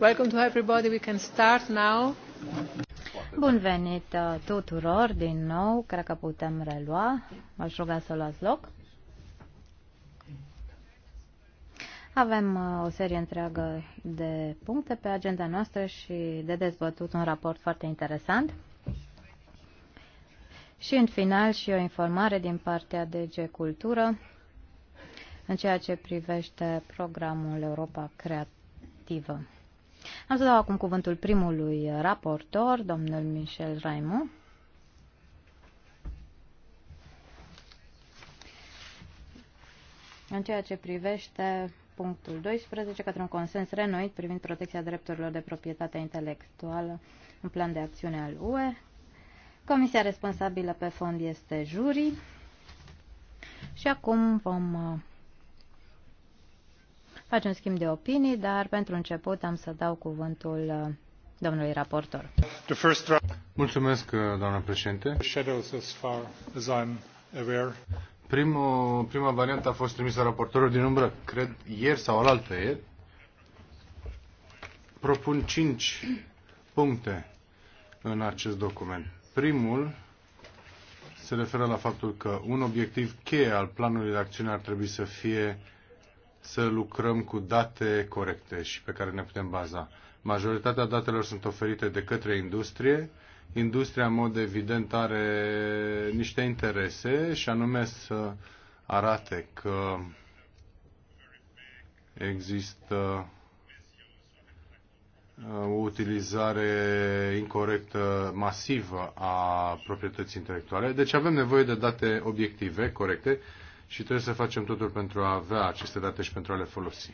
Welcome to everybody. We can start now. Bun venit uh, tuturor din nou. Cred că putem relua. Vă aș ruga să luați loc. Avem uh, o serie întreagă de puncte pe agenda noastră și de dezbătut un raport foarte interesant. Și în final și o informare din partea DG Cultură în ceea ce privește programul Europa Creat respectivă. Am să dau acum cuvântul primului raportor, domnul Michel Raimu. În ceea ce privește punctul 12, către un consens renoit privind protecția drepturilor de proprietate intelectuală în plan de acțiune al UE, comisia responsabilă pe fond este jurii și acum vom uh, Facem schimb de opinii, dar pentru început am să dau cuvântul uh, domnului raportor. Mulțumesc, uh, doamnă președinte. Primul, prima variantă a fost trimisă raportorul din umbră, cred, ieri sau alaltă ieri. Propun cinci puncte în acest document. Primul se referă la faptul că un obiectiv cheie al planului de acțiune ar trebui să fie să lucrăm cu date corecte și pe care ne putem baza. Majoritatea datelor sunt oferite de către industrie. Industria, în mod evident, are niște interese și anume să arate că există o uh, utilizare incorrectă, masivă a proprietății intelectuale. Deci avem nevoie de date obiective, corecte, și trebuie să facem totul pentru a avea aceste date și pentru a le folosi.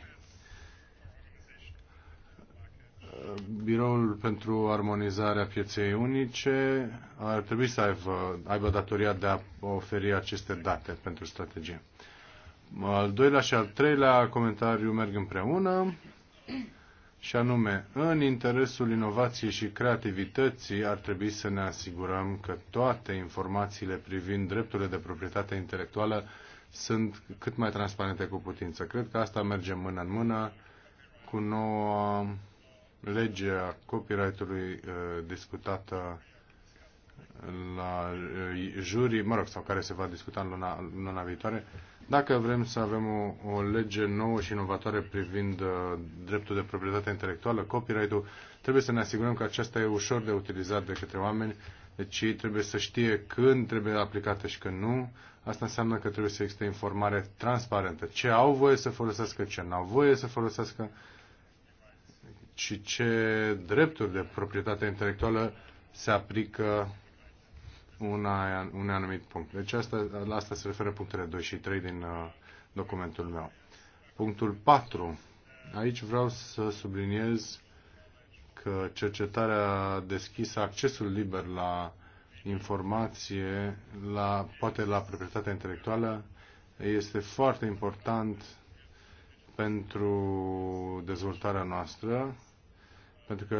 Biroul pentru armonizarea pieței unice ar trebui să aibă, aibă datoria de a oferi aceste date pentru strategie. Al doilea și al treilea comentariu merg împreună și anume, în interesul inovației și creativității ar trebui să ne asigurăm că toate informațiile privind drepturile de proprietate intelectuală sunt cât mai transparente cu putință. Cred că asta merge mână în mână cu noua lege a copyright-ului uh, discutată la uh, jury, mă rog, sau care se va discuta în luna, luna viitoare, dacă vrem să avem o, o lege nouă și inovatoare privind uh, dreptul de proprietate intelectuală, copyright-ul, trebuie să ne asigurăm că acesta e ușor de utilizat de către oameni deci trebuie să știe când trebuie aplicată și când nu. Asta înseamnă că trebuie să existe informare transparentă. Ce au voie să folosească, ce nu au voie să folosească și ce drepturi de proprietate intelectuală se aplică una, un anumit punct. Deci asta, la asta se referă punctele 2 și 3 din uh, documentul meu. Punctul 4. Aici vreau să subliniez că cercetarea deschisă, accesul liber la informație, la, poate la proprietatea intelectuală, este foarte important pentru dezvoltarea noastră, pentru că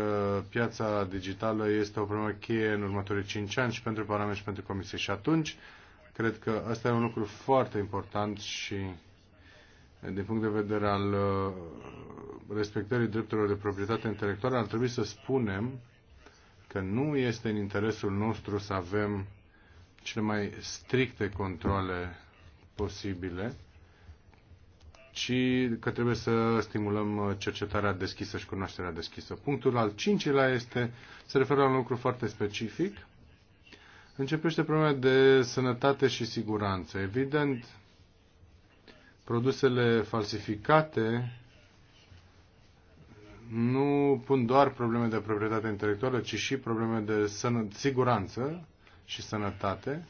piața digitală este o problemă cheie în următorii 5 ani și pentru Parlament și pentru Comisie. Și atunci, cred că ăsta e un lucru foarte important și din punct de vedere al uh, respectării drepturilor de proprietate intelectuală, ar trebui să spunem că nu este în interesul nostru să avem cele mai stricte controle posibile, ci că trebuie să stimulăm uh, cercetarea deschisă și cunoașterea deschisă. Punctul al cincilea este, se referă la un lucru foarte specific, începește problema de sănătate și siguranță. Evident, produsele falsificate nu pun doar probleme de proprietate intelectuală, ci și probleme de siguranță și sănătate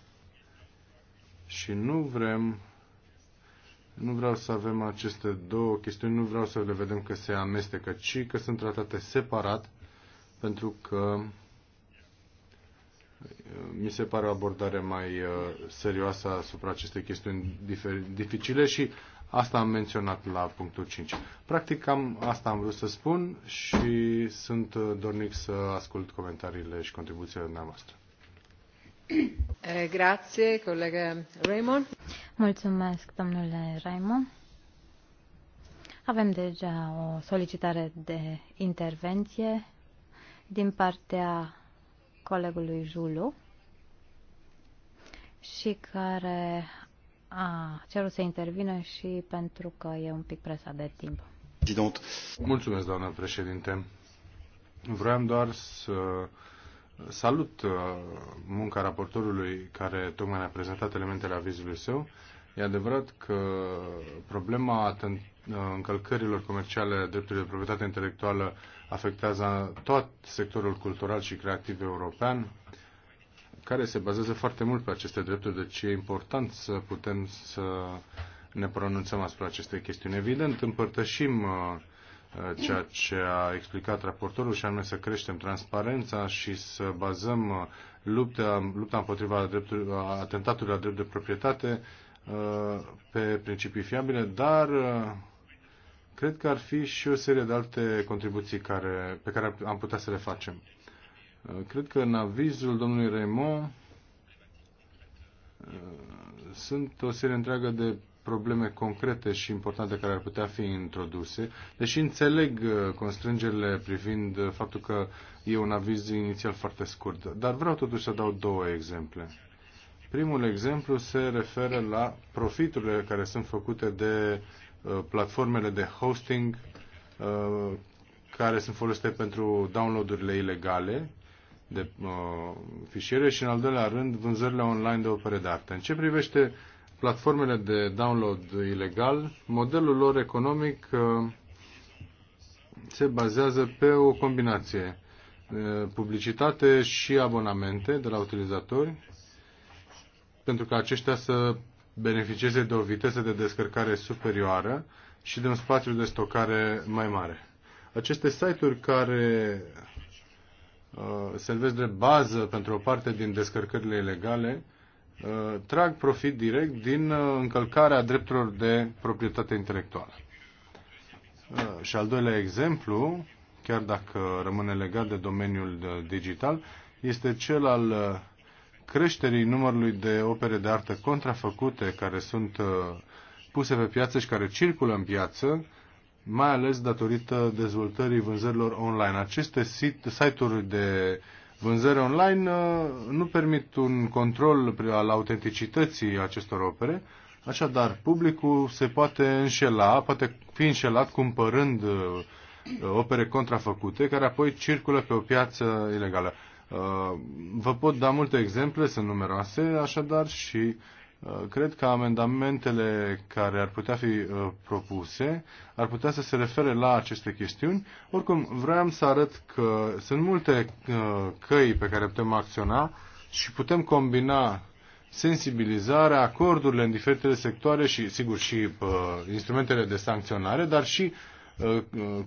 și nu vrem nu vreau să avem aceste două chestiuni, nu vreau să le vedem că se amestecă, ci că sunt tratate separat, pentru că mi se pare o abordare mai uh, serioasă asupra acestei chestiuni dificile și asta am menționat la punctul 5. Practic cam asta am vrut să spun și sunt uh, dornic să ascult comentariile și contribuțiile noastre. Eh, grazie, colega Raymond. Mulțumesc, domnule Raymond. Avem deja o solicitare de intervenție din partea colegului Julu și care a cerut să intervină și pentru că e un pic presat de timp. Mulțumesc, doamnă președinte. Vreau doar să salut uh, munca raportorului care tocmai ne-a prezentat elementele avizului său E adevărat că problema încălcărilor comerciale a drepturilor de proprietate intelectuală afectează tot sectorul cultural și creativ european, care se bazează foarte mult pe aceste drepturi, deci e important să putem să ne pronunțăm asupra acestei chestiuni. Evident, împărtășim uh, ceea ce a explicat raportorul și anume să creștem transparența și să bazăm uh, lupta, lupta împotriva dreptului, atentatului la drept de proprietate Uh, pe principii fiabile, dar uh, cred că ar fi și o serie de alte contribuții care, pe care am putea să le facem. Uh, cred că în avizul domnului Raymond sunt o serie întreagă de probleme concrete și importante care ar putea fi introduse, deși înțeleg constrângerile privind faptul că e un aviz inițial foarte scurt. Dar vreau totuși să dau două exemple. Primul exemplu se referă la profiturile care sunt făcute de uh, platformele de hosting uh, care sunt folosite pentru downloadurile ilegale de uh, fișiere și, în al doilea rând, vânzările online de opere de artă. În ce privește platformele de download ilegal, modelul lor economic se bazează pe o combinație publicitate și abonamente de la utilizatori pentru ca aceștia să beneficieze de o viteză de descărcare superioară și de un spațiu de stocare mai mare. Aceste site-uri care uh, servesc de bază pentru o parte din descărcările ilegale uh, trag profit direct din uh, încălcarea drepturilor de proprietate intelectuală. Uh, și al doilea exemplu, chiar dacă rămâne legat de domeniul uh, digital, este cel al uh, creșterii numărului de opere de artă contrafăcute care sunt uh, puse pe piață și care circulă în piață, mai ales datorită dezvoltării vânzărilor online. Aceste site-uri de vânzări online uh, nu permit un control al autenticității acestor opere, așadar publicul se poate înșela, poate fi înșelat cumpărând uh, opere contrafăcute care apoi circulă pe o piață ilegală. Uh, vă pot da multe exemple, sunt numeroase așadar și uh, cred că amendamentele care ar putea fi uh, propuse ar putea să se refere la aceste chestiuni. Oricum, vreau să arăt că sunt multe căi pe care putem acționa și putem combina sensibilizarea, acordurile în diferitele sectoare și, sigur, și uh, instrumentele de sancționare, dar și Ă,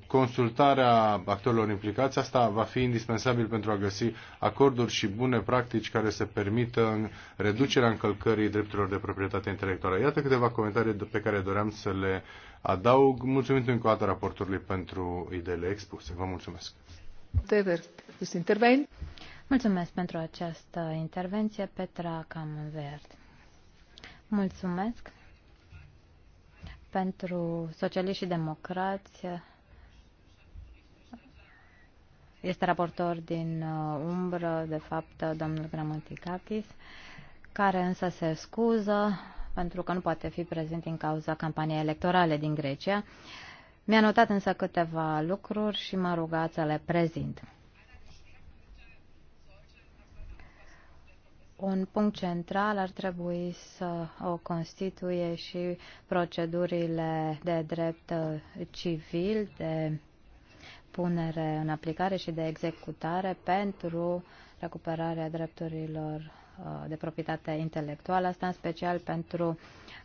consultarea actorilor implicați. Asta va fi indispensabil pentru a găsi acorduri și bune practici care să permită reducerea încălcării drepturilor de proprietate intelectuală. Iată câteva comentarii pe care doream să le adaug. Mulțumim încă o dată raportului pentru ideile expuse. Vă mulțumesc. Dever, este Mulțumesc pentru această intervenție, Petra Camenvert. Mulțumesc pentru socialiști și democrați este raportor din uh, umbră, de fapt, domnul Gramaticakis, care însă se scuză pentru că nu poate fi prezent din cauza campaniei electorale din Grecia. Mi-a notat însă câteva lucruri și m-a rugat să le prezint. un punct central ar trebui să o constituie și procedurile de drept uh, civil, de punere în aplicare și de executare pentru recuperarea drepturilor Uh, de proprietate intelectuală, asta în special pentru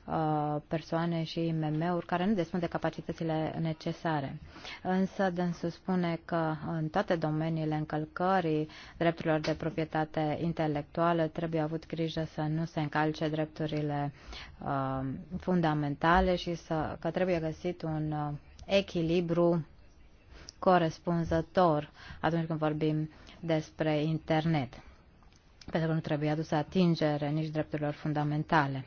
uh, persoane și mm uri care nu despun de capacitățile necesare. Însă, dânsul spune că în toate domeniile încălcării drepturilor de proprietate intelectuală trebuie avut grijă să nu se încalce drepturile uh, fundamentale și să, că trebuie găsit un uh, echilibru corespunzător atunci când vorbim despre internet pentru că nu trebuie adusă atingere nici drepturilor fundamentale.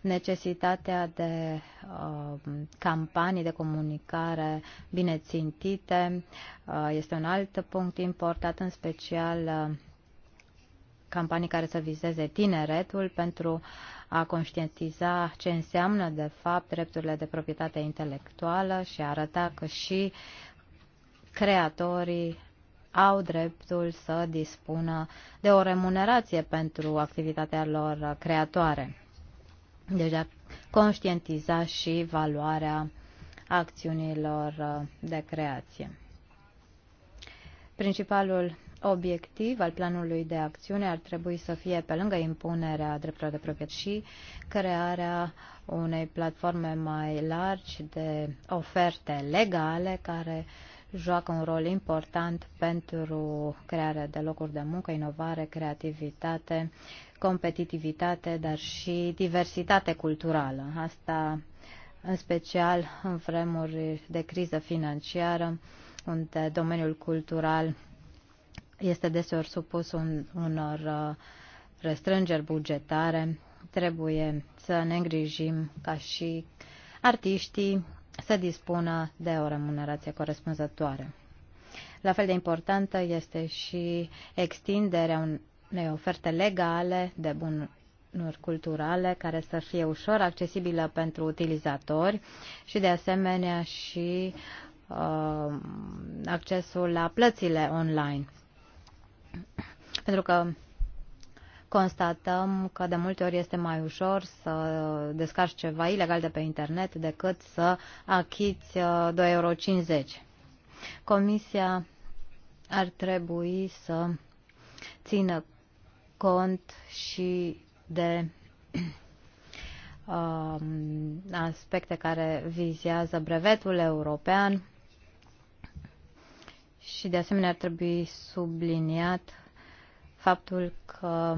Necesitatea de uh, campanii de comunicare bine țintite uh, este un alt punct important, în special uh, campanii care să vizeze tineretul pentru a conștientiza ce înseamnă, de fapt, drepturile de proprietate intelectuală și a arăta că și creatorii au dreptul să dispună de o remunerație pentru activitatea lor creatoare. Deci a conștientiza și valoarea acțiunilor de creație. Principalul obiectiv al planului de acțiune ar trebui să fie, pe lângă impunerea drepturilor de proprietate și crearea unei platforme mai largi de oferte legale care uh, joacă un rol important pentru crearea de locuri de muncă, inovare, creativitate, competitivitate, dar și diversitate culturală. Asta în special în vremuri de criză financiară, unde domeniul cultural este deseori supus un, unor uh, restrângeri bugetare. Trebuie să ne îngrijim ca și artiștii să dispună de o remunerație corespunzătoare. La fel de importantă este și extinderea unei oferte legale de bunuri culturale care să fie ușor accesibilă pentru utilizatori și de asemenea și uh, accesul la plățile online. Pentru că constatăm că de multe ori este mai ușor să descarci ceva ilegal de pe internet decât să achiți 2,50 uh, euro. Comisia ar trebui să țină cont și de uh, aspecte care vizează brevetul european și de asemenea ar trebui subliniat faptul că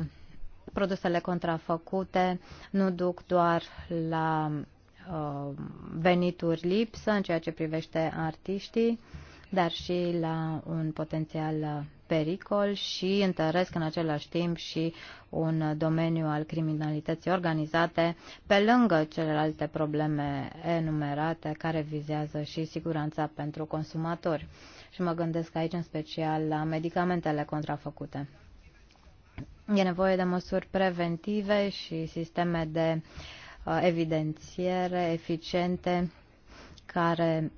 produsele contrafăcute nu duc doar la uh, venituri lipsă în ceea ce privește artiștii, dar și la un potențial pericol și întăresc în același timp și un domeniu al criminalității organizate, pe lângă celelalte probleme enumerate care vizează și siguranța pentru consumatori. Și mă gândesc aici în special la medicamentele contrafăcute. E nevoie de măsuri preventive și sisteme de uh, evidențiere eficiente care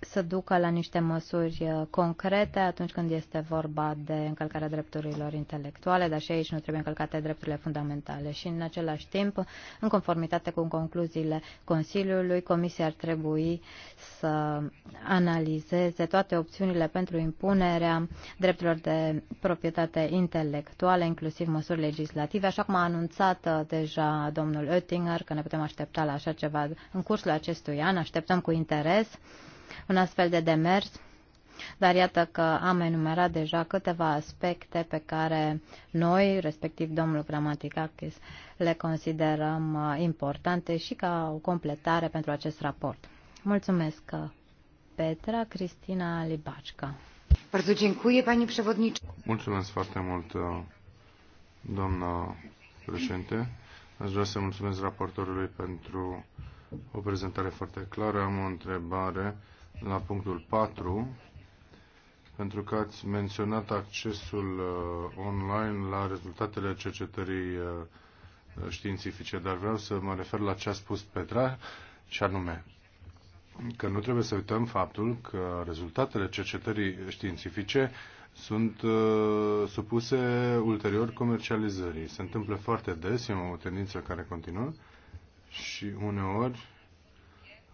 să ducă la niște măsuri uh, concrete atunci când este vorba de încălcarea drepturilor intelectuale, dar și aici nu trebuie încălcate drepturile fundamentale. Și în același timp, în conformitate cu concluziile Consiliului, Comisia ar trebui să analizeze toate opțiunile pentru impunerea drepturilor de proprietate intelectuale inclusiv măsuri legislative, așa cum a anunțat uh, deja domnul Oettinger că ne putem aștepta la așa ceva în cursul acestui an. Așteptăm cu interes un astfel de demers, dar iată că am enumerat deja câteva aspecte pe care noi, respectiv domnul Gramaticakis, le considerăm uh, importante și ca o completare pentru acest raport. Mulțumesc, uh, Petra Cristina Libacca. Mulțumesc foarte mult, uh, doamna președinte. Aș vrea să mulțumesc raportorului pentru o prezentare foarte clară. Am o întrebare la punctul 4, pentru că ați menționat accesul uh, online la rezultatele cercetării uh, uh, științifice, dar vreau să mă refer la ce a spus Petra, și anume că nu trebuie să uităm faptul că rezultatele cercetării științifice sunt uh, supuse ulterior comercializării. Se întâmplă foarte des, e o tendință care continuă și uneori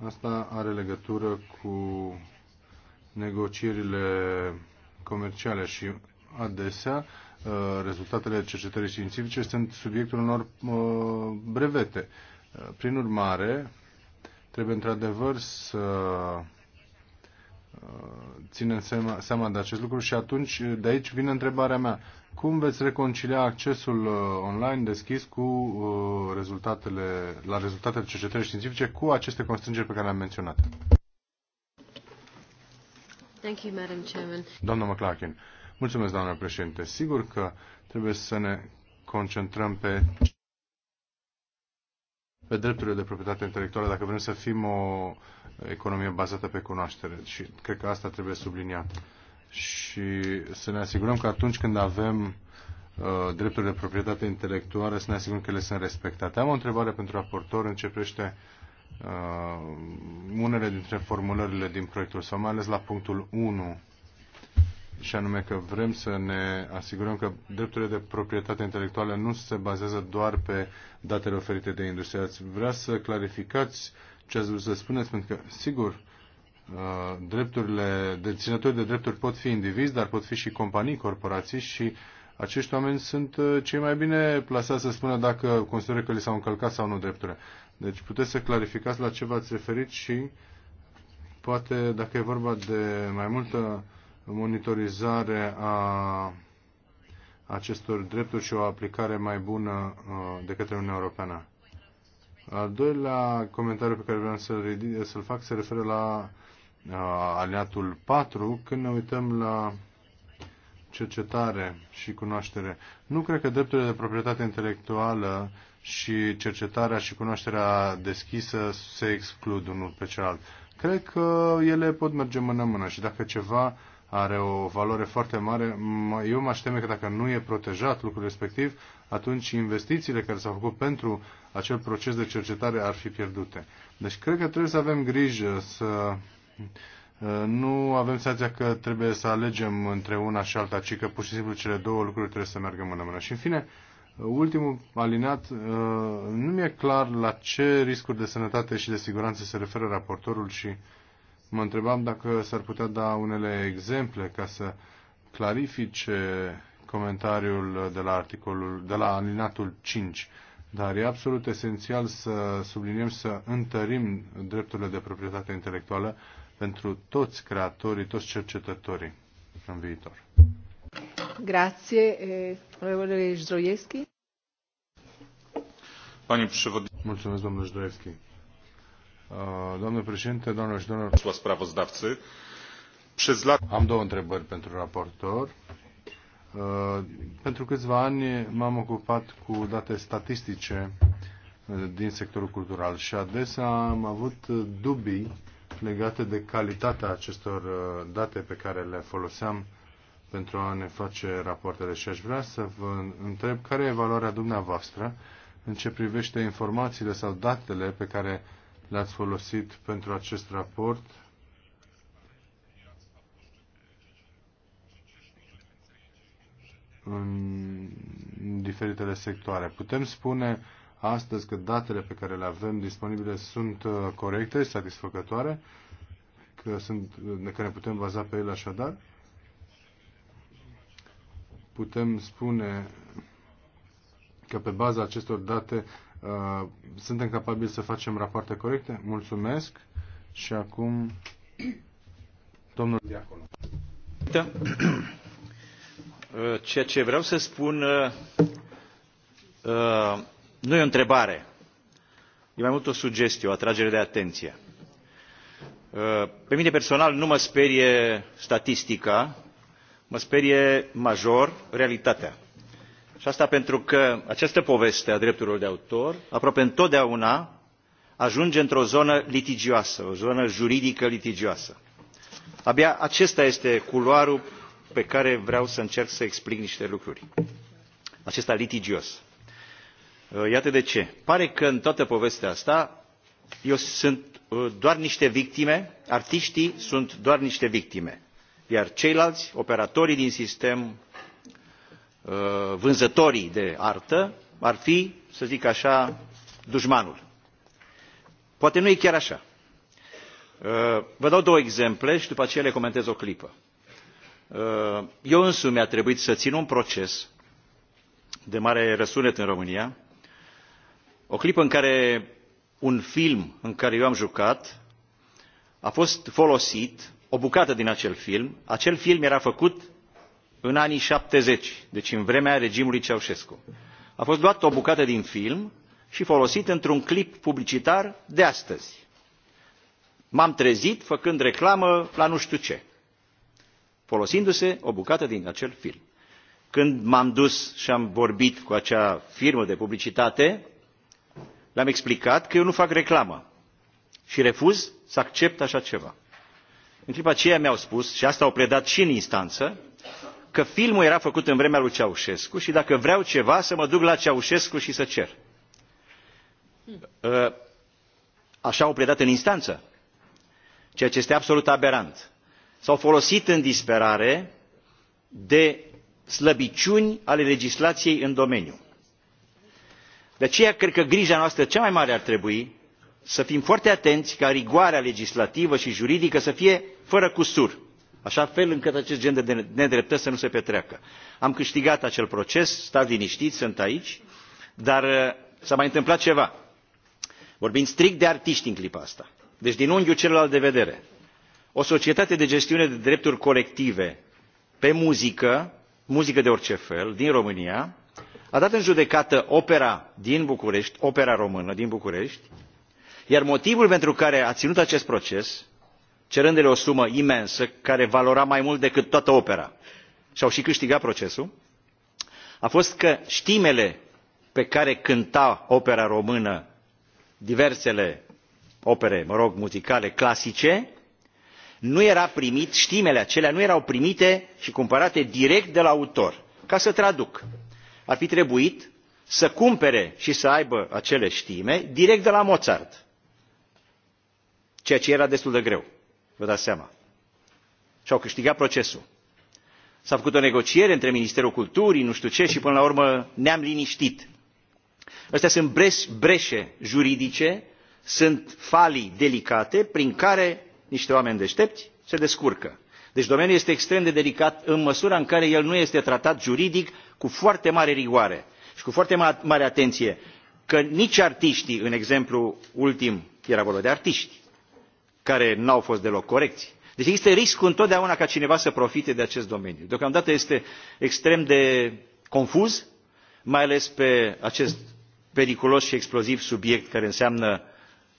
Asta are legătură cu negocierile comerciale și adesea uh, rezultatele cercetării științifice sunt subiectul unor uh, brevete. Uh, prin urmare, trebuie într-adevăr să ținem seama, seama de acest lucru și atunci de aici vine întrebarea mea. Cum veți reconcilia accesul uh, online deschis cu uh, rezultatele, la rezultatele cercetării științifice cu aceste constrângeri pe care le-am menționat? Thank you, Madam Chairman. Doamna McLaughlin, mulțumesc, doamna președinte. Sigur că trebuie să ne concentrăm pe pe drepturile de proprietate intelectuală dacă vrem să fim o economie bazată pe cunoaștere. Și cred că asta trebuie subliniat. Și să ne asigurăm că atunci când avem uh, drepturile de proprietate intelectuală, să ne asigurăm că ele sunt respectate. Am o întrebare pentru raportor, începește uh, unele dintre formulările din proiectul sau mai ales la punctul 1 și anume că vrem să ne asigurăm că drepturile de proprietate intelectuală nu se bazează doar pe datele oferite de industrie. Ați vrea să clarificați ce ați vrut să spuneți, pentru că, sigur, uh, drepturile, deținători de drepturi pot fi indivizi, dar pot fi și companii, corporații și acești oameni sunt uh, cei mai bine plasați să spună dacă consideră că li s-au încălcat sau nu drepturile. Deci puteți să clarificați la ce v-ați referit și poate dacă e vorba de mai multă monitorizare a acestor drepturi și o aplicare mai bună uh, de către Uniunea Europeană. Al doilea comentariu pe care vreau să-l, să fac se referă la uh, aliatul 4 când ne uităm la cercetare și cunoaștere. Nu cred că drepturile de proprietate intelectuală și cercetarea și cunoașterea deschisă se exclud unul pe celălalt. Cred că ele pot merge mână-mână și dacă ceva uh, are o valoare foarte mare. Eu mă aș teme că dacă nu e protejat lucrul respectiv, atunci investițiile care s-au făcut pentru acel proces de cercetare ar fi pierdute. Deci cred că trebuie să avem grijă să uh, nu avem senzația că trebuie să alegem între una și alta, ci că pur și simplu cele două lucruri trebuie să meargă mână-mână. Și în fine, uh, ultimul alineat, uh, nu mi-e clar la ce riscuri de sănătate și de siguranță se referă raportorul și Mă întrebam dacă s-ar putea da unele exemple ca să clarifice comentariul de la articolul, de la alinatul 5. Dar e absolut esențial să subliniem, să întărim drepturile de proprietate intelectuală pentru toți creatorii, toți cercetătorii în viitor. Grazie, eh, onorevole Mulțumesc, domnule Zdroievski. Uh, Domnule președinte, doamnelor și domnilor, am două întrebări pentru raportor. Uh, pentru câțiva ani m-am ocupat cu date statistice uh, din sectorul cultural și adesea am avut dubii legate de calitatea acestor date pe care le foloseam pentru a ne face rapoartele și aș vrea să vă întreb care e valoarea dumneavoastră în ce privește informațiile sau datele pe care le-ați folosit pentru acest raport. în diferitele sectoare. Putem spune astăzi că datele pe care le avem disponibile sunt uh, corecte, satisfăcătoare, că, sunt, uh, că ne putem baza pe ele așadar? Putem spune că pe baza acestor date Uh, suntem capabili să facem rapoarte corecte? Mulțumesc. Și acum, domnul diacolo. Da. Uh, ceea ce vreau să spun uh, uh, nu e o întrebare. E mai mult o sugestie, o atragere de atenție. Uh, pe mine personal nu mă sperie statistica, mă sperie major realitatea și asta pentru că această poveste a drepturilor de autor aproape întotdeauna ajunge într o zonă litigioasă o zonă juridică litigioasă. abia acesta este culoarul pe care vreau să încerc să explic niște lucruri acesta litigios. Uh, iată de ce pare că în toată povestea asta eu sunt uh, doar niște victime artiștii sunt doar niște victime iar ceilalți operatorii din sistem Uh, vânzătorii de artă ar fi, să zic așa, dușmanul. Poate nu e chiar așa. Uh, vă dau două exemple și după aceea le comentez o clipă. Uh, eu însumi a trebuit să țin un proces de mare răsunet în România, o clipă în care un film în care eu am jucat a fost folosit, o bucată din acel film, acel film era făcut în anii șaptezeci deci în vremea regimului ceaușescu a fost luată o bucată din film și folosită într un clip publicitar de astăzi m am trezit făcând reclamă la nu știu ce folosindu se o bucată din acel film. când m am dus și am vorbit cu acea firmă de publicitate le am explicat că eu nu fac reclamă și refuz să accept așa ceva. în clipa aceea mi au spus și asta au predat și în instanță că filmul era făcut în vremea lui Ceaușescu și dacă vreau ceva să mă duc la Ceaușescu și să cer. Uh, așa au predat în instanță, ceea ce este absolut aberant. S-au folosit în disperare de slăbiciuni ale legislației în domeniu. De aceea, cred că grija noastră cea mai mare ar trebui să fim foarte atenți ca rigoarea legislativă și juridică să fie fără cusur așa fel încât acest gen de nedreptăți să nu se petreacă. Am câștigat acel proces, stați liniștiți, sunt aici, dar uh, s-a mai întâmplat ceva. Vorbim strict de artiști în clipa asta, deci din unghiul celălalt de vedere. O societate de gestiune de drepturi colective pe muzică, muzică de orice fel, din România, a dat în judecată opera din București, opera română din București, iar motivul pentru care a ținut acest proces cerându le o sumă imensă care valora mai mult decât toată opera și au și câștigat procesul a fost că știmele pe care cânta opera română diversele opere mă rog muzicale clasice nu era primit știmele acelea nu erau primite și cumpărate direct de la autor ca să traduc ar fi trebuit să cumpere și să aibă acele știme direct de la Mozart, ceea ce era destul de greu vă dați seama. Și au câștigat procesul. S-a făcut o negociere între Ministerul Culturii, nu știu ce, și până la urmă ne-am liniștit. Astea sunt breșe juridice, sunt falii delicate prin care niște oameni deștepți se descurcă. Deci domeniul este extrem de delicat în măsura în care el nu este tratat juridic cu foarte mare rigoare și cu foarte mare atenție, că nici artiștii, în exemplu ultim, era vorba de artiști, care nu au fost deloc corecți. Deci există riscul întotdeauna ca cineva să profite de acest domeniu. Deocamdată este extrem de confuz, mai ales pe acest periculos și exploziv subiect care înseamnă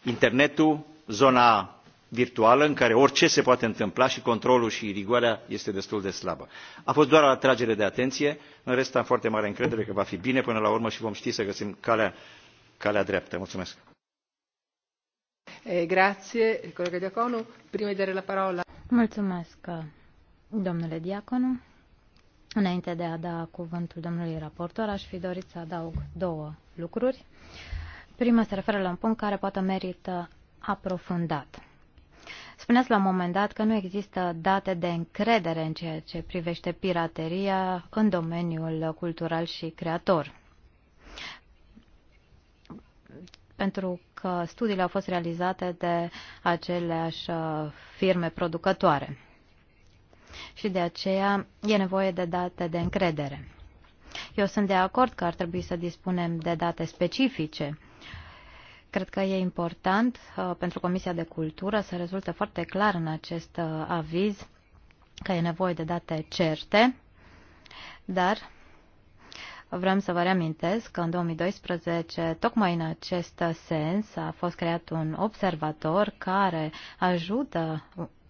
internetul, zona virtuală în care orice se poate întâmpla și controlul și rigoarea este destul de slabă. A fost doar o atragere de atenție, în rest am foarte mare încredere că va fi bine până la urmă și vom ști să găsim calea, calea dreaptă. Mulțumesc! Eh, Mulțumesc, domnule Diaconu. Înainte de a da cuvântul domnului raportor, aș fi dorit să adaug două lucruri. Prima se referă la un punct care poate merită aprofundat. Spuneați la un moment dat că nu există date de încredere în ceea ce privește pirateria în domeniul cultural și creator. Pentru că studiile au fost realizate de aceleași uh, firme producătoare. Și de aceea e nevoie de date de încredere. Eu sunt de acord că ar trebui să dispunem de date specifice. Cred că e important uh, pentru Comisia de Cultură să rezulte foarte clar în acest uh, aviz că e nevoie de date certe, dar Vrem să vă reamintesc că în 2012, tocmai în acest sens, a fost creat un observator care ajută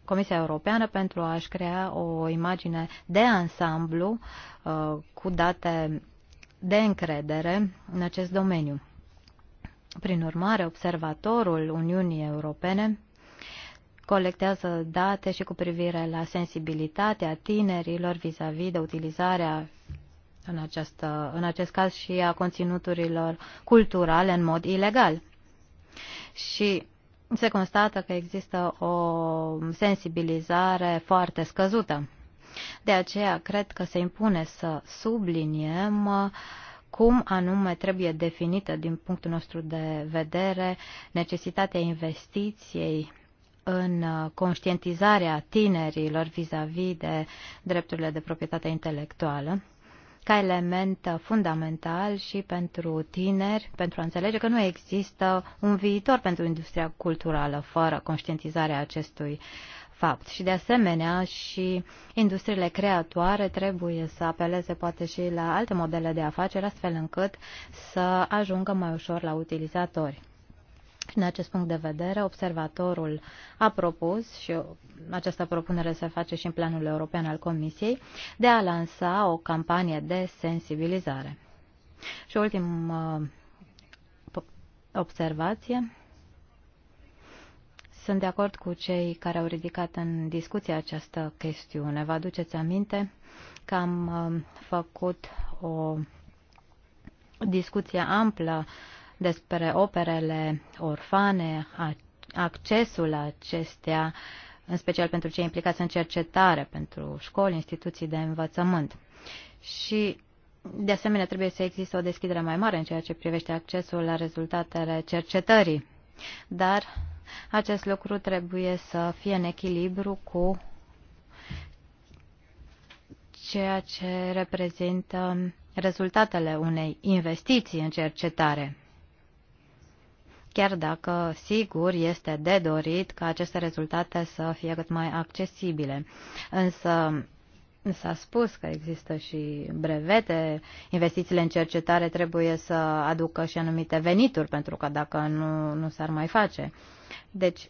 Comisia Europeană pentru a-și crea o imagine de ansamblu uh, cu date de încredere în acest domeniu. Prin urmare, observatorul Uniunii Europene colectează date și cu privire la sensibilitatea tinerilor vis-a-vis -vis de utilizarea în, această, în acest caz și a conținuturilor culturale în mod ilegal. Și se constată că există o sensibilizare foarte scăzută. De aceea cred că se impune să subliniem uh, cum anume trebuie definită din punctul nostru de vedere necesitatea investiției în uh, conștientizarea tinerilor vis-a-vis -vis de drepturile de proprietate intelectuală ca element fundamental și pentru tineri, pentru a înțelege că nu există un viitor pentru industria culturală fără conștientizarea acestui fapt. Și de asemenea și industriile creatoare trebuie să apeleze poate și la alte modele de afaceri astfel încât să ajungă mai ușor la utilizatori. Din acest punct de vedere, observatorul a propus, și această propunere se face și în planul european al Comisiei, de a lansa o campanie de sensibilizare. Și ultimă uh, observație. Sunt de acord cu cei care au ridicat în discuție această chestiune. Vă aduceți aminte că am uh, făcut o discuție amplă despre operele orfane, accesul la acestea, în special pentru cei implicați în cercetare, pentru școli, instituții de învățământ. Și de asemenea, trebuie să existe o deschidere mai mare în ceea ce privește accesul la rezultatele cercetării. Dar acest lucru trebuie să fie în echilibru cu ceea ce reprezintă rezultatele unei investiții în cercetare chiar dacă, sigur, este de dorit ca aceste rezultate să fie cât mai accesibile. Însă, S-a spus că există și brevete, investițiile în cercetare trebuie să aducă și anumite venituri, pentru că dacă nu, nu s-ar mai face. Deci,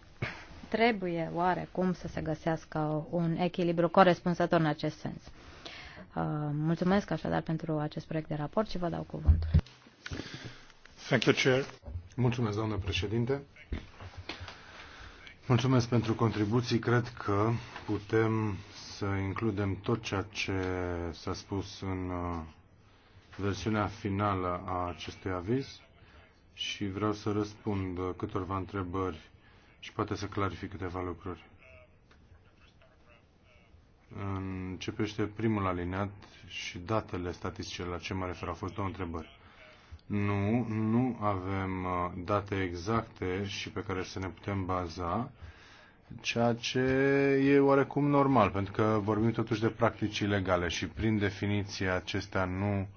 trebuie oarecum să se găsească un echilibru corespunzător în acest sens. Uh, mulțumesc așadar pentru acest proiect de raport și vă dau cuvântul. Mulțumesc, doamnă președinte. Mulțumesc pentru contribuții. Cred că putem să includem tot ceea ce s-a spus în uh, versiunea finală a acestui aviz și vreau să răspund câtorva întrebări și poate să clarific câteva lucruri. Începește primul alineat și datele statistice la ce mă refer. Au fost două întrebări. Nu, nu avem uh, date exacte și pe care să ne putem baza, ceea ce e oarecum normal, pentru că vorbim totuși de practici ilegale și prin definiție acestea nu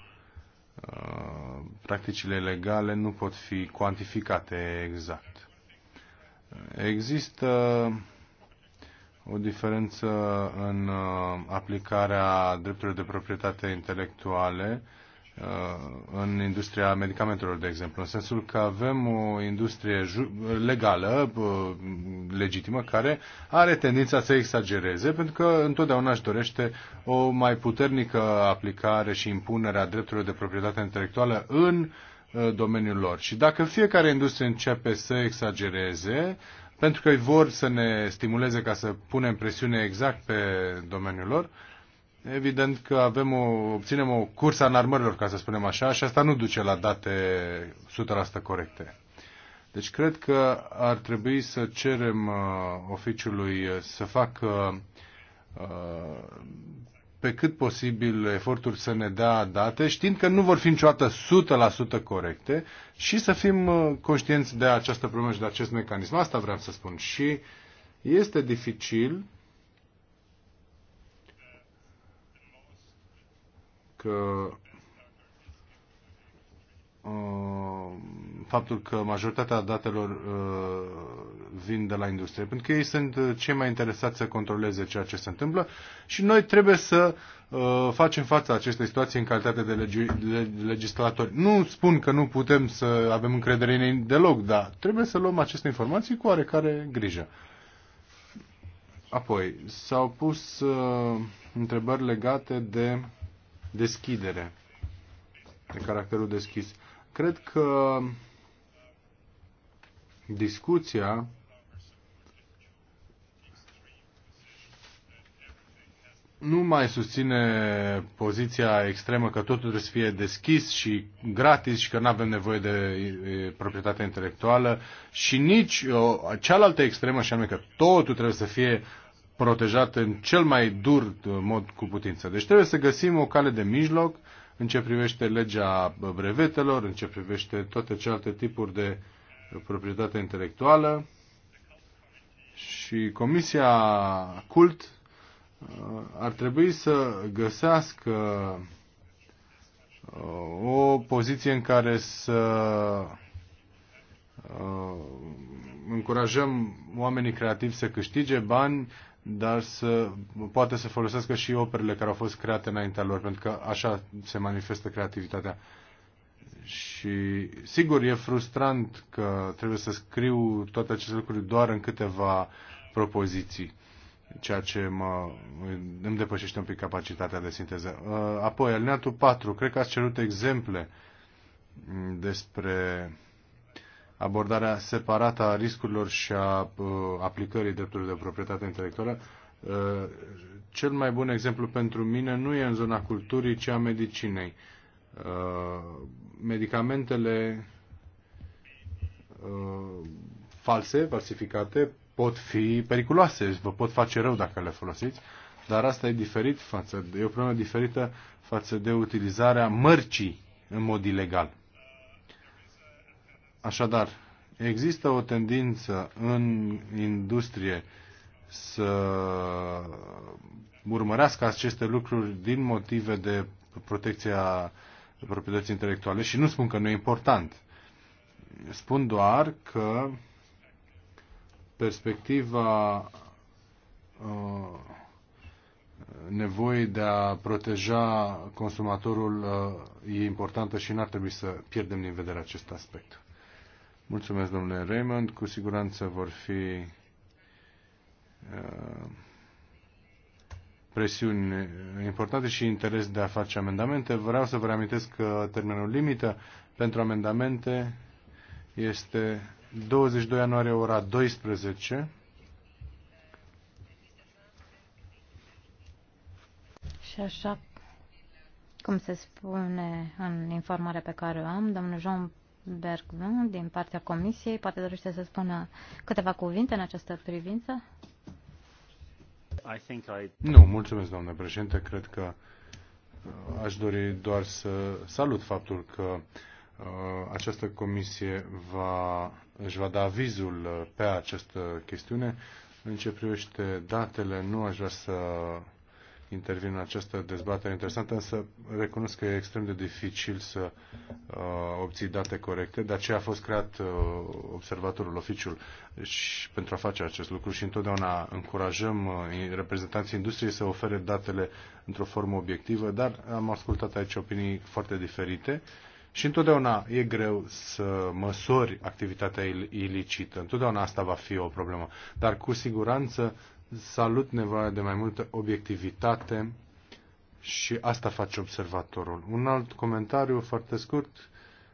uh, practicile legale nu pot fi cuantificate exact. Există o diferență în uh, aplicarea drepturilor de proprietate intelectuale Uh, în industria medicamentelor, de exemplu, în sensul că avem o industrie legală, uh, legitimă, care are tendința să exagereze, pentru că întotdeauna își dorește o mai puternică aplicare și impunere a drepturilor de proprietate intelectuală în uh, domeniul lor. Și dacă fiecare industrie începe să exagereze, pentru că vor să ne stimuleze ca să punem presiune exact pe domeniul lor, Evident că avem o, obținem o cursă în armărilor, ca să spunem așa, și asta nu duce la date 100% corecte. Deci cred că ar trebui să cerem uh, oficiului uh, să facă uh, pe cât posibil eforturi să ne dea date, știind că nu vor fi niciodată 100% corecte și să fim uh, conștienți de această problemă și de acest mecanism. Asta vreau să spun. Și este dificil că uh, faptul că majoritatea datelor uh, vin de la industrie, pentru că ei sunt uh, cei mai interesați să controleze ceea ce se întâmplă și noi trebuie să facem fața acestei situații în calitate de legi, legislatori. Nu spun că nu putem să avem încredere în ei deloc, dar trebuie să luăm aceste informații cu oarecare grijă. Apoi, s-au pus uh, întrebări legate de deschidere, de caracterul deschis. Cred că discuția nu mai susține poziția extremă că totul trebuie să fie deschis și gratis și că nu avem nevoie de proprietate intelectuală și nici o, cealaltă extremă și anume că totul trebuie să fie protejat în cel mai dur uh, mod cu putință. Deci trebuie să găsim o cale de mijloc în ce privește legea uh, brevetelor, în ce privește toate celelalte tipuri de uh, proprietate intelectuală. Și Comisia Cult ar trebui să găsească o poziție în care să încurajăm oamenii creativi să câștige bani, dar să poate să folosească și operele care au fost create înaintea lor, pentru că așa se manifestă creativitatea. Și sigur e frustrant că trebuie să scriu toate aceste lucruri doar în câteva propoziții, ceea ce mă, îmi depășește un pic capacitatea de sinteză. Uh, apoi, alineatul 4, cred că ați cerut exemple despre abordarea separată a riscurilor și a uh, aplicării drepturilor de proprietate intelectuală. Uh, cel mai bun exemplu pentru mine nu e în zona culturii, ci a medicinei. Uh, medicamentele false, falsificate, pot fi periculoase, vă pot face rău dacă le folosiți, dar asta e diferit față de, e o problemă diferită față de utilizarea mărcii în mod ilegal. Așadar, există o tendință în industrie să urmărească aceste lucruri din motive de protecția proprietății intelectuale și nu spun că nu e important. Spun doar că perspectiva uh, nevoii de a proteja consumatorul uh, e importantă și n-ar trebui să pierdem din vedere acest aspect. Mulțumesc, domnule Raymond. Cu siguranță vor fi uh, presiuni importante și interes de a face amendamente. Vreau să vă reamintesc că termenul limită pentru amendamente este 22 ianuarie ora 12. Și așa, cum se spune în informarea pe care o am, domnul Jean nu? din partea Comisiei. Poate dorește să spună câteva cuvinte în această privință? I think I... Nu, mulțumesc, doamnă președinte. Cred că uh, aș dori doar să salut faptul că uh, această comisie va, își va da avizul uh, pe această chestiune. În ce privește datele, nu aș vrea să intervin în această dezbatere interesantă, însă recunosc că e extrem de dificil să uh, obții date corecte, de aceea a fost creat uh, observatorul, oficiul și pentru a face acest lucru și întotdeauna încurajăm uh, reprezentanții industriei să ofere datele într-o formă obiectivă, dar am ascultat aici opinii foarte diferite și întotdeauna e greu să măsori activitatea il ilicită. Întotdeauna asta va fi o problemă. Dar cu siguranță Salut nevoia de mai multă obiectivitate și asta face observatorul. Un alt comentariu foarte scurt,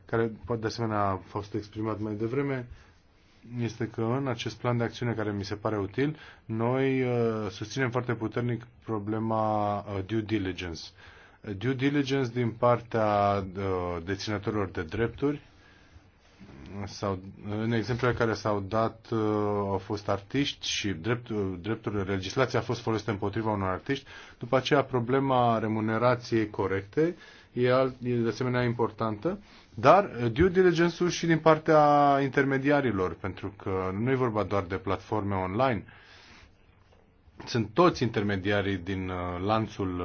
care poate de asemenea a fost exprimat mai devreme, este că în acest plan de acțiune care mi se pare util, noi uh, susținem foarte puternic problema uh, due diligence. Due diligence din partea uh, deținătorilor de drepturi, sau, în exemplele care s-au dat uh, au fost artiști și drept, uh, drepturile, legislația a fost folosită împotriva unor artiști. După aceea, problema remunerației corecte e, alt, e de asemenea importantă, dar due diligence-ul și din partea intermediarilor, pentru că nu e vorba doar de platforme online, sunt toți intermediarii din uh, lanțul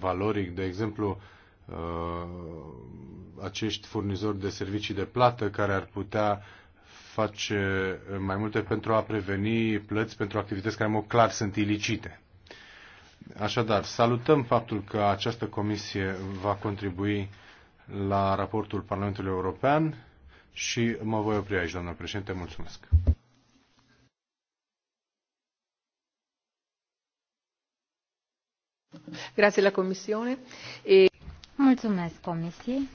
valoric, de exemplu, Uh, acești furnizori de servicii de plată care ar putea face mai multe pentru a preveni plăți pentru activități care, în mod clar, sunt ilicite. Așadar, salutăm faptul că această comisie va contribui la raportul Parlamentului European și mă voi opri aici, doamnă președinte. Mulțumesc. Grazie la Commissione. E... Mulțumesc Comisiei.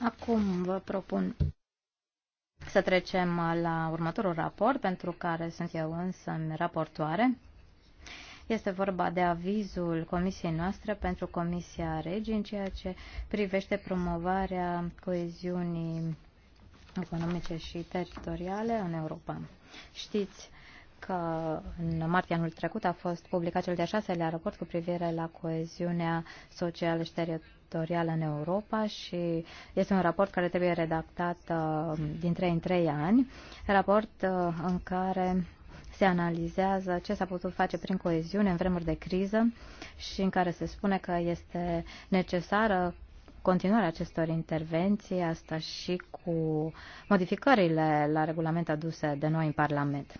Acum vă propun să trecem la următorul raport, pentru care sunt eu însă în raportoare. Este vorba de avizul Comisiei noastre pentru Comisia Regi în ceea ce privește promovarea coeziunii economice și teritoriale în Europa. Știți că în martie anul trecut a fost publicat cel de-a șaselea raport cu privire la coeziunea socială și teritorială în Europa și este un raport care trebuie redactat uh, din trei în trei ani, raport uh, în care se analizează ce s-a putut face prin coeziune în vremuri de criză și în care se spune că este necesară continuarea acestor intervenții, asta și cu modificările la regulament aduse de noi în Parlament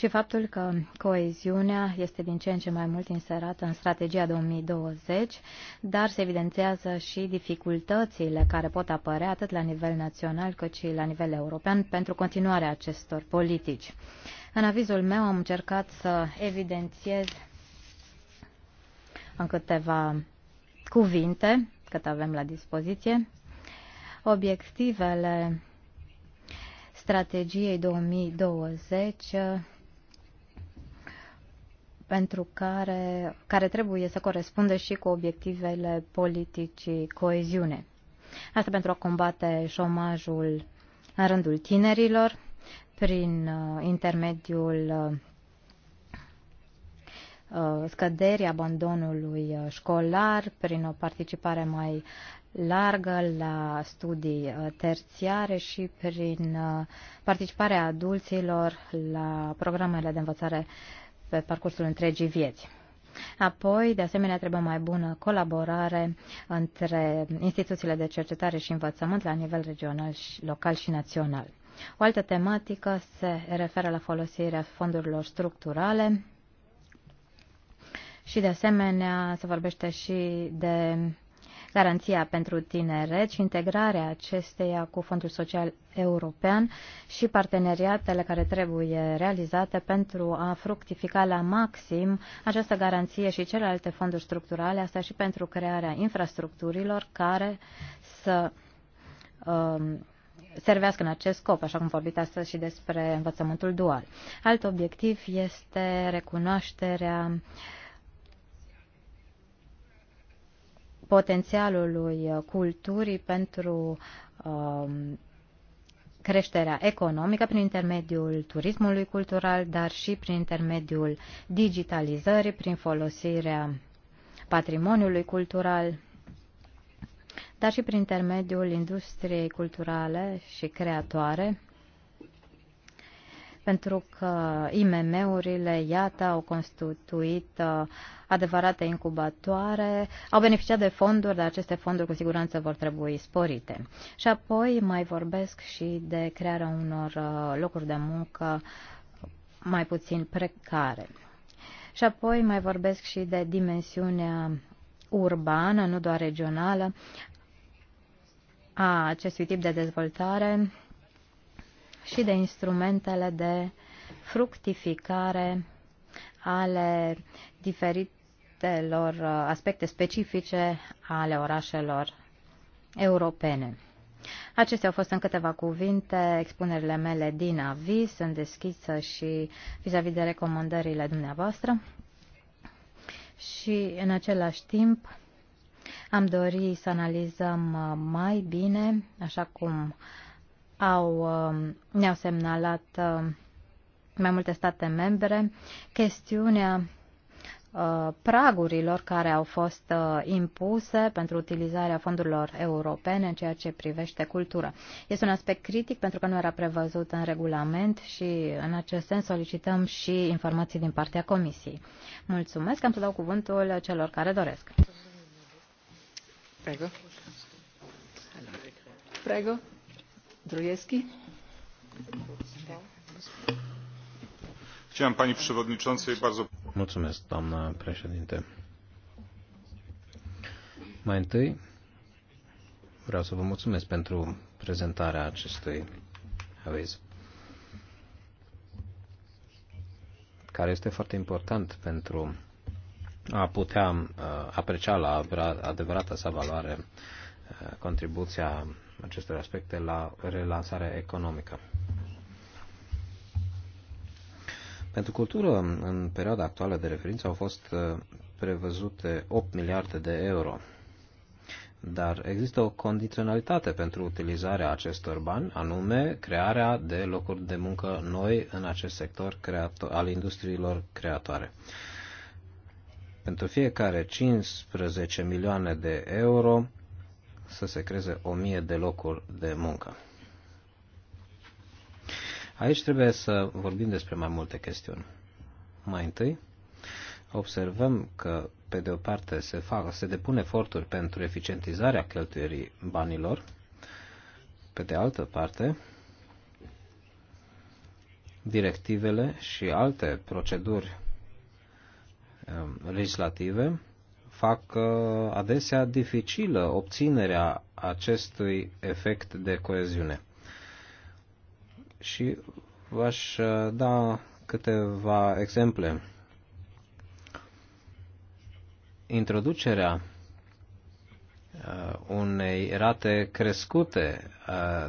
și faptul că coeziunea este din ce în ce mai mult inserată în strategia 2020, dar se evidențiază și dificultățile care pot apărea atât la nivel național cât și la nivel european pentru continuarea acestor politici. În avizul meu am încercat să evidențiez în câteva cuvinte cât avem la dispoziție obiectivele strategiei 2020 pentru care, care trebuie să corespundă și cu obiectivele politicii coeziune. Asta pentru a combate șomajul în rândul tinerilor prin uh, intermediul uh, uh, scăderii abandonului școlar, prin o participare mai largă la studii terțiare și prin participarea adulților la programele de învățare pe parcursul întregii vieți. Apoi, de asemenea, trebuie mai bună colaborare între instituțiile de cercetare și învățământ la nivel regional, local și național. O altă tematică se referă la folosirea fondurilor structurale și, de asemenea, se vorbește și de garanția pentru tineret și integrarea acesteia cu Fondul Social European și parteneriatele care trebuie realizate pentru a fructifica la maxim această garanție și celelalte fonduri structurale, asta și pentru crearea infrastructurilor care să um, servească în acest scop, așa cum vorbit astăzi și despre învățământul dual. Alt obiectiv este recunoașterea uh, potențialului uh, culturii pentru um, creșterea economică prin intermediul turismului cultural, dar și prin intermediul digitalizării, prin folosirea patrimoniului cultural, dar și prin intermediul industriei culturale și creatoare, pentru că IMM-urile, iată, au constituit uh, adevărate incubatoare, au beneficiat de fonduri, dar aceste fonduri cu siguranță vor trebui sporite. Și apoi mai vorbesc și de crearea unor uh, locuri de muncă mai puțin precare. Și apoi mai vorbesc și de dimensiunea urbană, nu doar regională, a acestui tip de dezvoltare și de instrumentele de fructificare ale diferitelor uh, aspecte specifice ale orașelor europene. Acestea au fost în câteva cuvinte expunerile mele din aviz, sunt deschisă și vis-a-vis -vis de recomandările dumneavoastră. Și în același timp am dorit să analizăm uh, mai bine, așa cum uh, au, um, ne-au semnalat um, mai multe state membre chestiunea uh, pragurilor care au fost uh, impuse pentru utilizarea fondurilor europene în ceea ce privește cultura. Este un aspect critic pentru că nu era prevăzut în regulament și în acest sens solicităm și informații din partea Comisiei. Mulțumesc, am să dau cuvântul celor care doresc. Prego. Prego. Chciałem pani przewodniczącej bardzo... Mulțumesc, doamnă președinte. Mai întâi, vreau să vă mulțumesc pentru prezentarea acestui aviz, care este foarte important pentru a putea uh, aprecia la adevărata sa valoare uh, contribuția acestor aspecte la relansarea economică. Pentru cultură, în perioada actuală de referință au fost uh, prevăzute 8 miliarde de euro. Dar există o condiționalitate pentru utilizarea acestor bani, anume crearea de locuri de muncă noi în acest sector al industriilor creatoare. Pentru fiecare 15 milioane de euro să se creeze o mie de locuri de muncă. Aici trebuie să vorbim despre mai multe chestiuni. Mai întâi, observăm că, pe de o parte, se, fac, se depun eforturi pentru eficientizarea cheltuierii banilor, pe de altă parte, directivele și alte proceduri um, legislative fac uh, adesea dificilă obținerea acestui efect de coeziune. Și v-aș uh, da câteva exemple. Introducerea uh, unei rate crescute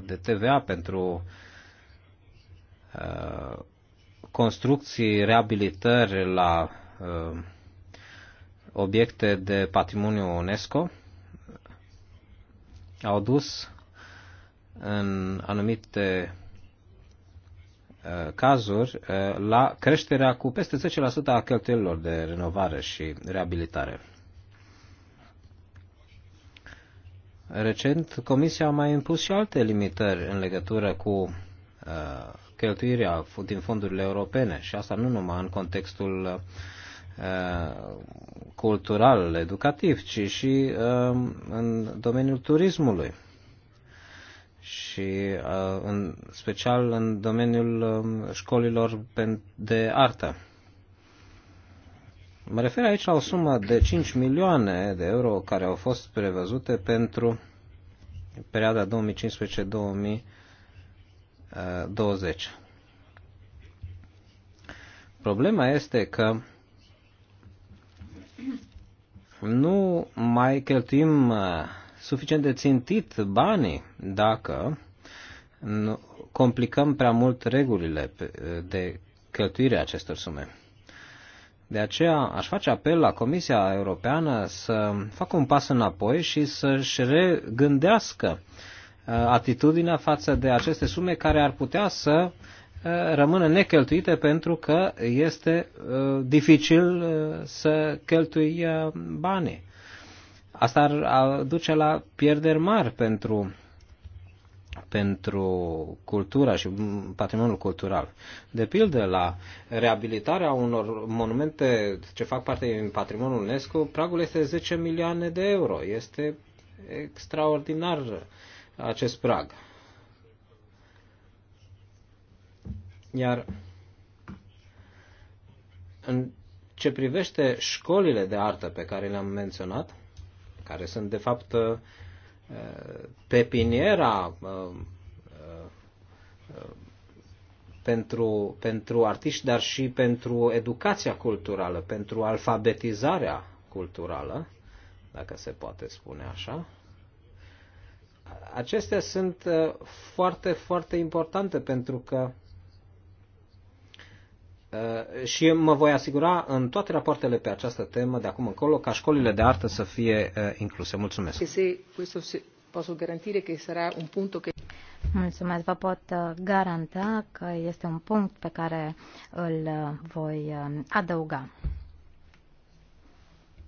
de TVA pentru construcții, reabilitări la obiecte de patrimoniu UNESCO au dus în anumite uh, cazuri uh, la creșterea cu peste 10% a cheltuielilor de renovare și reabilitare. Recent, Comisia a mai impus și alte limitări în legătură cu uh, cheltuirea din fondurile europene și asta nu numai în contextul Uh, cultural, educativ, ci și uh, în domeniul turismului și uh, în special în domeniul um, școlilor de artă. Mă refer aici la o sumă de 5 milioane de euro care au fost prevăzute pentru perioada 2015-2020. Problema este că nu mai cheltuim uh, suficient de țintit banii dacă complicăm prea mult regulile de cheltuire a acestor sume. De aceea aș face apel la Comisia Europeană să facă un pas înapoi și să-și regândească uh, atitudinea față de aceste sume care ar putea să rămână necheltuite pentru că este uh, dificil uh, să cheltui banii. Asta ar duce la pierderi mari pentru, pentru cultura și patrimoniul cultural. De pildă, la reabilitarea unor monumente ce fac parte din patrimoniul UNESCO, pragul este 10 milioane de euro. Este extraordinar acest prag. Iar în ce privește școlile de artă pe care le-am menționat, care sunt de fapt uh, pepiniera uh, uh, pentru, pentru artiști, dar și pentru educația culturală, pentru alfabetizarea culturală, dacă se poate spune așa. Acestea sunt foarte, foarte importante pentru că Uh, și mă voi asigura în toate rapoartele pe această temă de acum încolo ca școlile de artă să fie uh, incluse. Mulțumesc! Mulțumesc, vă pot uh, garanta că este un punct pe care îl voi adăuga.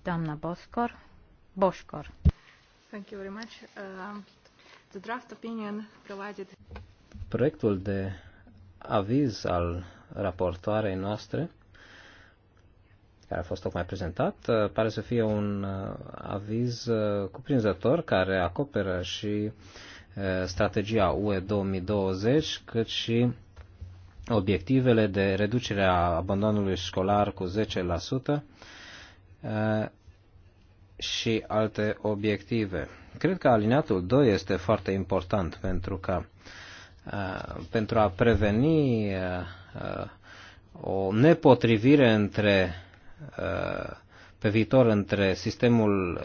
Doamna Boscor, Boscor. Thank you very much. Uh, the draft opinion provided... Proiectul de aviz al raportoarei noastre, care a fost tocmai prezentat, pare să fie un uh, aviz uh, cuprinzător care acoperă și uh, strategia UE 2020, cât și obiectivele de reducere a abandonului școlar cu 10% și alte obiective. Cred că alineatul 2 este foarte important pentru că uh, Uh, pentru a preveni uh, uh, o nepotrivire între pe viitor între sistemul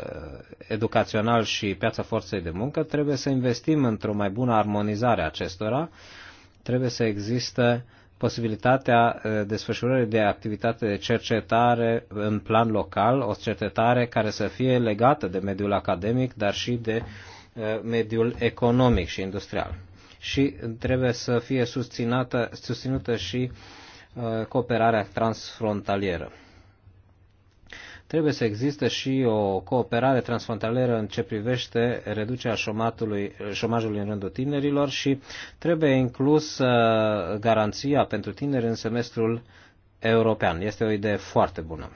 educațional și piața forței de muncă, trebuie să investim într-o mai bună armonizare a acestora, trebuie să existe posibilitatea desfășurării de activitate de cercetare în plan local, o cercetare care să fie legată de mediul academic, dar și de mediul economic și industrial și trebuie să fie susținată, susținută și uh, cooperarea transfrontalieră. Trebuie să existe și o cooperare transfrontalieră în ce privește reducerea șomajului în rândul tinerilor și trebuie inclus uh, garanția pentru tineri în semestrul european. Este o idee foarte bună.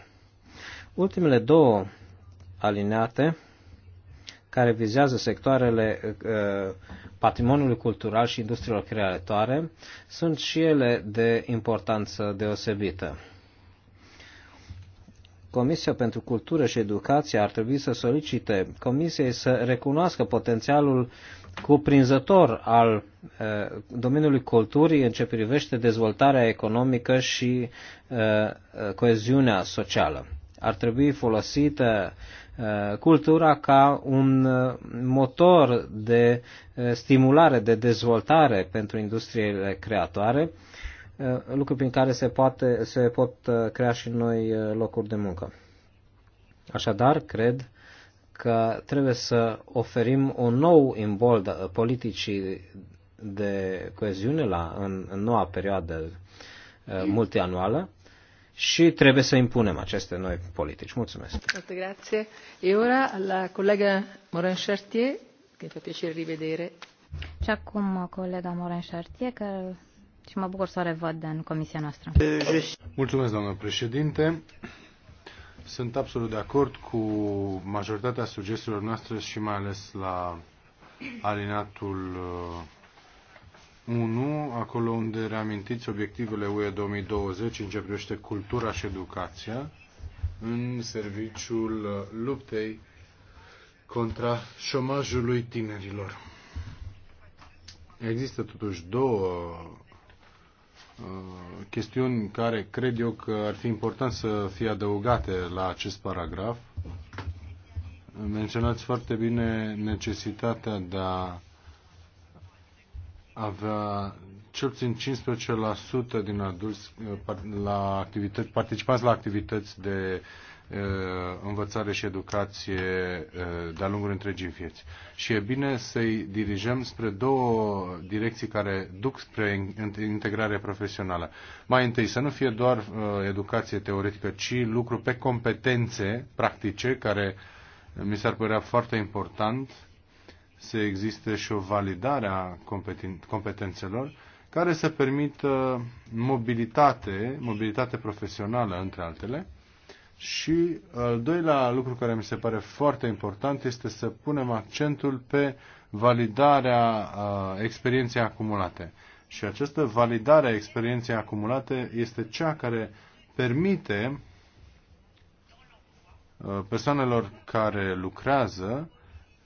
Ultimele două alineate care vizează sectoarele uh, patrimoniului cultural și industriilor creatoare sunt și ele de importanță deosebită. Comisia pentru Cultură și Educație ar trebui să solicite Comisiei să recunoască potențialul cuprinzător al eh, domeniului culturii în ce privește dezvoltarea economică și eh, eh, coeziunea socială. Ar trebui folosită Uh, cultura ca un uh, motor de uh, stimulare, de dezvoltare pentru industriile creatoare, lucru prin care se, poate, se pot crea și noi locuri de muncă. Așadar, cred că trebuie să oferim un nou imbold politicii de coeziune la, în, în noua perioadă multianuală, și trebuie să impunem aceste noi politici. Mulțumesc. Grazie. E ora la colega Morin Chartier, che fa piacere rivedere. Și acum colega Moran Chartier, că și mă bucur să o revăd în comisia noastră. Mulțumesc, doamnă președinte. Sunt absolut de acord cu majoritatea sugestiilor noastre și mai ales la alinatul. Uh, 1, acolo unde reamintiți obiectivele UE 2020 în ce privește cultura și educația în serviciul luptei contra șomajului tinerilor. Există totuși două uh, chestiuni care cred eu că ar fi important să fie adăugate la acest paragraf. Menționați foarte bine necesitatea de a avea cel puțin 15% din adulți eh, la activități, participați la activități de uh, învățare și educație uh, de-a lungul întregii vieți. Și e bine să-i dirijăm spre două direcții care duc spre integrare profesională. Mai întâi, să nu fie doar uh, educație teoretică, ci lucru pe competențe practice, care mi s-ar părea foarte important uh, să existe și o validare a competențelor care să permită mobilitate, mobilitate profesională între altele. Și al doilea lucru care mi se pare foarte important este să punem accentul pe validarea experienței acumulate. Și această validare a experienței acumulate este cea care permite persoanelor care lucrează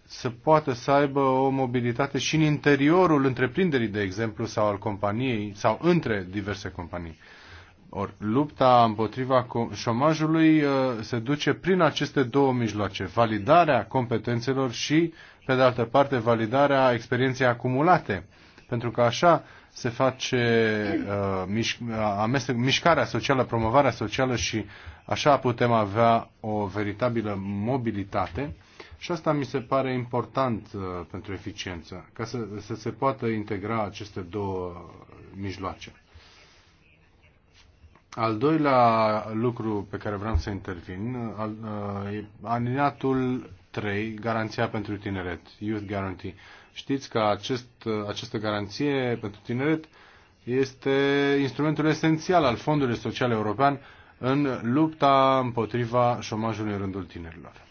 să poată să aibă o mobilitate și în interiorul întreprinderii, de exemplu, sau al companiei, sau între diverse companii. Or, lupta împotriva șomajului uh, se duce prin aceste două mijloace, validarea competențelor și, pe de altă parte, validarea experienței acumulate. Pentru că așa se face uh, miș, uh, amestec, mișcarea socială, promovarea socială și așa putem avea o veritabilă mobilitate. Și asta mi se pare important uh, pentru eficiență, ca să, să se poată integra aceste două mijloace. Al doilea lucru pe care vreau să intervin, uh, al, uh, alineatul 3, garanția pentru tineret, Youth Guarantee. Știți că acest, uh, această garanție pentru tineret este instrumentul esențial al Fondului Social European în lupta împotriva șomajului în rândul tinerilor.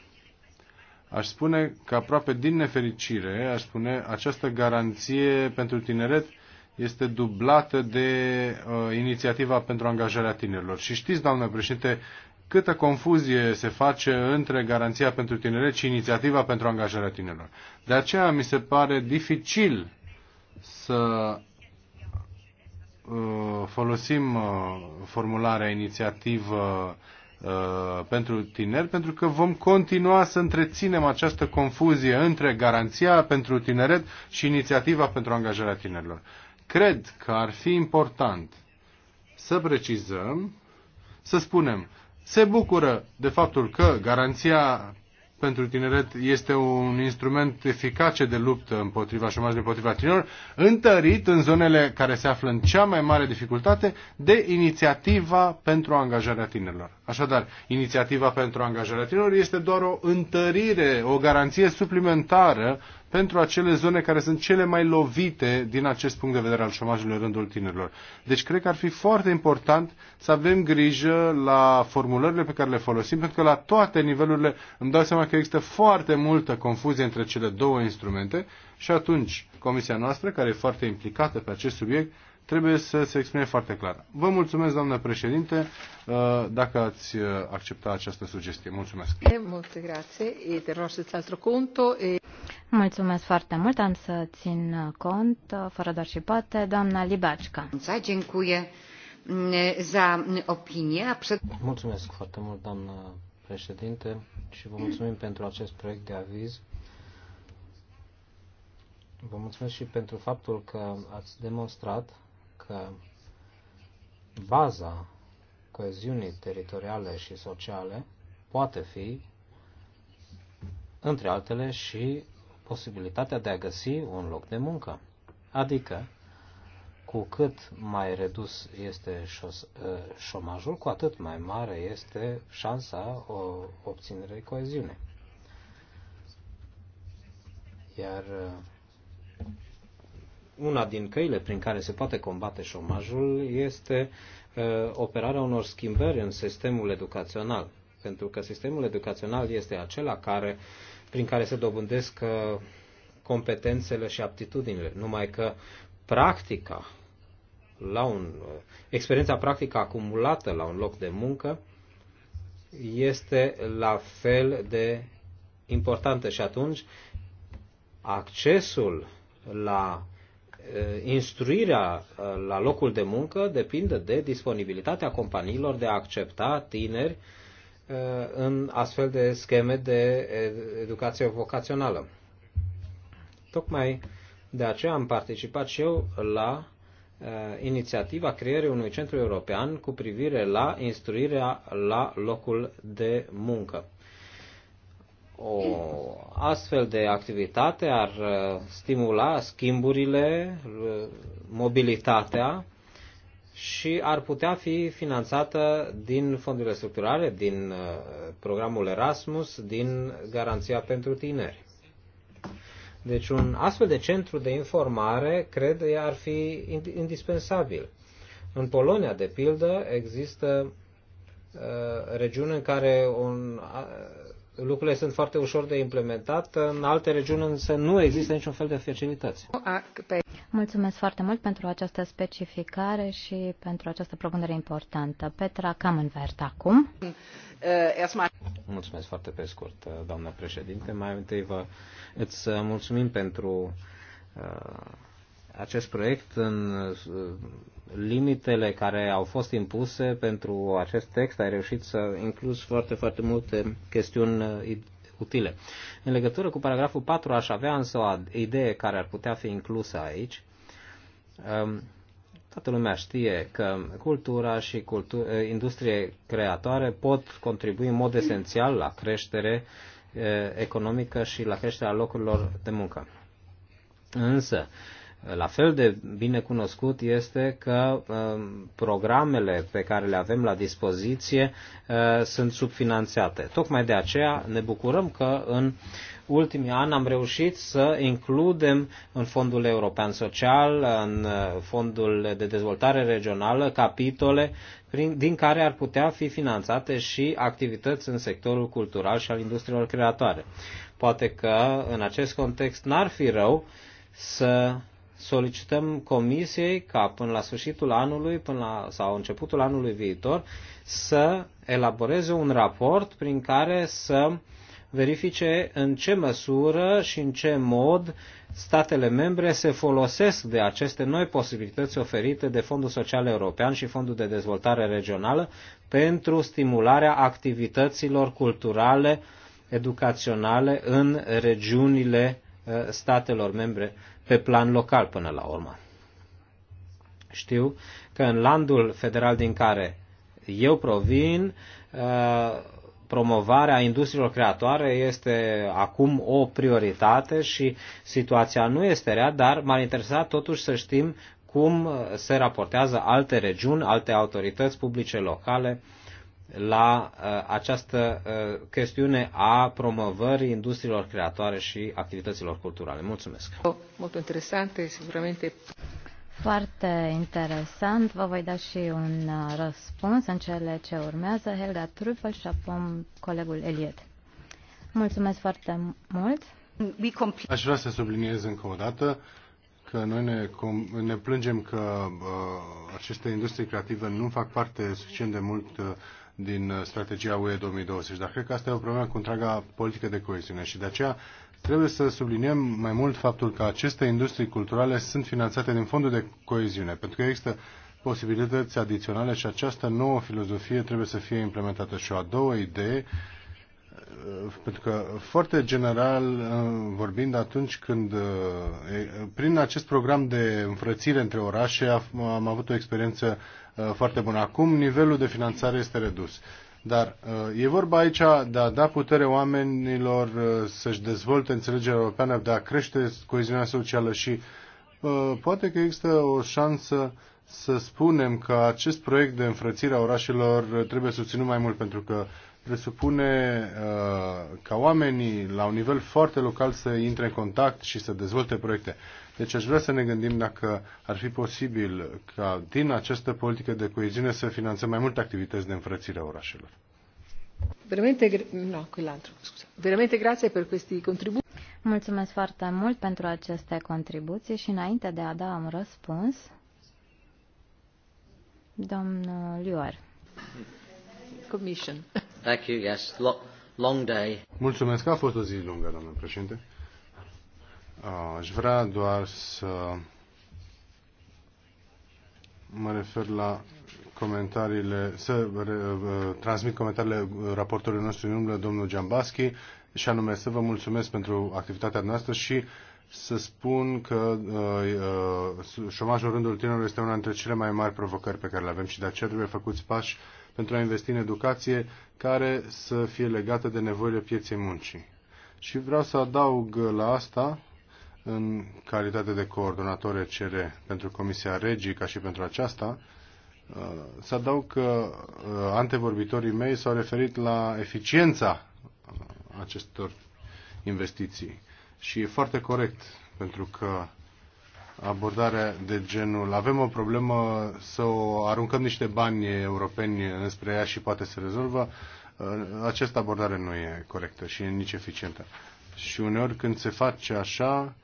Aș spune că aproape din nefericire, aș spune, această garanție pentru tineret este dublată de uh, inițiativa pentru angajarea tinerilor. Și știți, doamnă președinte, câtă confuzie se face între garanția pentru tineret și inițiativa pentru angajarea tinerilor. De aceea mi se pare dificil să uh, folosim uh, formularea inițiativă Uh, pentru tineri, pentru că vom continua să întreținem această confuzie între garanția pentru tineret și inițiativa pentru angajarea tinerilor. Cred că ar fi important să precizăm, să spunem, se bucură de faptul că garanția pentru tineret este un instrument eficace de luptă împotriva șomajului împotriva tinerilor, întărit în zonele care se află în cea mai mare dificultate de inițiativa pentru angajarea tinerilor. Așadar, inițiativa pentru angajarea tinerilor este doar o întărire, o garanție suplimentară pentru acele zone care sunt cele mai lovite din acest punct de vedere al șomajului în rândul tinerilor. Deci cred că ar fi foarte important să avem grijă la formulările pe care le folosim, pentru că la toate nivelurile îmi dau seama că există foarte multă confuzie între cele două instrumente și atunci Comisia noastră, care e foarte implicată pe acest subiect, trebuie să se exprime foarte clar. Vă mulțumesc, doamnă președinte, uh, dacă ați uh, accepta această sugestie. Mulțumesc. Multe grație. te rog să-ți conto. Mulțumesc foarte mult. Am să țin uh, cont, fără doar și poate, doamna Libacica. Mm, mm, mulțumesc foarte mult, doamnă președinte, și vă mulțumim pentru acest proiect de aviz. Vă mulțumesc și pentru faptul că ați demonstrat că baza coeziunii teritoriale și sociale poate fi, între altele, și posibilitatea de a găsi un loc de muncă. Adică, cu cât mai redus este ă, șomajul, cu atât mai mare este șansa obținerei coeziune. Iar ă, una din căile prin care se poate combate șomajul este uh, operarea unor schimbări în sistemul educațional. Pentru că sistemul educațional este acela care, prin care se dobândesc uh, competențele și aptitudinile. Numai că practica, la un, uh, experiența practică acumulată la un loc de muncă este la fel de importantă și atunci accesul la Eh, instruirea eh, la locul de muncă depinde de disponibilitatea companiilor de a accepta tineri eh, în astfel de scheme de educație vocațională. Tocmai de aceea am participat și eu la inițiativa creierii unui centru european cu privire la instruirea la locul de muncă. O astfel de activitate ar uh, stimula schimburile, uh, mobilitatea și ar putea fi finanțată din fondurile structurale, din uh, programul Erasmus, din garanția pentru tineri. Deci un astfel de centru de informare, cred, ar fi indispensabil. În Polonia, de pildă, există uh, regiuni în care un, uh, lucrurile sunt foarte ușor de implementat. În alte regiuni însă nu există niciun fel de facilități. Mulțumesc foarte mult pentru această specificare și pentru această propunere importantă. Petra Camenvert acum. Mulțumesc foarte pe scurt, doamnă președinte. Mai întâi vă îți mulțumim pentru uh, acest proiect în uh, limitele care au fost impuse pentru acest text, ai reușit să incluzi foarte, foarte multe chestiuni uh, utile. În legătură cu paragraful 4 aș avea însă o idee care ar putea fi inclusă aici. Um, toată lumea știe că cultura și cultu- uh, industrie creatoare pot contribui în mod esențial la creștere uh, economică și la creșterea locurilor de muncă. Însă, la fel de bine cunoscut este că um, programele pe care le avem la dispoziție uh, sunt subfinanțate. Tocmai de aceea ne bucurăm că în ultimii ani am reușit să includem în Fondul European Social, în uh, Fondul de Dezvoltare Regională, capitole prin, din care ar putea fi finanțate și activități în sectorul cultural și al industriilor creatoare. Poate că în acest context n-ar fi rău să solicităm comisiei ca până la sfârșitul anului până la, sau începutul anului viitor să elaboreze un raport prin care să verifice în ce măsură și în ce mod statele membre se folosesc de aceste noi posibilități oferite de Fondul Social European și Fondul de Dezvoltare Regională pentru stimularea activităților culturale, educaționale în regiunile uh, statelor membre pe plan local până la urmă. Știu că în landul federal din care eu provin, uh, promovarea industriilor creatoare este acum o prioritate și situația nu este rea, dar m-ar interesa totuși să știm cum se raportează alte regiuni, alte autorități publice locale la uh, această uh, chestiune a promovării industriilor creatoare și activităților culturale. Mulțumesc! Mult interesant, siguramente. Foarte interesant. Vă voi da și un uh, răspuns în cele ce urmează. Helga Trüffel și apoi colegul Eliet. Mulțumesc foarte mult. Aș vrea să subliniez încă o dată că noi ne, ne plângem că uh, aceste industrie creative nu fac parte suficient de mult uh, din uh, strategia UE 2020. Dar cred că asta e o problemă cu întreaga politică de coeziune și de aceea trebuie să subliniem mai mult faptul că aceste industrii culturale sunt finanțate din fondul de coeziune, pentru că există posibilități adiționale și această nouă filozofie trebuie să fie implementată. Și o a doua idee, uh, pentru că foarte general uh, vorbind atunci când prin acest program de înfrățire între orașe am avut o experiență Uh, foarte bună. Acum nivelul de finanțare este redus. Dar uh, e vorba aici de a da putere oamenilor uh, să-și dezvolte înțelegerea europeană, de a crește coeziunea socială și poate că există o șansă să spunem că acest proiect de înfrățire a orașelor trebuie susținut mai mult pentru că presupune uh, ca oamenii la un nivel foarte local să intre în contact și să dezvolte proiecte. Deci aș vrea să ne gândim dacă ar fi posibil ca din această politică de coeziune să finanțăm mai multe activități de înfrățire a orașelor. Veramente, no, quell'altro, scusa. Veramente grazie per questi contributi. Mulțumesc foarte mult pentru aceste contribuții și înainte de a da un răspuns, domnul Lior. Commission. Thank you, yes. Long day. Mulțumesc, a fost o zi lungă, doamnă președinte. Ah, aș vrea doar să mă refer la comentariile, să eh, transmit comentariile raportului nostru în domnul Giambaschi, și anume să vă mulțumesc pentru activitatea noastră și să spun că uh, șomajul rândul tinerilor este una dintre cele mai mari provocări pe care le avem și de aceea trebuie făcuți pași pentru a investi în educație care să fie legată de nevoile pieței muncii. Și vreau să adaug la asta în calitate de coordonator ECR pentru Comisia Regii, ca și pentru aceasta, uh, să adaug că uh, antevorbitorii mei s-au referit la eficiența uh, acestor investiții. Și e foarte corect, pentru că abordarea de genul avem o problemă să o aruncăm niște bani europeni înspre ea și poate se rezolvă, această abordare nu e corectă și nici eficientă. Și uneori când se face așa,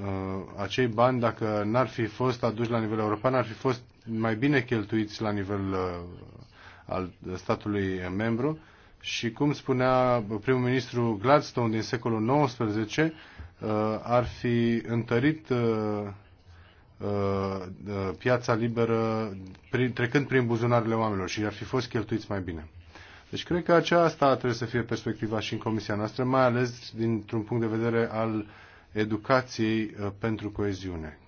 Uh, acei bani, dacă n-ar fi fost aduși la nivel european, ar fi fost mai bine cheltuiți la nivel uh, al statului membru. Și cum spunea primul ministru Gladstone din secolul XIX, uh, ar fi întărit piața liberă trecând prin buzunarele oamenilor și ar fi fost cheltuiți mai bine. Deci cred că aceasta trebuie să fie perspectiva și în comisia noastră, mai ales dintr-un punct de vedere al uh, educației uh, pentru coeziune.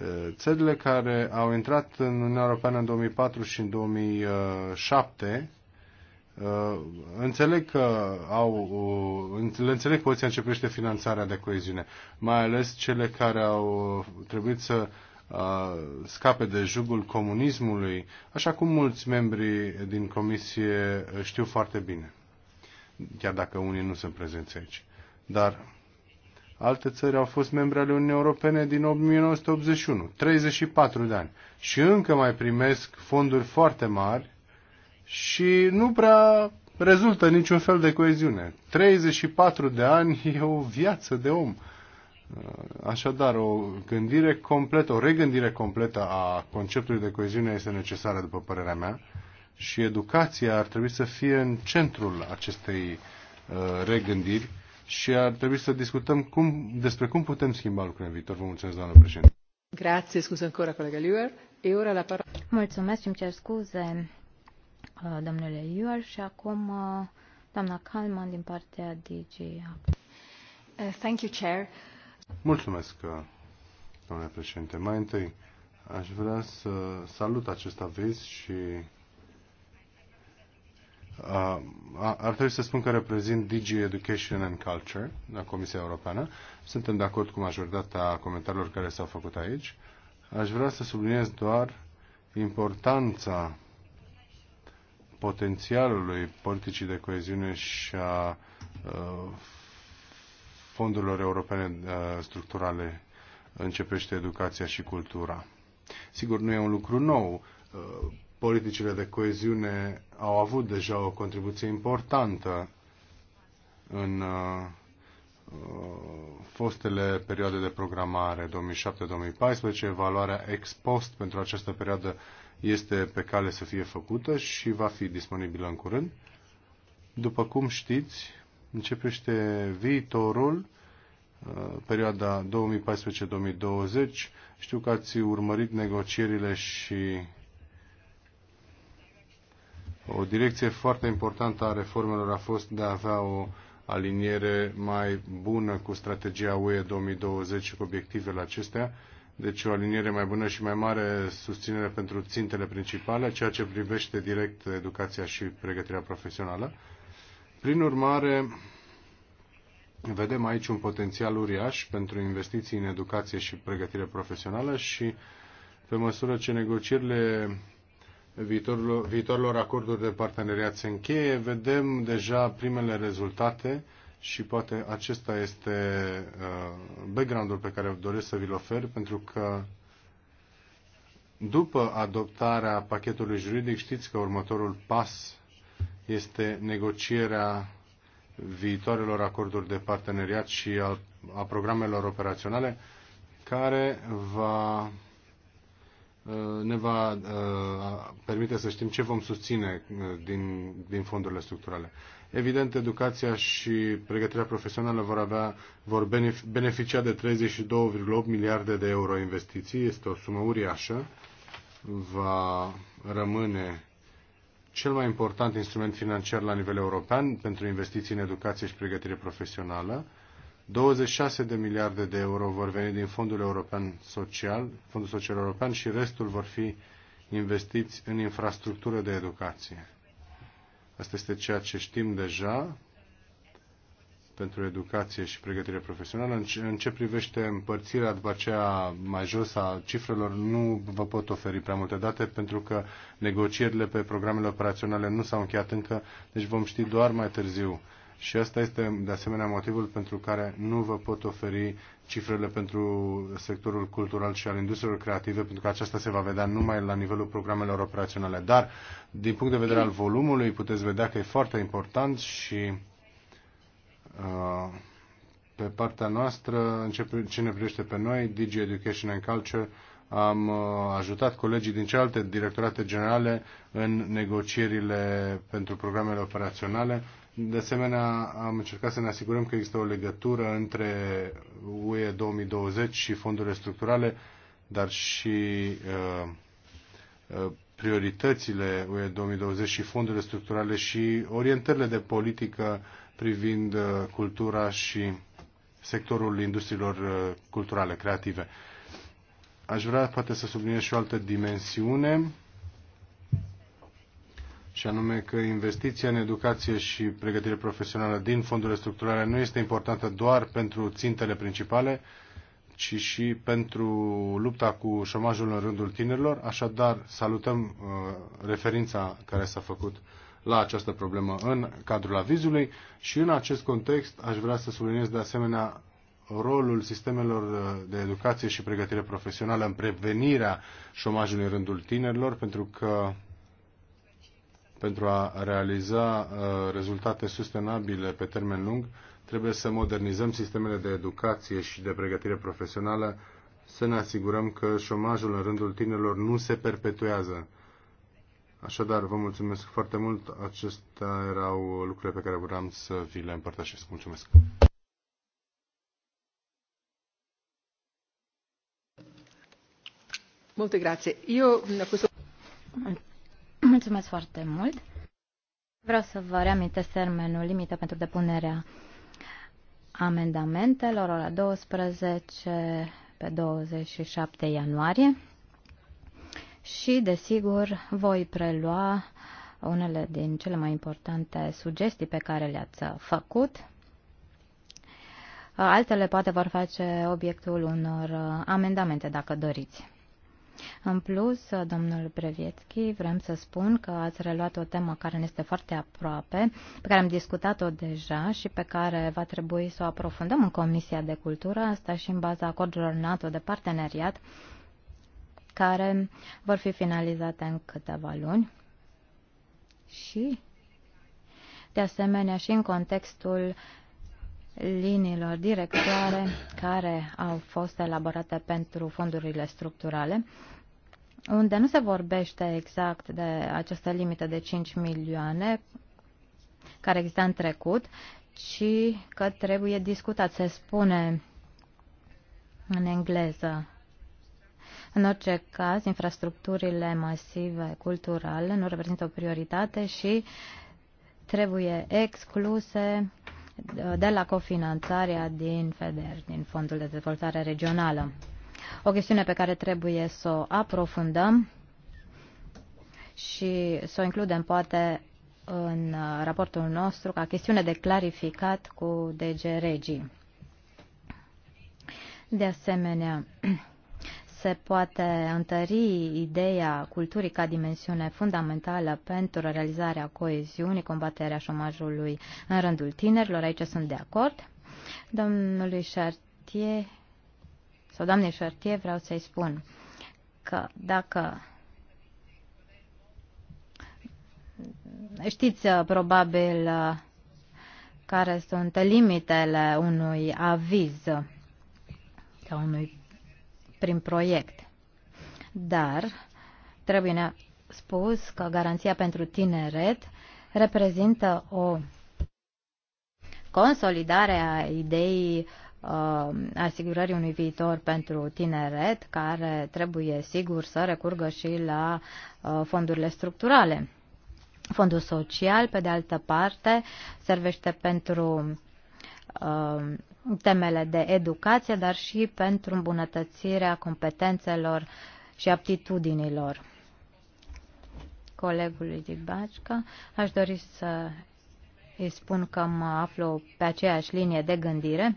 Uh, țările care au intrat în Uniunea Europeană în 2004 și în 2007 uh, înțeleg că au, le înțeleg poziția în ce privește finanțarea de coeziune, mai ales cele care au trebuit să scape de jugul comunismului, așa cum mulți membri din comisie știu foarte bine, chiar dacă unii nu sunt prezenți aici. Dar Alte țări au fost membre ale Uniunii Europene din 1981, 34 de ani. Și încă mai primesc fonduri foarte mari și nu prea rezultă niciun fel de coeziune. 34 de ani e o viață de om. Uh, așadar, o gândire completă, o regândire completă a conceptului de coeziune este necesară, după părerea mea, și educația ar trebui să fie în centrul acestei uh, regândiri și ar trebui să discutăm cum, despre cum putem schimba lucrurile în viitor. Vă mulțumesc, doamnă președinte. Grazie, scuze încă, colega Liuer. E ora la par... Mulțumesc, îmi cer scuze, uh, domnule Liuer, și acum uh, doamna Kalman din partea DG. Uh, thank you, Chair. Mulțumesc, domnule președinte. Mai întâi, aș vrea să salut acest aviz și Uh, ar trebui să spun că reprezint DG Education and Culture la Comisia Europeană. Suntem de acord cu majoritatea comentariilor care s-au făcut aici. Aș vrea să subliniez doar importanța potențialului politicii de coeziune și a uh, fondurilor europene uh, structurale începește educația și cultura. Sigur, nu e un lucru nou. Uh, politicile de coeziune au avut deja o contribuție importantă în uh, uh, fostele perioade de programare 2007-2014. Evaluarea ex post pentru această perioadă este pe cale să fie făcută și va fi disponibilă în curând. După cum știți, începește viitorul, uh, perioada 2014-2020. Știu că ați urmărit negocierile și o direcție foarte importantă a reformelor a fost de a avea o aliniere mai bună cu strategia UE 2020 și cu obiectivele acestea, deci o aliniere mai bună și mai mare susținere pentru țintele principale, ceea ce privește direct educația și pregătirea profesională. Prin urmare, vedem aici un potențial uriaș pentru investiții în educație și pregătire profesională și pe măsură ce negocierile viitorilor, viitorilor acorduri de parteneriat se încheie. Vedem deja primele rezultate și poate acesta este uh, background-ul pe care doresc să vi-l ofer, pentru că după adoptarea pachetului juridic știți că următorul pas este negocierea viitoarelor acorduri de parteneriat și a, a programelor operaționale, care va Eh, ne va eh, permite să știm ce vom susține eh, din, din fondurile structurale. Evident, educația și pregătirea profesională vor avea, vor beneficia de 32,8 miliarde de euro investiții. Este o sumă uriașă. Va rămâne cel mai important instrument financiar la nivel european pentru investiții în educație și pregătire profesională 26 de miliarde de euro vor veni din Fondul European Social, Fondul Social European și restul vor fi investiți în infrastructură de educație. Asta este ceea ce știm deja pentru educație și pregătire profesională. În ce, în ce privește împărțirea după aceea mai jos a cifrelor, nu vă pot oferi prea multe date pentru că negocierile pe programele operaționale nu s-au încheiat încă, deci vom ști doar mai târziu și asta este de asemenea motivul pentru care nu vă pot oferi cifrele pentru sectorul cultural și al industriilor creative, pentru că aceasta se va vedea numai la nivelul programelor operaționale. Dar, din punct de vedere al volumului, puteți vedea că e foarte important și uh, pe partea noastră, în ce ne privește pe noi, Digi Education and Culture, am uh, ajutat colegii din celelalte directorate generale în negocierile pentru programele operaționale de asemenea, am încercat să ne asigurăm că există o legătură între UE 2020 și fondurile structurale, dar și uh, uh, prioritățile UE 2020 și fondurile structurale și orientările de politică privind uh, cultura și sectorul industriilor culturale, creative. Aș vrea poate să subliniez și o altă dimensiune și anume că investiția în educație și pregătire profesională din fondurile structurale nu este importantă doar pentru țintele principale, ci și pentru lupta cu șomajul în rândul tinerilor. Așadar, salutăm uh, referința care s-a făcut la această problemă în cadrul avizului și în acest context aș vrea să subliniez de asemenea rolul sistemelor uh, de educație și pregătire profesională în prevenirea șomajului în rândul tinerilor, pentru că pentru a realiza uh, rezultate sustenabile pe termen lung, trebuie să modernizăm sistemele de educație și de pregătire profesională, să ne asigurăm că șomajul în rândul tinerilor nu se perpetuează. Așadar, vă mulțumesc foarte mult. Acestea erau lucrurile pe care vreau să vi le împărtășesc. Mulțumesc! Multe grazie. Eu, a questo... Mulțumesc foarte mult. Vreau să vă reamintesc termenul limită pentru depunerea amendamentelor ora 12 pe 27 ianuarie și, desigur, voi prelua unele din cele mai importante sugestii pe care le-ați făcut. Altele poate vor face obiectul unor amendamente, dacă doriți. În plus, domnul Brevietski, vrem să spun că ați reluat o temă care ne este foarte aproape, pe care am discutat-o deja și pe care va trebui să o aprofundăm în Comisia de Cultură, asta și în baza acordurilor NATO de parteneriat, care vor fi finalizate în câteva luni. Și, de asemenea, și în contextul uh, liniilor directoare care au fost elaborate pentru fondurile structurale, unde nu se vorbește exact de această limită de 5 milioane care exista în trecut, ci că trebuie discutat, se spune în engleză. În orice caz, infrastructurile masive culturale nu reprezintă o prioritate și trebuie excluse de la cofinanțarea din FEDER, din Fondul de Dezvoltare Regională. O chestiune pe care trebuie să o aprofundăm și să o includem poate în raportul nostru ca chestiune de clarificat cu DG Regii. De asemenea, se poate întări ideea culturii ca dimensiune fundamentală pentru realizarea coeziunii, combaterea șomajului în rândul tinerilor. Aici sunt de acord. Domnului Chartier, sau doamnei Chartier, vreau să-i spun că dacă știți uh, probabil uh, care sunt limitele unui aviz uh, sau unui prin proiect. Dar trebuie ne spus că garanția pentru tineret reprezintă o consolidare a ideii uh, asigurării unui viitor pentru tineret, care trebuie sigur să recurgă și la uh, fondurile structurale. Fondul social, pe de altă parte, servește pentru uh, temele de educație, dar și pentru îmbunătățirea competențelor și aptitudinilor colegului Dibașca, Aș dori să îi spun că mă aflu pe aceeași linie de gândire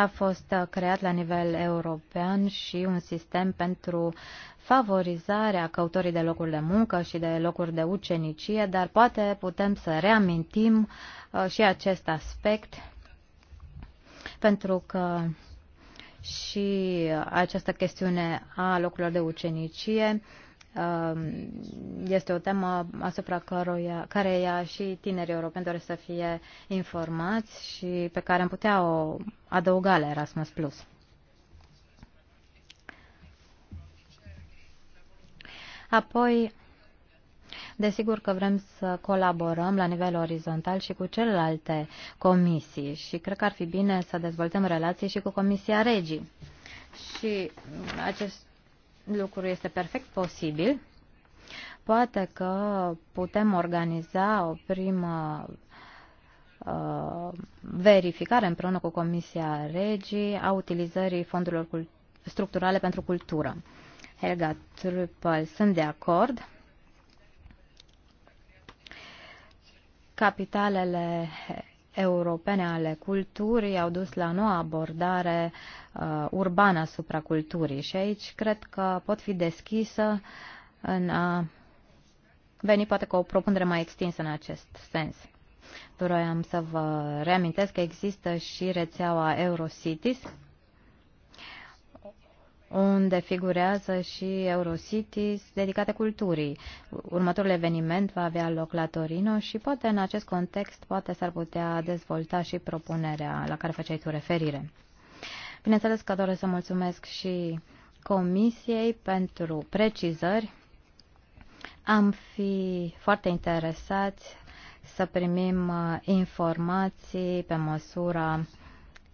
a fost uh, creat la nivel european și un sistem pentru favorizarea căutorii de locuri de muncă și de locuri de ucenicie, dar poate putem să reamintim uh, și acest aspect pentru că și uh, această chestiune a locurilor de ucenicie Um, este o temă asupra căruia, careia și tinerii europeni doresc să fie informați și pe care am putea o adăuga la Erasmus+. Plus. Apoi, Desigur că vrem să colaborăm la nivel orizontal și cu celelalte comisii și cred că ar fi bine să dezvoltăm relații și cu Comisia Regii. Și acest lucru este perfect posibil. Poate că putem organiza o primă uh, verificare împreună cu Comisia Regii a utilizării fondurilor structurale pentru cultură. Helga Trupel, sunt de acord. Capitalele europene ale culturii au dus la noua abordare uh, urbană asupra culturii și aici cred că pot fi deschisă în a veni poate cu o propunere mai extinsă în acest sens. Doream să vă reamintesc că există și rețeaua Eurocities, unde figurează și Eurocities dedicate culturii. Următorul eveniment va avea loc la Torino și poate în acest context poate s-ar putea dezvolta și propunerea la care făceai tu referire. Bineînțeles că doresc să mulțumesc și Comisiei pentru precizări. Am fi foarte interesați să primim uh, informații pe măsura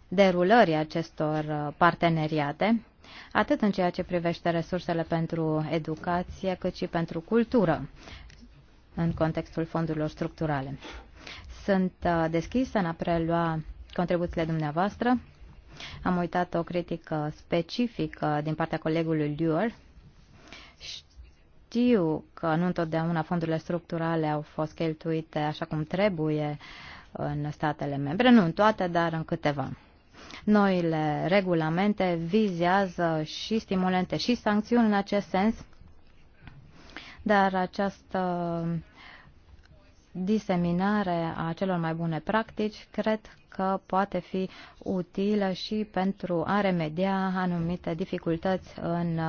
derulării acestor uh, parteneriate atât în ceea ce privește resursele pentru educație, cât și pentru cultură în contextul fondurilor structurale. Sunt uh, deschisă în a prelua contribuțiile dumneavoastră. Am uitat o critică specifică din partea colegului Luer. Știu că nu întotdeauna fondurile structurale au fost cheltuite așa cum trebuie în statele membre, nu în toate, dar în câteva. Noile regulamente vizează și stimulente și sancțiuni în acest sens, dar această diseminare a celor mai bune practici cred că poate fi utilă și pentru a remedia anumite dificultăți în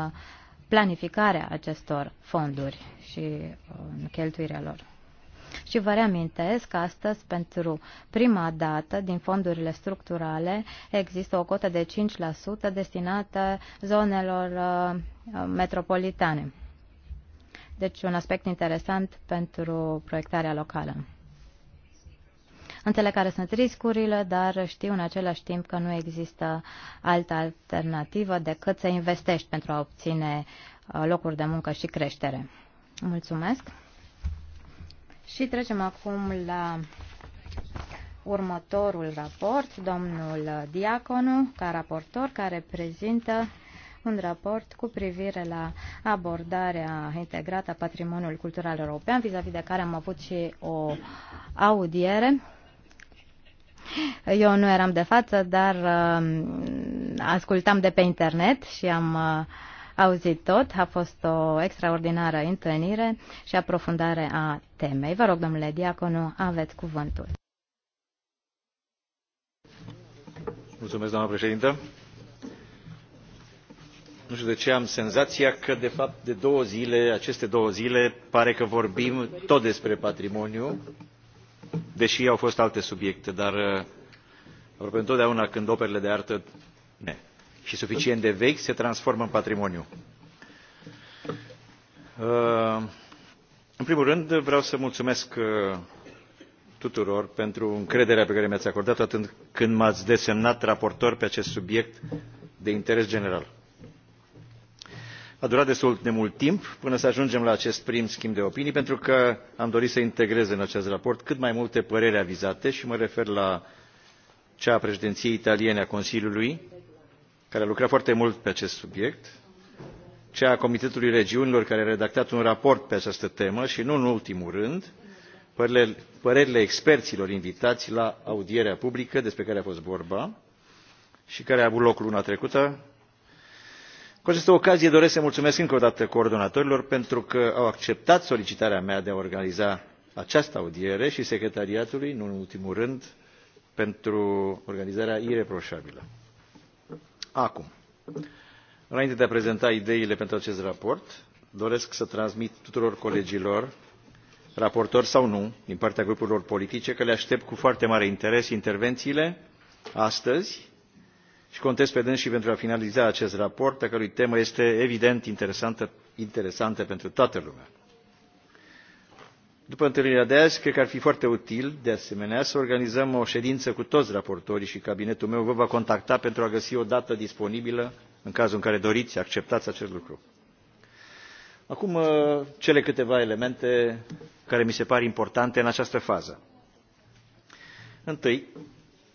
planificarea acestor fonduri și în cheltuirea lor. Și vă reamintesc că astăzi, pentru prima dată, din fondurile structurale, există o cotă de 5% destinată zonelor uh, metropolitane. Deci un aspect interesant pentru proiectarea locală. Înțeleg care sunt riscurile, dar știu în același timp că nu există altă alternativă decât să investești pentru a obține uh, locuri de muncă și creștere. Mulțumesc! Și trecem acum la următorul raport, domnul Diaconu, ca raportor, care prezintă un raport cu privire la abordarea integrată a patrimoniului cultural european, vis-a-vis -vis de care am avut și o audiere. Eu nu eram de față, dar uh, ascultam de pe internet și am uh, auzit tot. A fost o extraordinară întâlnire și aprofundare a temei. Vă rog, domnule Diaconu, aveți cuvântul. Mulțumesc, doamna președintă. Nu știu de ce am senzația că, de fapt, de două zile, aceste două zile, pare că vorbim tot despre patrimoniu, deși au fost alte subiecte, dar uh, aproape întotdeauna când operele de artă ne, și suficient de vechi se transformă în patrimoniu. Uh, în primul rând, vreau să mulțumesc uh, tuturor pentru încrederea pe care mi-ați acordat-o atât când m-ați desemnat raportor pe acest subiect de interes general. A durat destul de mult timp până să ajungem la acest prim schimb de opinii, pentru că am dorit să integrez în acest raport cât mai multe păreri avizate și mă refer la cea a președinției italiene a Consiliului, care a lucrat foarte mult pe acest subiect cea a comitetului regiunilor care a redactat un raport pe această temă și nu în ultimul rând părerile, experților invitați la audierea publică despre care a fost vorba și care a avut loc luna trecută. Cu această ocazie doresc să mulțumesc încă o dată coordonatorilor pentru că au acceptat solicitarea mea de a organiza această audiere și secretariatului, nu în ultimul rând, pentru organizarea ireproșabilă. Acum, înainte de a prezenta ideile pentru acest raport, doresc să transmit tuturor colegilor, raportori sau nu, din partea grupurilor politice, că le aștept cu foarte mare interes intervențiile astăzi și contez pe dâns și pentru a finaliza acest raport, a cărui temă este evident interesantă, interesantă pentru toată lumea. După întâlnirea de azi, cred că ar fi foarte util, de asemenea, să organizăm o ședință cu toți raportorii și cabinetul meu vă va contacta pentru a găsi o dată disponibilă, în cazul în care doriți, acceptați acest lucru. Acum, uh, cele câteva elemente care mi se par importante în această fază. Întâi,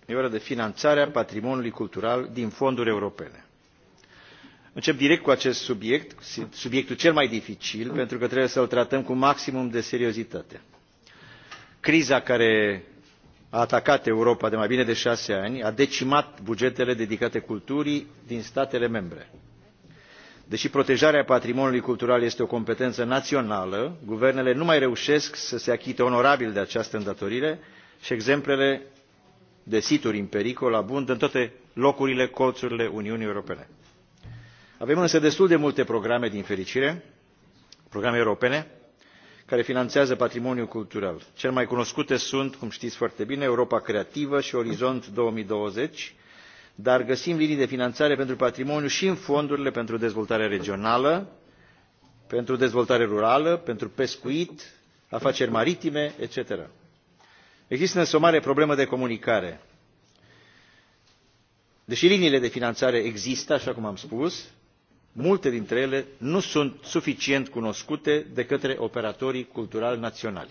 e vorba de finanțarea patrimoniului cultural din fonduri europene încep direct cu acest subiect subiectul cel mai dificil mm. pentru că trebuie să l tratăm cu maximum de seriozitate. criza care a atacat europa de mai bine de șase ani a decimat bugetele dedicate culturii din statele membre. deși protejarea patrimoniului cultural este o competență națională guvernele nu mai reușesc să se achite onorabil de această îndatorire și exemplele de situri în pericol abundă în toate locurile colțurile uniunii europene avem însă destul de multe programe, din fericire, programe europene, care finanțează patrimoniul cultural. cele mai cunoscute sunt, cum știți foarte bine, Europa Creativă și Orizont 2020, dar găsim linii de finanțare pentru patrimoniu și în fondurile pentru dezvoltare regională, pentru dezvoltare rurală, pentru pescuit, afaceri maritime, etc. Există însă o mare problemă de comunicare. Deși liniile de finanțare există, așa cum am spus, multe dintre ele nu sunt suficient cunoscute de către operatorii culturali naționali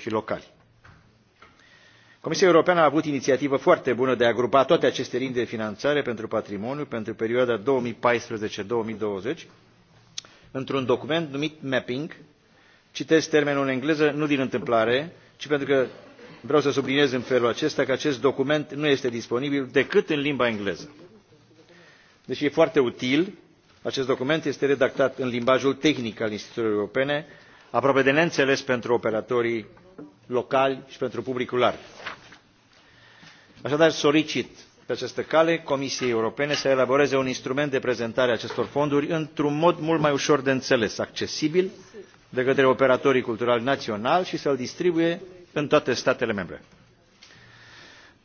și locali. Comisia Europeană a avut inițiativă foarte bună de a grupa toate aceste linii de finanțare pentru patrimoniu pentru perioada 2014-2020 într-un document numit Mapping. Citesc termenul în engleză nu din întâmplare, ci pentru că vreau să subliniez în felul acesta că acest document nu este disponibil decât în limba engleză. Deși e foarte util acest document este redactat în limbajul tehnic al instituțiilor europene aproape de neînțeles pentru operatorii locali și pentru publicul larg. așadar solicit pe această cale comisiei europene să elaboreze un instrument de prezentare a acestor fonduri într un mod mult mai ușor de înțeles accesibil de către operatorii culturali naționali și să l distribuie în toate statele membre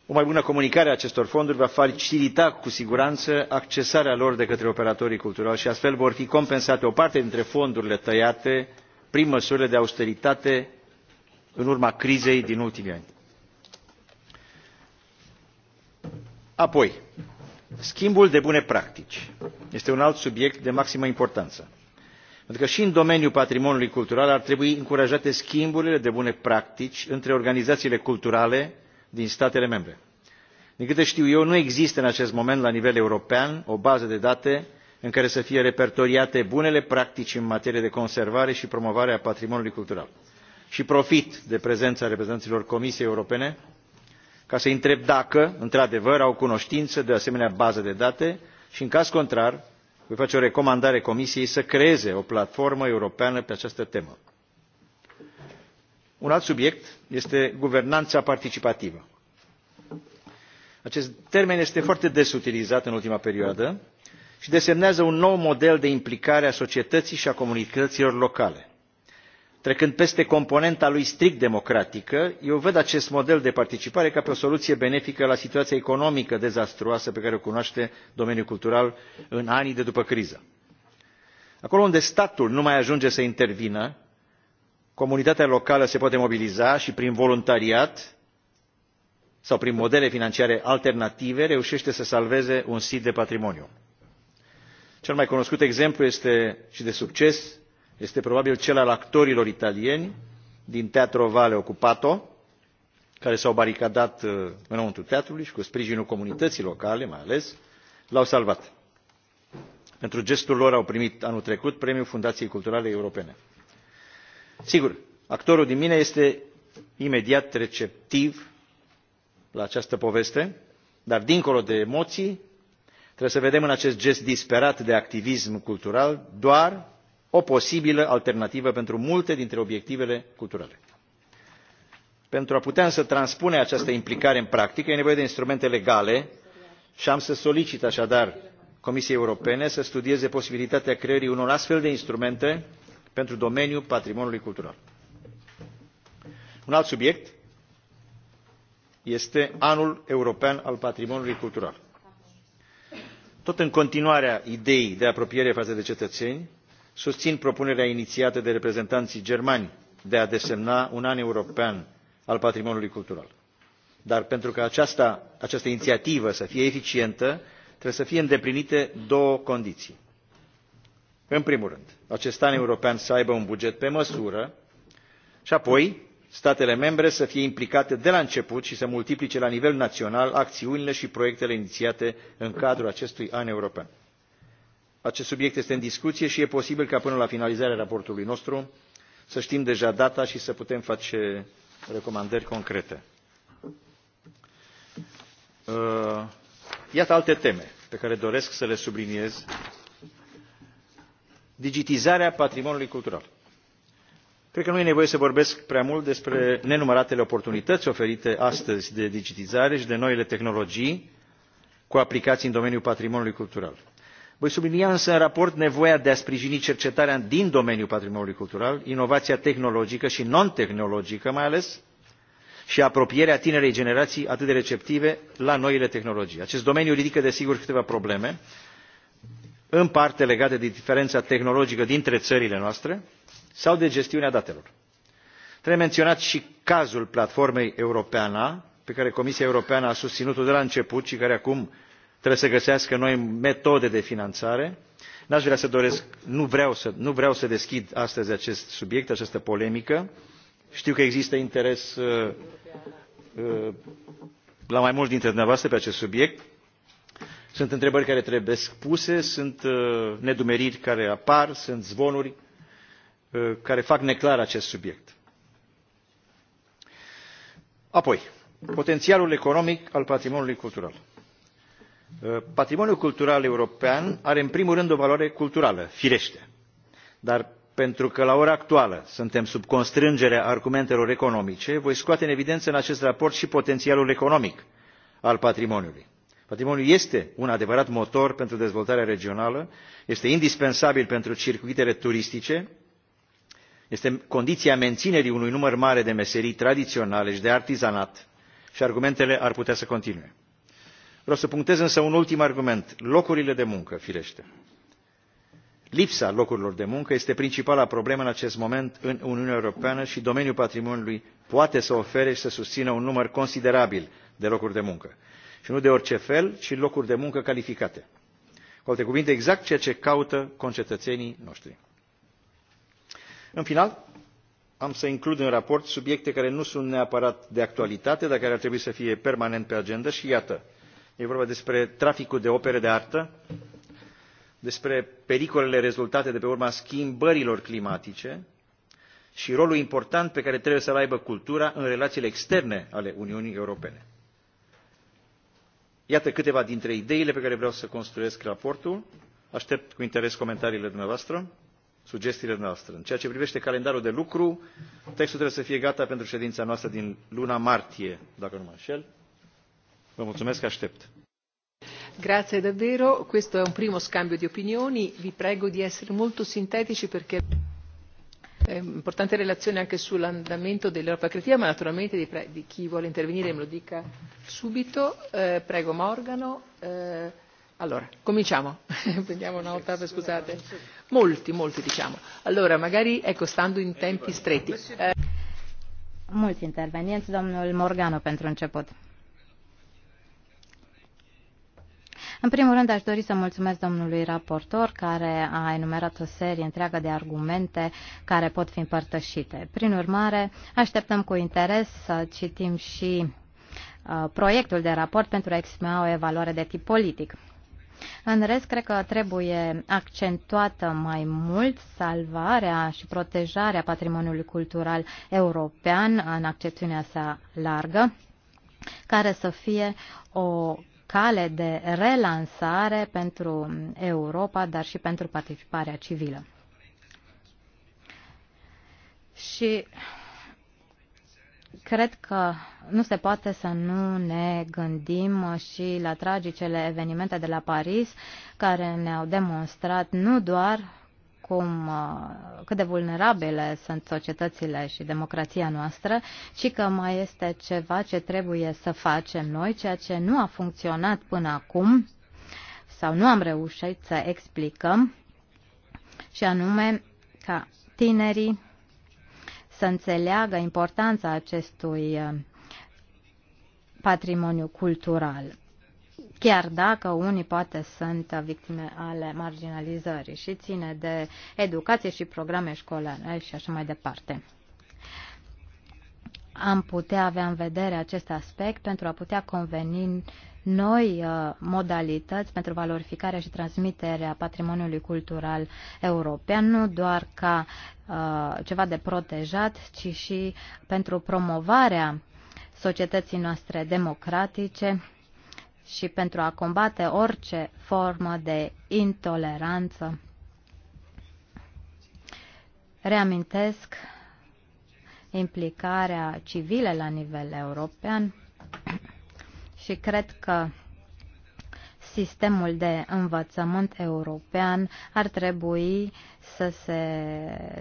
o mai bună comunicare a acestor fonduri va facilita cu siguranță accesarea lor de către operatorii culturali și astfel vor fi compensate o parte dintre fondurile tăiate prin măsurile de austeritate în urma crizei din ultimii ani. Apoi, schimbul de bune practici este un alt subiect de maximă importanță. Pentru că și în domeniul patrimoniului cultural ar trebui încurajate schimburile de bune practici între organizațiile culturale din statele membre. din câte știu eu nu există în acest moment la nivel european o bază de date în care să fie repertoriate bunele practici în materie de conservare și promovare a patrimoniului cultural și profit de prezența reprezentanților comisiei europene ca să îi întreb dacă într adevăr au cunoștință de o asemenea bază de date și în caz contrar voi face o recomandare comisiei să creeze o platformă europeană pe această temă un alt subiect este guvernanța participativă. acest termen este foarte des utilizat în ultima perioadă și desemnează un nou model de implicare a societății și a comunităților locale. trecând peste componenta lui strict democratică eu văd acest model de participare ca pe o soluție benefică la situația economică dezastruoasă pe care o cunoaște domeniul cultural în anii de după criză. acolo unde statul nu mai ajunge să intervină comunitatea locală se poate mobiliza și prin voluntariat sau prin modele financiare alternative reușește să salveze un sit de patrimoniu. Cel mai cunoscut exemplu este și de succes este probabil cel al actorilor italieni din Teatro Vale Occupato, care s-au baricadat uh, înăuntru teatrului și cu sprijinul comunității locale, mai ales, l-au salvat. Pentru gestul lor au primit anul trecut premiul Fundației Culturale Europene. Sigur, actorul din mine este imediat receptiv la această poveste, dar dincolo de emoții, trebuie să vedem în acest gest disperat de activism cultural doar o posibilă alternativă pentru multe dintre obiectivele culturale. Pentru a putea însă transpune această implicare în practică, e nevoie de instrumente legale și am să solicit așadar Comisiei Europene să studieze posibilitatea creării unor astfel de instrumente pentru domeniul patrimoniului cultural. Un alt subiect este Anul European al Patrimoniului Cultural. Tot în continuarea ideii de apropiere față de cetățeni, susțin propunerea inițiată de reprezentanții germani de a desemna un an european al patrimoniului cultural. Dar pentru ca această inițiativă să fie eficientă, trebuie să fie îndeplinite două condiții în primul rând acest an european să aibă un buget pe măsură și apoi statele membre să fie implicate de la început și să multiplice la nivel național acțiunile și proiectele inițiate în cadrul acestui an european. acest subiect este în discuție și e posibil ca până la finalizarea raportului nostru să știm deja data și să putem face recomandări concrete. Uh, iată alte teme pe care doresc să le subliniez digitizarea patrimoniului cultural. Cred că nu e nevoie să vorbesc prea mult despre nenumăratele oportunități oferite astăzi de digitizare și de noile tehnologii cu aplicații în domeniul patrimoniului cultural. Voi sublinia însă în raport nevoia de a sprijini cercetarea din domeniul patrimoniului cultural, inovația tehnologică și non-tehnologică mai ales, și apropierea tinerei generații atât de receptive la noile tehnologii. Acest domeniu ridică desigur câteva probleme în parte legate de diferența tehnologică dintre țările noastre sau de gestiunea datelor. Trebuie menționat și cazul platformei europeană, pe care Comisia Europeană a susținut-o de la început și care acum trebuie să găsească noi metode de finanțare. N-aș vrea să doresc, nu vreau să, nu vreau să deschid astăzi acest subiect, această polemică. Știu că există interes uh, uh, la mai mulți dintre dumneavoastră pe acest subiect sunt întrebări care trebuie spuse, sunt uh, nedumeriri care apar, sunt zvonuri uh, care fac neclar acest subiect. Apoi, potențialul economic al patrimoniului cultural. Uh, patrimoniul cultural european are în primul rând o valoare culturală, firește. Dar pentru că la ora actuală suntem sub constrângerea argumentelor economice, voi scoate în evidență în acest raport și potențialul economic al patrimoniului. Patrimoniul este un adevărat motor pentru dezvoltarea regională, este indispensabil pentru circuitele turistice, este condiția menținerii unui număr mare de meserii tradiționale și de artizanat și argumentele ar putea să continue. Vreau să punctez însă un ultim argument, locurile de muncă, firește. Lipsa locurilor de muncă este principala problemă în acest moment în Uniunea Europeană și domeniul patrimoniului poate să ofere și să susțină un număr considerabil de locuri de muncă și nu de orice fel, ci locuri de muncă calificate. Cu alte cuvinte, exact ceea ce caută concetățenii noștri. În final, am să includ în raport subiecte care nu sunt neapărat de actualitate, dar care ar trebui să fie permanent pe agenda și iată, e vorba despre traficul de opere de artă, despre pericolele rezultate de pe urma schimbărilor climatice și rolul important pe care trebuie să-l aibă cultura în relațiile externe ale Uniunii Europene. Iată câteva dintre ideile pe care vreau să construiesc raportul. Aștept cu interes comentariile dumneavoastră, sugestiile noastre. În ceea ce privește calendarul de lucru, textul trebuie să fie gata pentru ședința noastră din luna martie, dacă nu mă înșel. Vă mulțumesc, aștept. Grazie davvero, questo è un primo scambio di opinioni, vi prego di essere molto sintetici perché... Importante relazione anche sull'andamento dell'Europa creativa, ma naturalmente di, chi vuole intervenire me lo dica subito. Eh, prego Morgano. Eh, allora, cominciamo. Prendiamo nota, scusate. Molti, molti diciamo. Allora, magari, ecco, stando in tempi stretti. Eh, Mulți intervenienți, domnul Morgano pentru început. În primul rând, aș dori să mulțumesc domnului raportor care a enumerat o serie întreagă de argumente care pot fi împărtășite. Prin urmare, așteptăm cu interes să citim și uh, proiectul de raport pentru a exprima o evaluare de tip politic. În rest, cred că trebuie accentuată mai mult salvarea și protejarea patrimoniului cultural european în accepțiunea sa largă, care să fie o cale de relansare pentru Europa, dar și pentru participarea civilă. Și cred că nu se poate să nu ne gândim și la tragicele evenimente de la Paris, care ne-au demonstrat nu doar cum, uh, cât de vulnerabile sunt societățile și democrația noastră, ci că mai este ceva ce trebuie să facem noi, ceea ce nu a funcționat până acum sau nu am reușit să explicăm, și anume ca tinerii să înțeleagă importanța acestui uh, patrimoniu cultural chiar dacă unii poate sunt victime ale marginalizării și ține de educație și programe școlare și așa mai departe. Am putea avea în vedere acest aspect pentru a putea conveni noi uh, modalități pentru valorificarea și transmiterea patrimoniului cultural european, nu doar ca uh, ceva de protejat, ci și pentru promovarea societății noastre democratice, și pentru a combate orice formă de intoleranță. Reamintesc implicarea civilă la nivel european și cred că sistemul de învățământ european ar trebui să, se,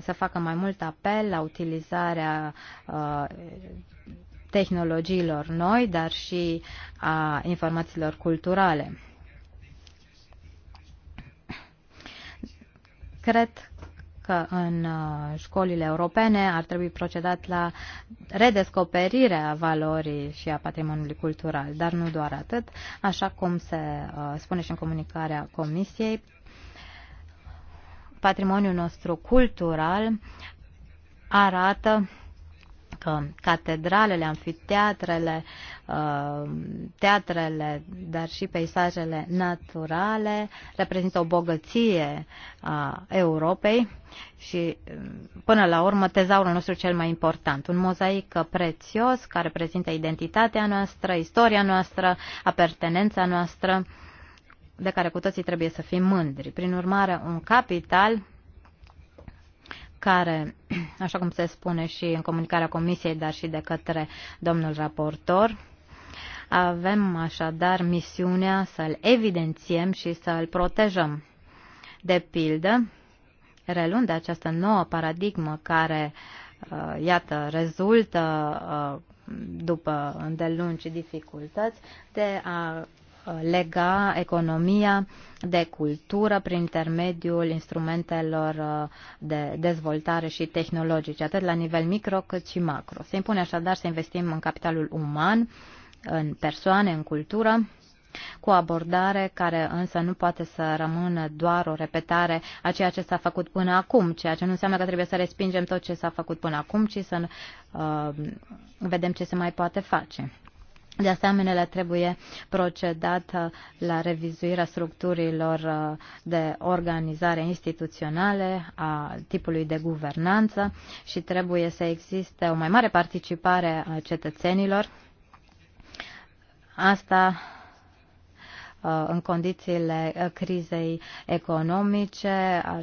să facă mai mult apel la utilizarea uh, tehnologiilor noi, dar și a informațiilor culturale. Cred că în uh, școlile europene ar trebui procedat la redescoperirea valorii și a patrimoniului cultural, dar nu doar atât, așa cum se uh, spune și în comunicarea Comisiei, patrimoniul nostru cultural arată că catedralele, amfiteatrele, uh, teatrele, dar și peisajele naturale reprezintă o bogăție a Europei și, uh, până la urmă, tezaurul nostru cel mai important. Un mozaic prețios care reprezintă identitatea noastră, istoria noastră, apertenența noastră, de care cu toții trebuie să fim mândri. Prin urmare, un capital care, așa cum se spune și în comunicarea Comisiei, dar și de către domnul raportor, avem așadar misiunea să-l evidențiem și să-l protejăm. De pildă, relând această nouă paradigmă care, uh, iată, rezultă uh, după îndelungi dificultăți de a lega economia de cultură prin intermediul instrumentelor uh, de dezvoltare și tehnologice, atât la nivel micro cât și macro. Se impune așadar să investim în capitalul uman, în persoane, în cultură, cu o abordare care însă nu poate să rămână doar o repetare a ceea ce s-a făcut până acum, ceea ce nu înseamnă că trebuie să respingem tot ce s-a făcut până acum, ci să uh, vedem ce se mai poate face. De asemenea, trebuie procedat la revizuirea structurilor uh, de organizare instituționale, a tipului de guvernanță și trebuie să existe o mai mare participare a cetățenilor. Asta uh, în condițiile uh, crizei economice ar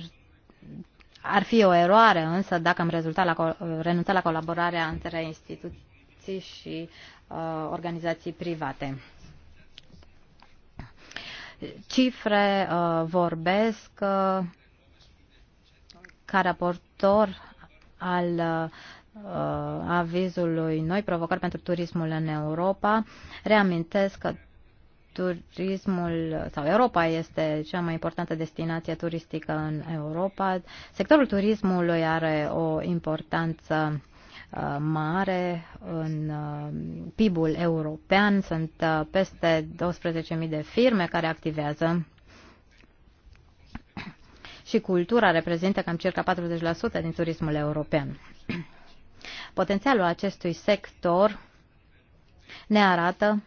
ar fi o eroare, însă, dacă am rezultat la, renunțat la colaborarea între instituții și Uh, organizații private. Cifre uh, vorbesc uh, ca raportor al avizului Noi provocări pentru turismul în Europa. Reamintesc că turismul sau Europa este cea mai importantă destinație turistică în Europa. Sectorul turismului are o importanță Uh, mare în uh, PIB-ul european. Sunt uh, peste 12.000 de firme care activează și cultura reprezintă cam circa 40% din turismul european. Potențialul acestui sector ne arată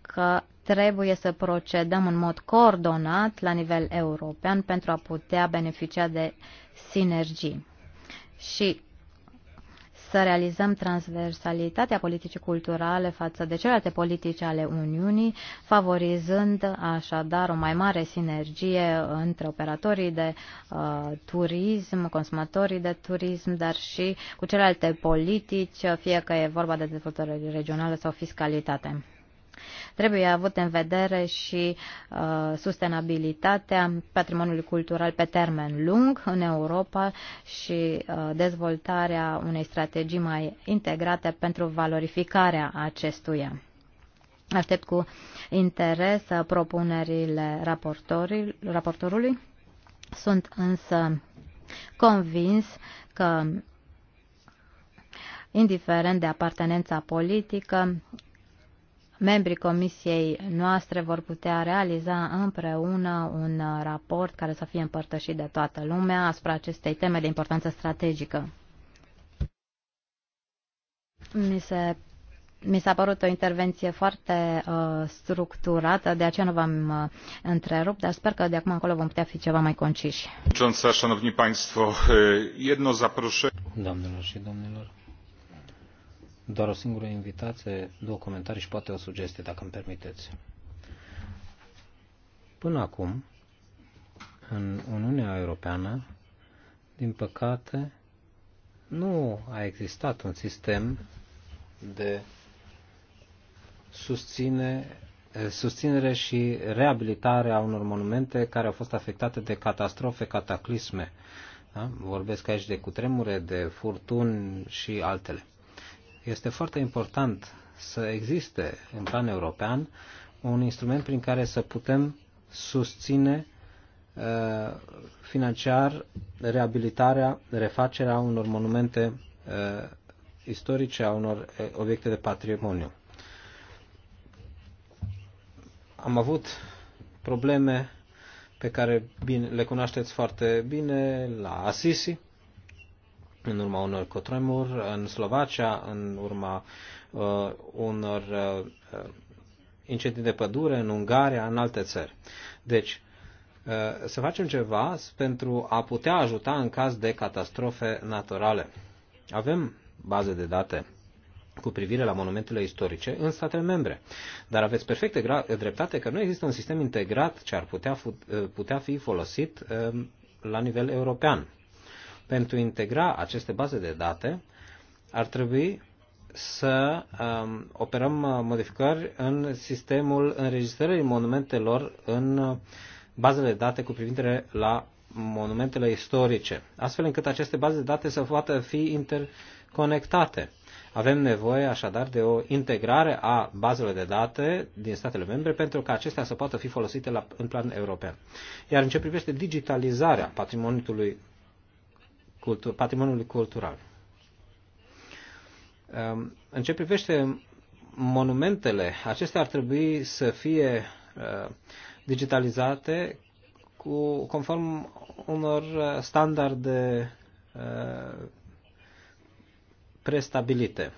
că trebuie să procedăm în mod coordonat la nivel european pentru a putea beneficia de sinergii. Și să realizăm transversalitatea politicii culturale față de celelalte politici ale Uniunii, favorizând așadar o mai mare sinergie între operatorii de uh, turism, consumatorii de turism, dar și cu celelalte politici, fie că e vorba de dezvoltare regională sau fiscalitate. Trebuie avut în vedere și uh, sustenabilitatea patrimoniului cultural pe termen lung în Europa și uh, dezvoltarea unei strategii mai integrate pentru valorificarea acestuia. Aștept cu interes uh, propunerile raportorului. Sunt însă convins că, indiferent de apartenența politică, membrii comisiei noastre vor putea realiza împreună un raport care să fie împărtășit de toată lumea asupra acestei teme de importanță strategică. Mi se mi s-a părut o intervenție foarte uh, structurată, de aceea nu v-am uh, întrerupt, dar sper că de acum încolo vom putea fi ceva mai conciși. Doamnelor și domnilor, doar o singură invitație, două comentarii și poate o sugestie, dacă îmi permiteți. Până acum, în Uniunea Europeană, din păcate, nu a existat un sistem de susține, susținere și reabilitare a unor monumente care au fost afectate de catastrofe, cataclisme. Da? Vorbesc aici de cutremure, de furtuni și altele. Este foarte important să existe în plan european un instrument prin care să putem susține uh, financiar reabilitarea, refacerea unor monumente uh, istorice, a unor uh, obiecte de patrimoniu. Am avut probleme pe care le cunoașteți foarte bine la Asisi, în urma unor cotremur, în Slovacia, în urma uh, unor uh, incendii de pădure, în Ungaria, în alte țări. Deci, uh, să facem ceva pentru a putea ajuta în caz de catastrofe naturale. Avem baze de date cu privire la monumentele istorice în statele membre. Dar aveți perfecte dreptate că nu există un sistem integrat ce ar putea, uh, putea fi folosit uh, la nivel european. Pentru a integra aceste baze de date, ar trebui să um, operăm uh, modificări în sistemul înregistrării monumentelor în uh, bazele de date cu privire la monumentele istorice, astfel încât aceste baze de date să poată fi interconectate. Avem nevoie așadar de o integrare a bazelor de date din statele membre pentru ca acestea să poată fi folosite la, în plan european. Iar în ce privește digitalizarea patrimoniului cultur, patrimoniului cultural. Um, în ce privește monumentele, acestea ar trebui să fie uh, digitalizate cu, conform unor uh, standarde uh, prestabilite.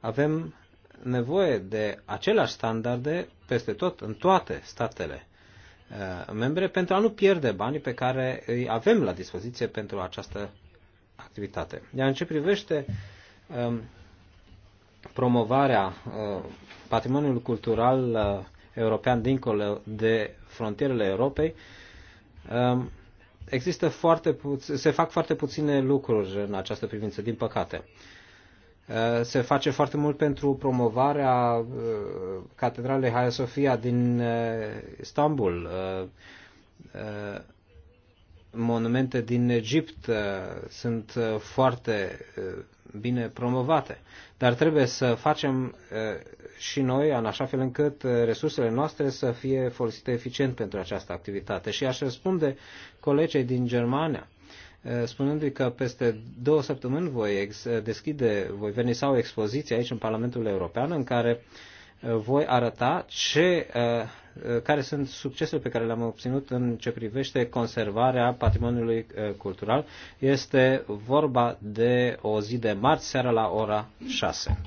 Avem nevoie de aceleași standarde peste tot, în toate statele Uh, membre pentru a nu pierde banii pe care îi avem la dispoziție pentru această activitate. Iar în ce privește um, promovarea uh, patrimoniului cultural uh, european dincolo de frontierele Europei, um, există foarte puț- se fac foarte puține lucruri în această privință, din păcate. Eh, se face foarte mult pentru promovarea eh, Catedralei Hagia Sofia din eh, Istanbul, monumente din Egipt sunt foarte bine promovate. Dar trebuie să facem și noi în așa fel încât resursele noastre să fie folosite eficient pentru această activitate. Și aș răspunde colegei din Germania Eh, spunându-i că peste două săptămâni voi eh, deschide, voi veni o expoziție aici în Parlamentul European în care eh, voi arăta ce, care sunt succesele pe care le-am obținut în ce privește conservarea patrimoniului cultural. Este vorba de o zi de marți seara la ora 6.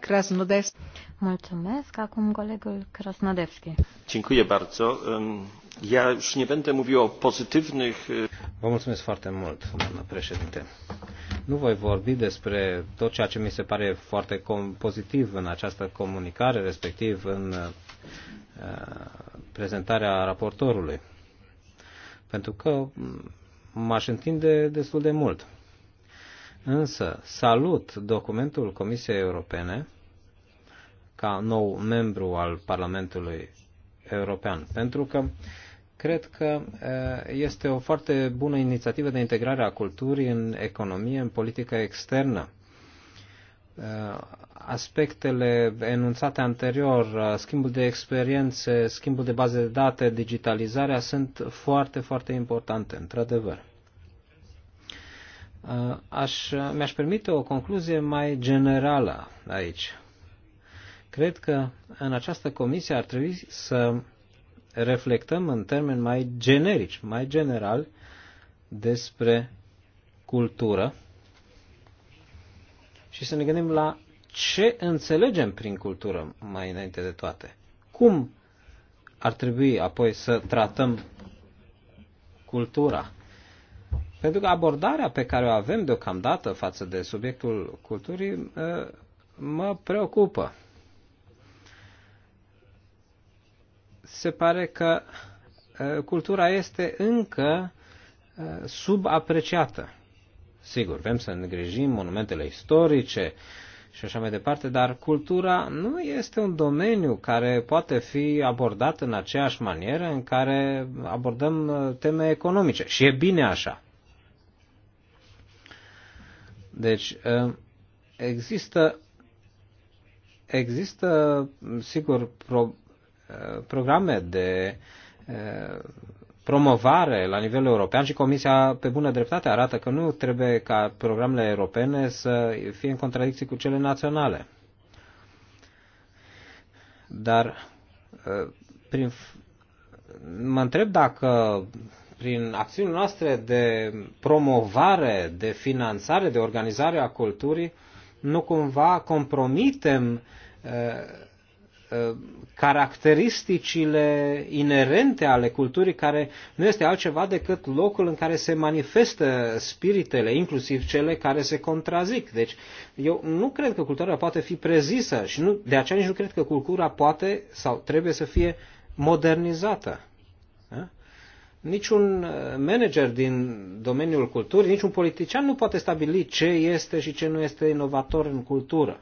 Krasnodevski. Mulțumesc. Acum colegul Krasnodevski. Dziękuję bardzo. Ja już nie będę mówił o pozytywnych... Vă mulțumesc foarte mult, doamnă președinte. Nu voi vorbi despre tot ceea ce mi se pare foarte pozitiv în această comunicare, respectiv în uh, prezentarea raportorului. Pentru că mm, m-aș întinde destul de mult. Însă salut documentul Comisiei Europene ca nou membru al Parlamentului European, pentru că Cred că eh, este o foarte bună inițiativă de integrare a culturii în economie, în politică externă. Eh, aspectele enunțate anterior, eh, schimbul de experiențe, schimbul de baze de date, digitalizarea sunt foarte, foarte importante, într-adevăr. Aș, mi-aș permite o concluzie mai generală aici. Cred că în această comisie ar trebui să reflectăm în termeni mai generici, mai general despre cultură și să ne gândim la ce înțelegem prin cultură mai înainte de toate. Cum ar trebui apoi să tratăm cultura? Pentru că abordarea pe care o avem deocamdată față de subiectul culturii ă, mă preocupă. se pare că cultura este încă subapreciată. Sigur, vrem să îngrijim monumentele istorice și așa mai departe, dar cultura nu este un domeniu care poate fi abordat în aceeași manieră în care abordăm teme economice. Și e bine așa. Deci, există, există sigur, pro, Uh, programe de uh, promovare la nivel european și Comisia pe bună dreptate arată că nu trebuie ca programele europene să fie în contradicție cu cele naționale. Dar uh, prin, mă întreb dacă prin acțiunile noastre de promovare, de finanțare, de organizare a culturii, nu cumva compromitem Uh, caracteristicile inerente ale culturii, care nu este altceva decât locul în care se manifestă spiritele, inclusiv cele care se contrazic. Deci, eu nu cred că cultura poate fi prezisă și nu, de aceea nici nu cred că cultura poate sau trebuie să fie modernizată. Niciun uh, manager din domeniul culturii, niciun politician nu poate stabili ce este și ce nu este inovator în cultură.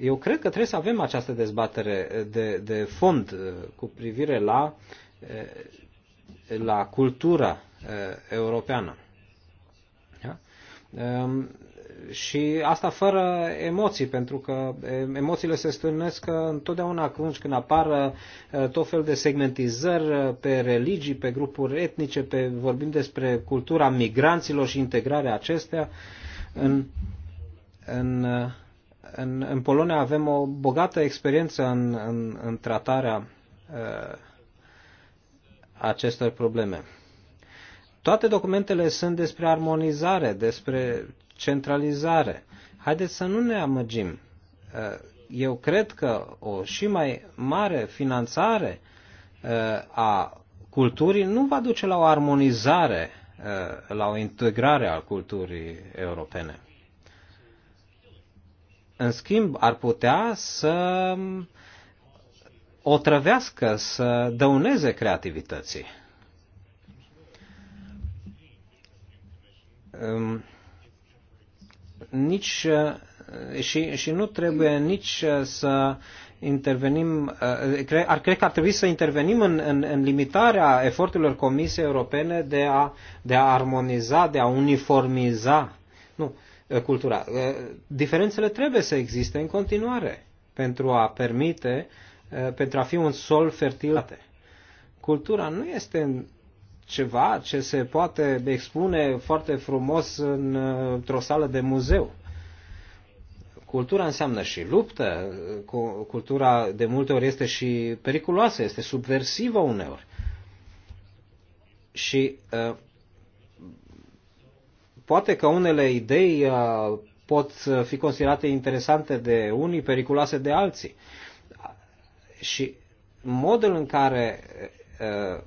Eu cred că trebuie să avem această dezbatere de, de fond uh, cu privire la, uh, la cultura uh, europeană. Da? Um, și asta fără emoții, pentru că emoțiile se stârnesc întotdeauna atunci când apar tot fel de segmentizări pe religii, pe grupuri etnice, pe, vorbim despre cultura migranților și integrarea acestea în, în în, în Polonia avem o bogată experiență în, în, în tratarea uh, acestor probleme. Toate documentele sunt despre armonizare, despre centralizare. Haideți să nu ne amăgim. Uh, eu cred că o și mai mare finanțare uh, a culturii nu va duce la o armonizare, uh, la o integrare a culturii europene în schimb, ar putea să o trăvească, să dăuneze creativității. Nici, uh, și, și nu trebuie nici uh, să intervenim, uh, ar, cred că ar trebui să intervenim în, în, în limitarea eforturilor Comisiei Europene de a, de a armoniza, de a uniformiza Eh, cultural. Eh, diferențele trebuie să existe în continuare pentru a permite, eh, pentru a fi un sol fertil. Cultura nu este ceva ce se poate expune foarte frumos într-o sală de muzeu. Cultura înseamnă și luptă, cultura de multe ori este și periculoasă, este subversivă uneori. Și uh, Poate că unele idei uh, pot fi considerate interesante de unii, periculoase de alții. Și modul în care uh,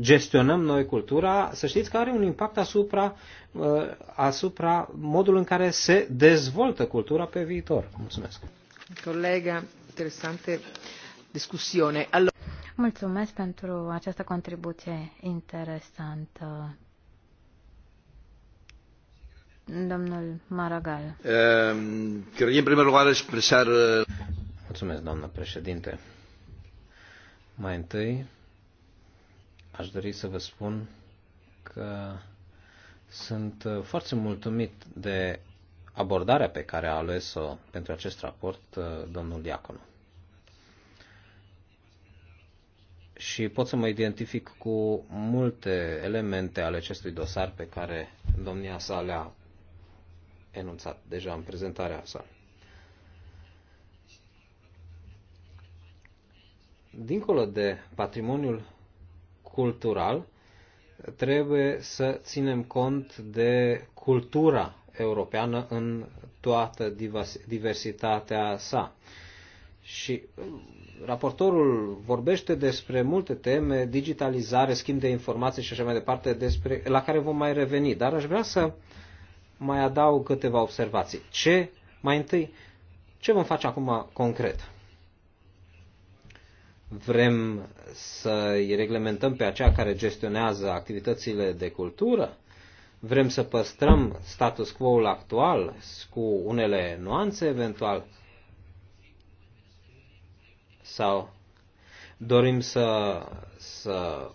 gestionăm noi cultura, să știți că are un impact asupra, uh, asupra modului în care se dezvoltă cultura pe viitor. Mulțumesc. Colega, interesante discuțiune. Mulțumesc pentru această contribuție interesantă. Domnul Maragal. Ehm, în primul rând, expresar... Uh, Mulțumesc, doamnă președinte. Mai întâi, aș dori să vă spun că sunt uh, foarte mulțumit de abordarea pe care a ales-o pentru acest raport uh, domnul Diaconu. Și pot să mă identific cu multe elemente ale acestui dosar pe care domnia sa le-a enunțat deja în prezentarea sa. Dincolo de patrimoniul cultural, trebuie să ținem cont de cultura europeană în toată diversitatea sa. Și um, raportorul vorbește despre multe teme, digitalizare, schimb de informații și așa mai departe, despre, la care vom mai reveni. Dar aș vrea să uh, mai adaug câteva observații. Ce? Mai întâi, ce vom face acum concret? Vrem să îi reglementăm pe aceia care gestionează activitățile de cultură? Vrem să păstrăm status quo-ul actual cu unele nuanțe eventual? Sau dorim să, să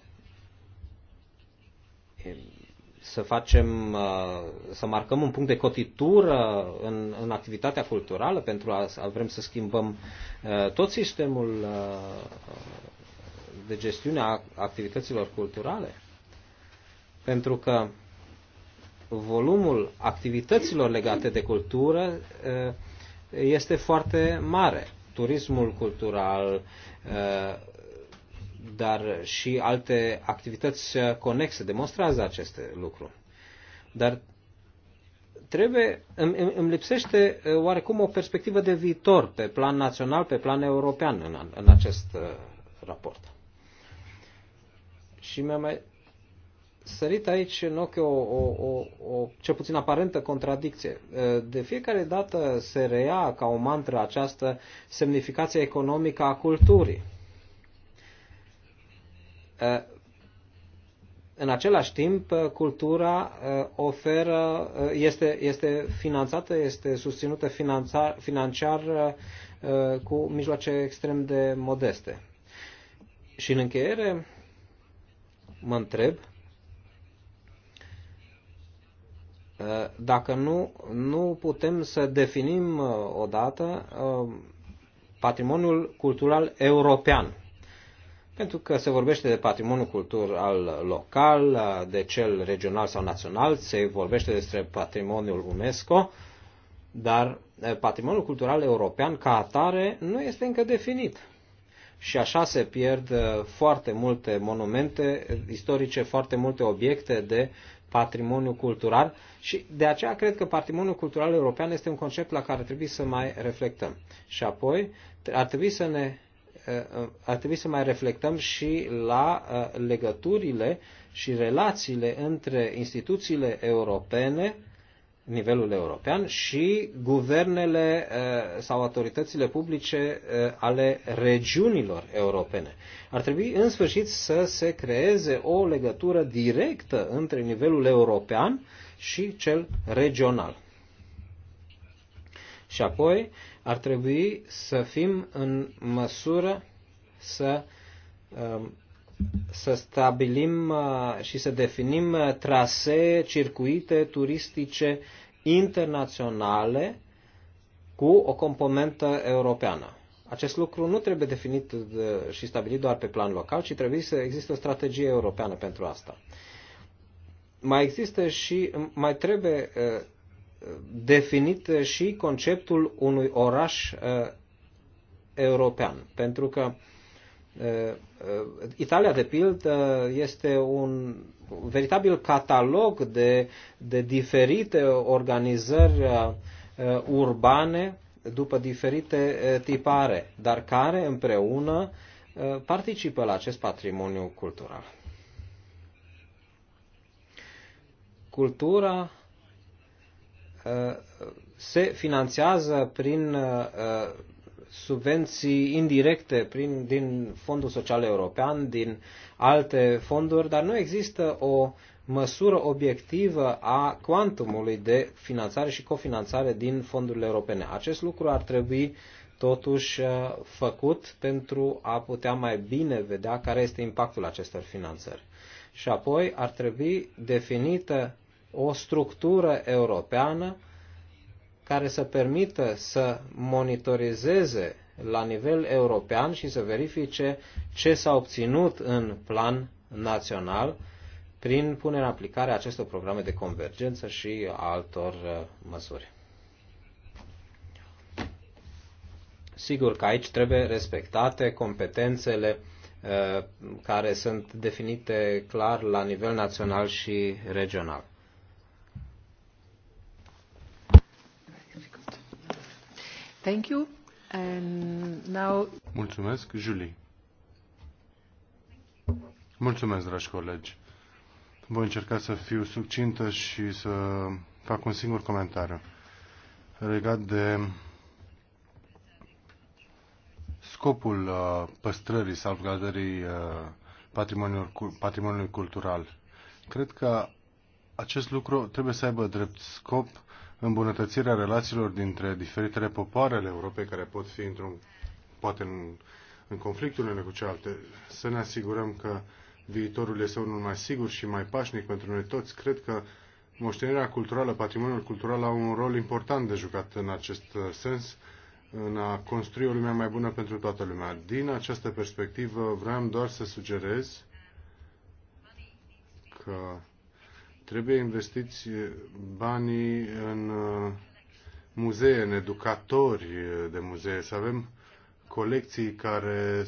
să facem, uh, să marcăm un punct de cotitură în, în activitatea culturală pentru a, a vrem să schimbăm uh, tot sistemul uh, de gestiune a activităților culturale? Pentru că volumul activităților legate de cultură este foarte mare. Turismul cultural, dar și alte activități conexe demonstrează aceste lucruri. Dar trebuie, îmi, îmi lipsește uh, oarecum o perspectivă de viitor pe plan național, pe plan european în, în acest uh, raport. Și mi-a mai sărit aici în ochi o, o, o, o cel puțin aparentă contradicție. Uh, de fiecare dată se reia ca o mantră această semnificație economică a culturii Uh, în același timp, uh, cultura uh, oferă, este, este finanțată, este susținută finanța, financiar cu mijloace extrem de modeste. Și în încheiere, mă întreb dacă nu, nu putem să definim odată patrimoniul cultural european pentru că se vorbește de patrimoniul cultural local, de cel regional sau național, se vorbește despre patrimoniul UNESCO, dar eh, patrimoniul cultural european ca atare nu este încă definit. Și așa se pierd eh, foarte multe monumente istorice, foarte multe obiecte de patrimoniu cultural și de aceea cred că patrimoniul cultural european este un concept la care trebuie să mai reflectăm. Și apoi ar trebui să ne ar trebui să mai reflectăm și la legăturile și relațiile între instituțiile europene, nivelul european, și guvernele sau autoritățile publice ale regiunilor europene. Ar trebui, în sfârșit, să se creeze o legătură directă între nivelul european și cel regional. Și apoi ar trebui să fim în măsură să, um, să stabilim uh, și să definim uh, trasee, circuite turistice internaționale cu o componentă europeană. Acest lucru nu trebuie definit uh, și stabilit doar pe plan local, ci trebuie să existe o strategie europeană pentru asta. Mai există și mai trebuie definit și conceptul unui oraș uh, european, pentru că uh, uh, Italia, de pildă, este un veritabil catalog de, de diferite organizări urbane după diferite tipare, dar care împreună participă la acest patrimoniu cultural. Cultura se finanțează prin uh, subvenții indirecte prin, din Fondul Social European, din alte fonduri, dar nu există o măsură obiectivă a cuantumului de finanțare și cofinanțare din fondurile europene. Acest lucru ar trebui totuși uh, făcut pentru a putea mai bine vedea care este impactul acestor finanțări. Și apoi ar trebui definită o structură europeană care să permită să monitorizeze la nivel european și să verifice ce s-a obținut în plan național prin punerea în aplicare a acestor programe de convergență și a altor uh, măsuri. Sigur că aici trebuie respectate competențele uh, care sunt definite clar la nivel național și regional. Thank you. And now... Mulțumesc, Julie. Mulțumesc, dragi colegi. Voi încerca să fiu succintă și să fac un singur comentariu legat de scopul uh, păstrării, salvgardării uh, patrimoniului, patrimoniului cultural. Cred că acest lucru trebuie să aibă drept scop îmbunătățirea relațiilor dintre diferitele popoarele Europei care pot fi într-un, poate în, în conflictul unele cu cealaltă, să ne asigurăm că viitorul este unul mai sigur și mai pașnic pentru noi toți. Cred că moștenirea culturală, patrimoniul cultural au un rol important de jucat în acest sens, în a construi o lume mai bună pentru toată lumea. Din această perspectivă vreau doar să sugerez că Trebuie investiți banii în uh, muzee, în educatori de muzee, să avem colecții care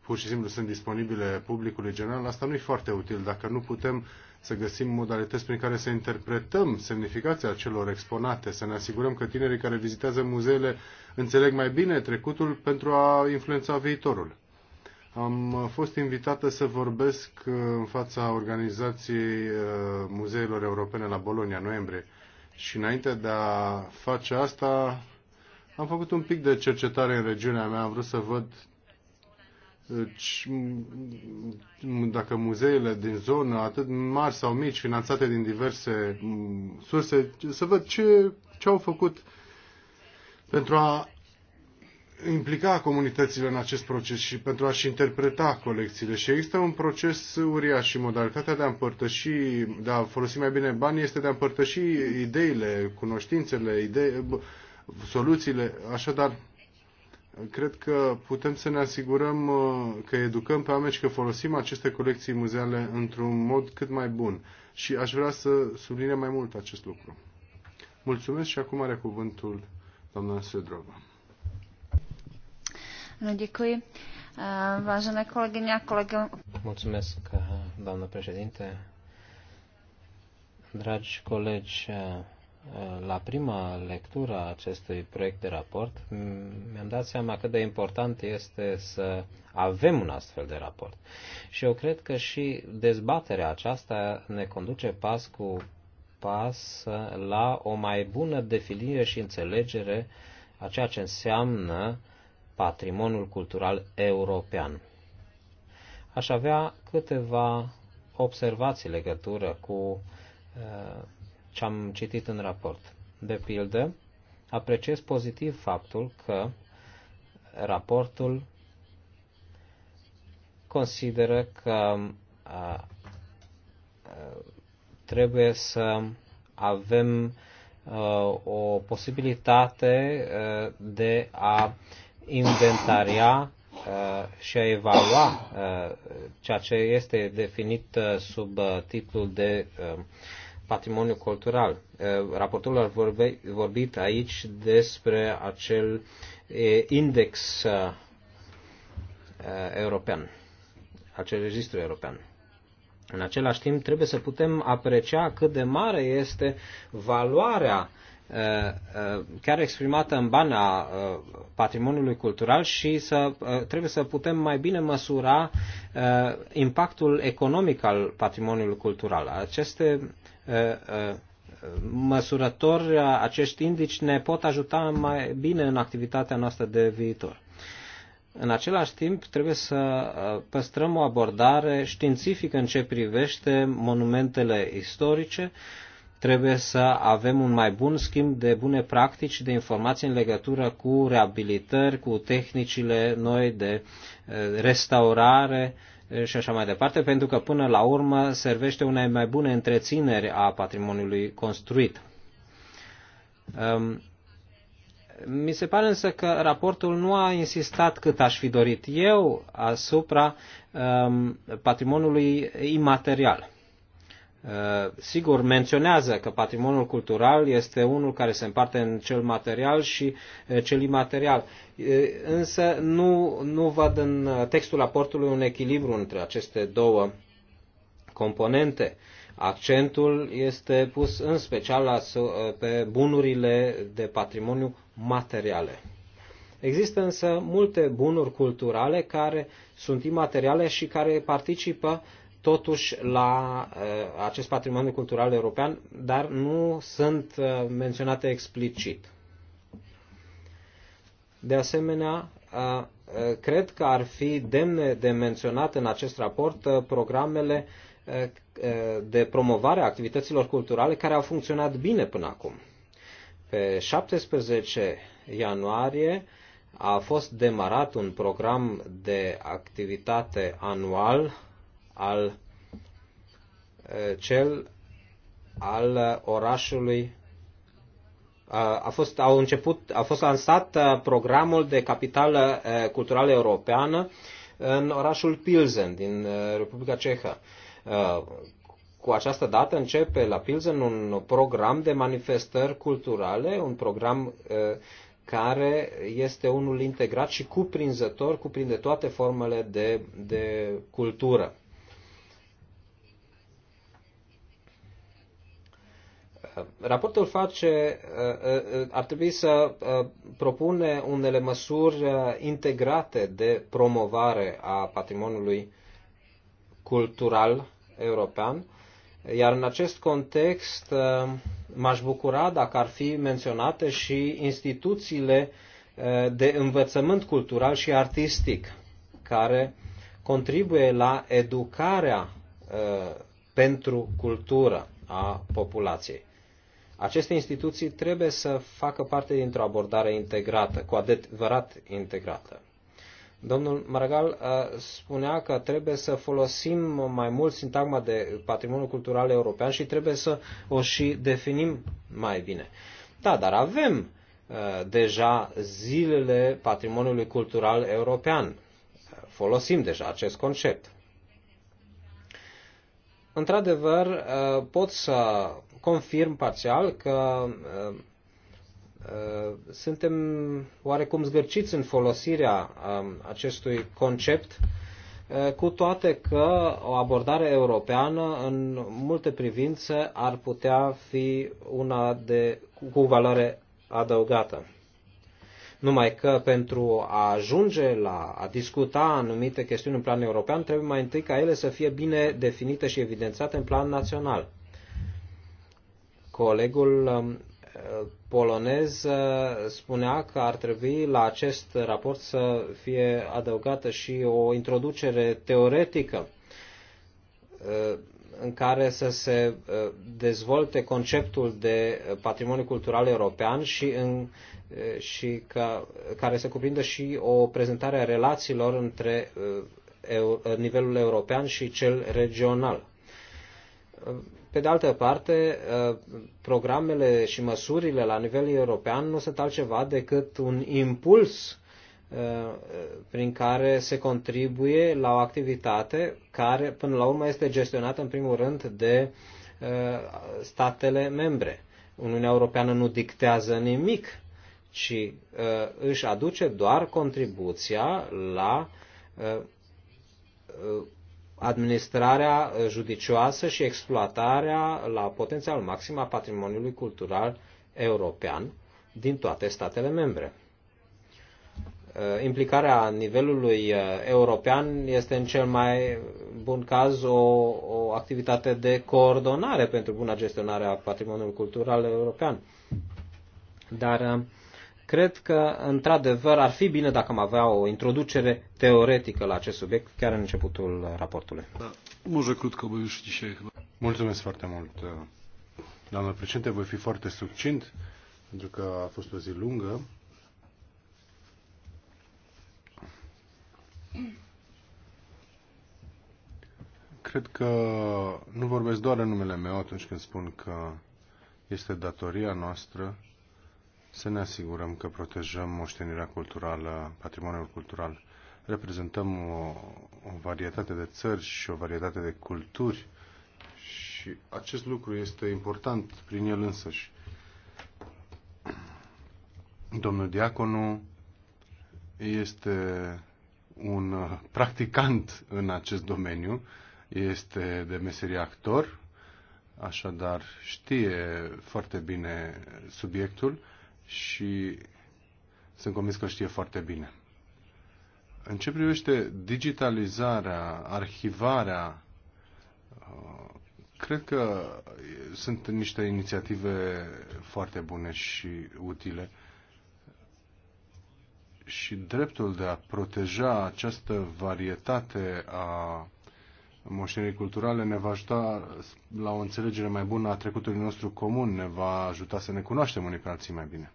pur și simplu sunt disponibile publicului general, asta nu e foarte util. Dacă nu putem să găsim modalități prin care să interpretăm semnificația celor exponate, să ne asigurăm că tinerii care vizitează muzeele înțeleg mai bine trecutul pentru a influența viitorul. Am uh, fost invitată să vorbesc uh, în fața organizației uh, Muzeilor Europene la Bolonia, noiembrie. Și înainte de a face asta, am făcut un pic de cercetare în regiunea mea. Am vrut să văd dacă muzeile din zonă, atât mari sau mici, finanțate din diverse mm, surse, să văd ce, ce au făcut pentru a implica comunitățile în acest proces și pentru a-și interpreta colecțiile. Și există un proces uriaș și modalitatea de a împărtăși, de a folosi mai bine banii, este de a împărtăși ideile, cunoștințele, idei, soluțiile. Așadar, cred că putem să ne asigurăm uh, că educăm pe oameni și că folosim aceste colecții muzeale într-un mod cât mai bun. Și aș vrea să subliniem mai mult acest lucru. Mulțumesc și acum are cuvântul doamna Sedrova. No, děkuji. Eh, vážené kolegyně a kolegové. Mulțumesc, eh, doamnă președinte. Dragi colegi, eh, la prima lectură a acestui proiect de raport, mi-am dat seama cât de important este să avem un astfel de raport. Și eu cred că și dezbaterea aceasta ne conduce pas cu pas la o mai bună definire și înțelegere a ceea ce înseamnă patrimoniul cultural european. Aș avea câteva observații legătură cu eh, ce am citit în raport. De pildă, apreciez pozitiv faptul că raportul consideră că eh, trebuie să avem eh, o posibilitate de a inventaria uh, și a evalua uh, ceea ce este definit uh, sub titlul de patrimoniu cultural. Raportul a vorbit aici despre acel index european, acel registru european. În același timp, trebuie să putem aprecia cât de mare este valoarea Uh, uh, chiar exprimată în bani a uh, patrimoniului cultural și să, trebuie să putem mai bine măsura impactul economic al patrimoniului cultural. Aceste măsurători, acești indici ne pot ajuta mai bine în activitatea noastră de viitor. În același timp, trebuie să păstrăm o abordare științifică în ce privește monumentele istorice, Trebuie să avem un mai bun schimb de bune practici, de informații în legătură cu reabilitări, cu tehnicile noi de eh, restaurare eh, și așa mai departe, pentru că până la urmă servește unei mai bune întrețineri a patrimoniului construit. Ehm, mi se pare însă că raportul nu a insistat cât aș fi dorit eu asupra um, patrimoniului imaterial. Uh, sigur, menționează că patrimoniul cultural este unul care se împarte în cel material și uh, cel imaterial. Uh, însă nu, nu văd în textul aportului un echilibru între aceste două componente. Accentul este pus în special pe bunurile de patrimoniu materiale. Există însă multe bunuri culturale care sunt imateriale și care participă totuși la eh, acest patrimoniu cultural european, dar nu sunt eh, menționate explicit. De asemenea, eh, cred că ar fi demne de menționat în acest raport programele de promovare a activităților culturale care au funcționat bine până acum. Pe 17 ianuarie a fost demarat un program de activitate anual al eh, cel al orașului a fost, au început, a fost lansat eh, programul de capitală eh, culturală europeană în orașul Pilsen din Republica Cehă. Cu această dată începe la Pilsen un program de manifestări culturale, un program care este unul integrat și cuprinzător, cuprinde toate formele de, de cultură. Raportul face, uh, uh, ar trebui să uh, propune unele măsuri integrate de promovare a patrimoniului cultural european, iar în acest context m-aș bucura dacă ar fi menționate și instituțiile de învățământ cultural și artistic care contribuie la educarea pentru cultură a populației. Aceste instituții trebuie să facă parte dintr-o abordare integrată, cu adevărat integrată. Domnul Margal uh, spunea că trebuie să folosim mai mult sintagma de patrimoniu cultural european și trebuie să o și definim mai bine. Da, dar avem uh, deja zilele patrimoniului cultural european. Folosim deja acest concept. într adevăr uh, pot să confirm parțial că uh, uh, suntem oarecum zgârciți în folosirea um, acestui concept, uh, cu toate că o abordare europeană în multe privințe ar putea fi una de, cu valoare adăugată. Numai că pentru a ajunge la a discuta anumite chestiuni în plan european, trebuie mai întâi ca ele să fie bine definite și evidențiate în plan național. Colegul um, uh, polonez uh, spunea că ar trebui la acest raport să fie adăugată și o introducere teoretică uh, în care să se dezvolte conceptul de patrimoniu cultural european și, în, și ca, care să cuprindă și o prezentare a relațiilor între nivelul european și cel regional pe de altă parte, uh, programele și măsurile la nivel european nu sunt altceva decât un impuls uh, prin care se contribuie la o activitate care, până la urmă, este gestionată, în primul rând, de uh, statele membre. Uniunea Europeană nu dictează nimic, ci își aduce doar contribuția la administrarea eh, judicioasă și exploatarea la potențial maxim a patrimoniului cultural european din toate statele membre. Eh, implicarea nivelului eh, european este în cel mai bun caz o, o activitate de coordonare pentru buna gestionare a patrimoniului cultural european. Dar Cred că, într-adevăr, ar fi bine dacă am avea o introducere teoretică la acest subiect, chiar în începutul raportului. Da, może krótko, bo już dzisiaj chyba. Mulțumesc foarte mult, doamnă președinte. Voi fi foarte succint, pentru că a fost o zi lungă. Cred că nu vorbesc doar în numele meu atunci când spun că este datoria noastră să ne asigurăm că protejăm moștenirea culturală, patrimoniul cultural. Reprezentăm o, o varietate de țări și o varietate de culturi și acest lucru este important prin el însăși. Domnul Diaconu este un uh, practicant în acest domeniu, este de meserie actor, așadar știe foarte bine subiectul și sunt convins că știe foarte bine. În ce privește digitalizarea, arhivarea, uh, cred că sunt niște inițiative foarte bune și utile și dreptul de a proteja această varietate a moștenirii culturale ne va ajuta la o înțelegere mai bună a trecutului nostru comun, ne va ajuta să ne cunoaștem unii pe alții mai bine.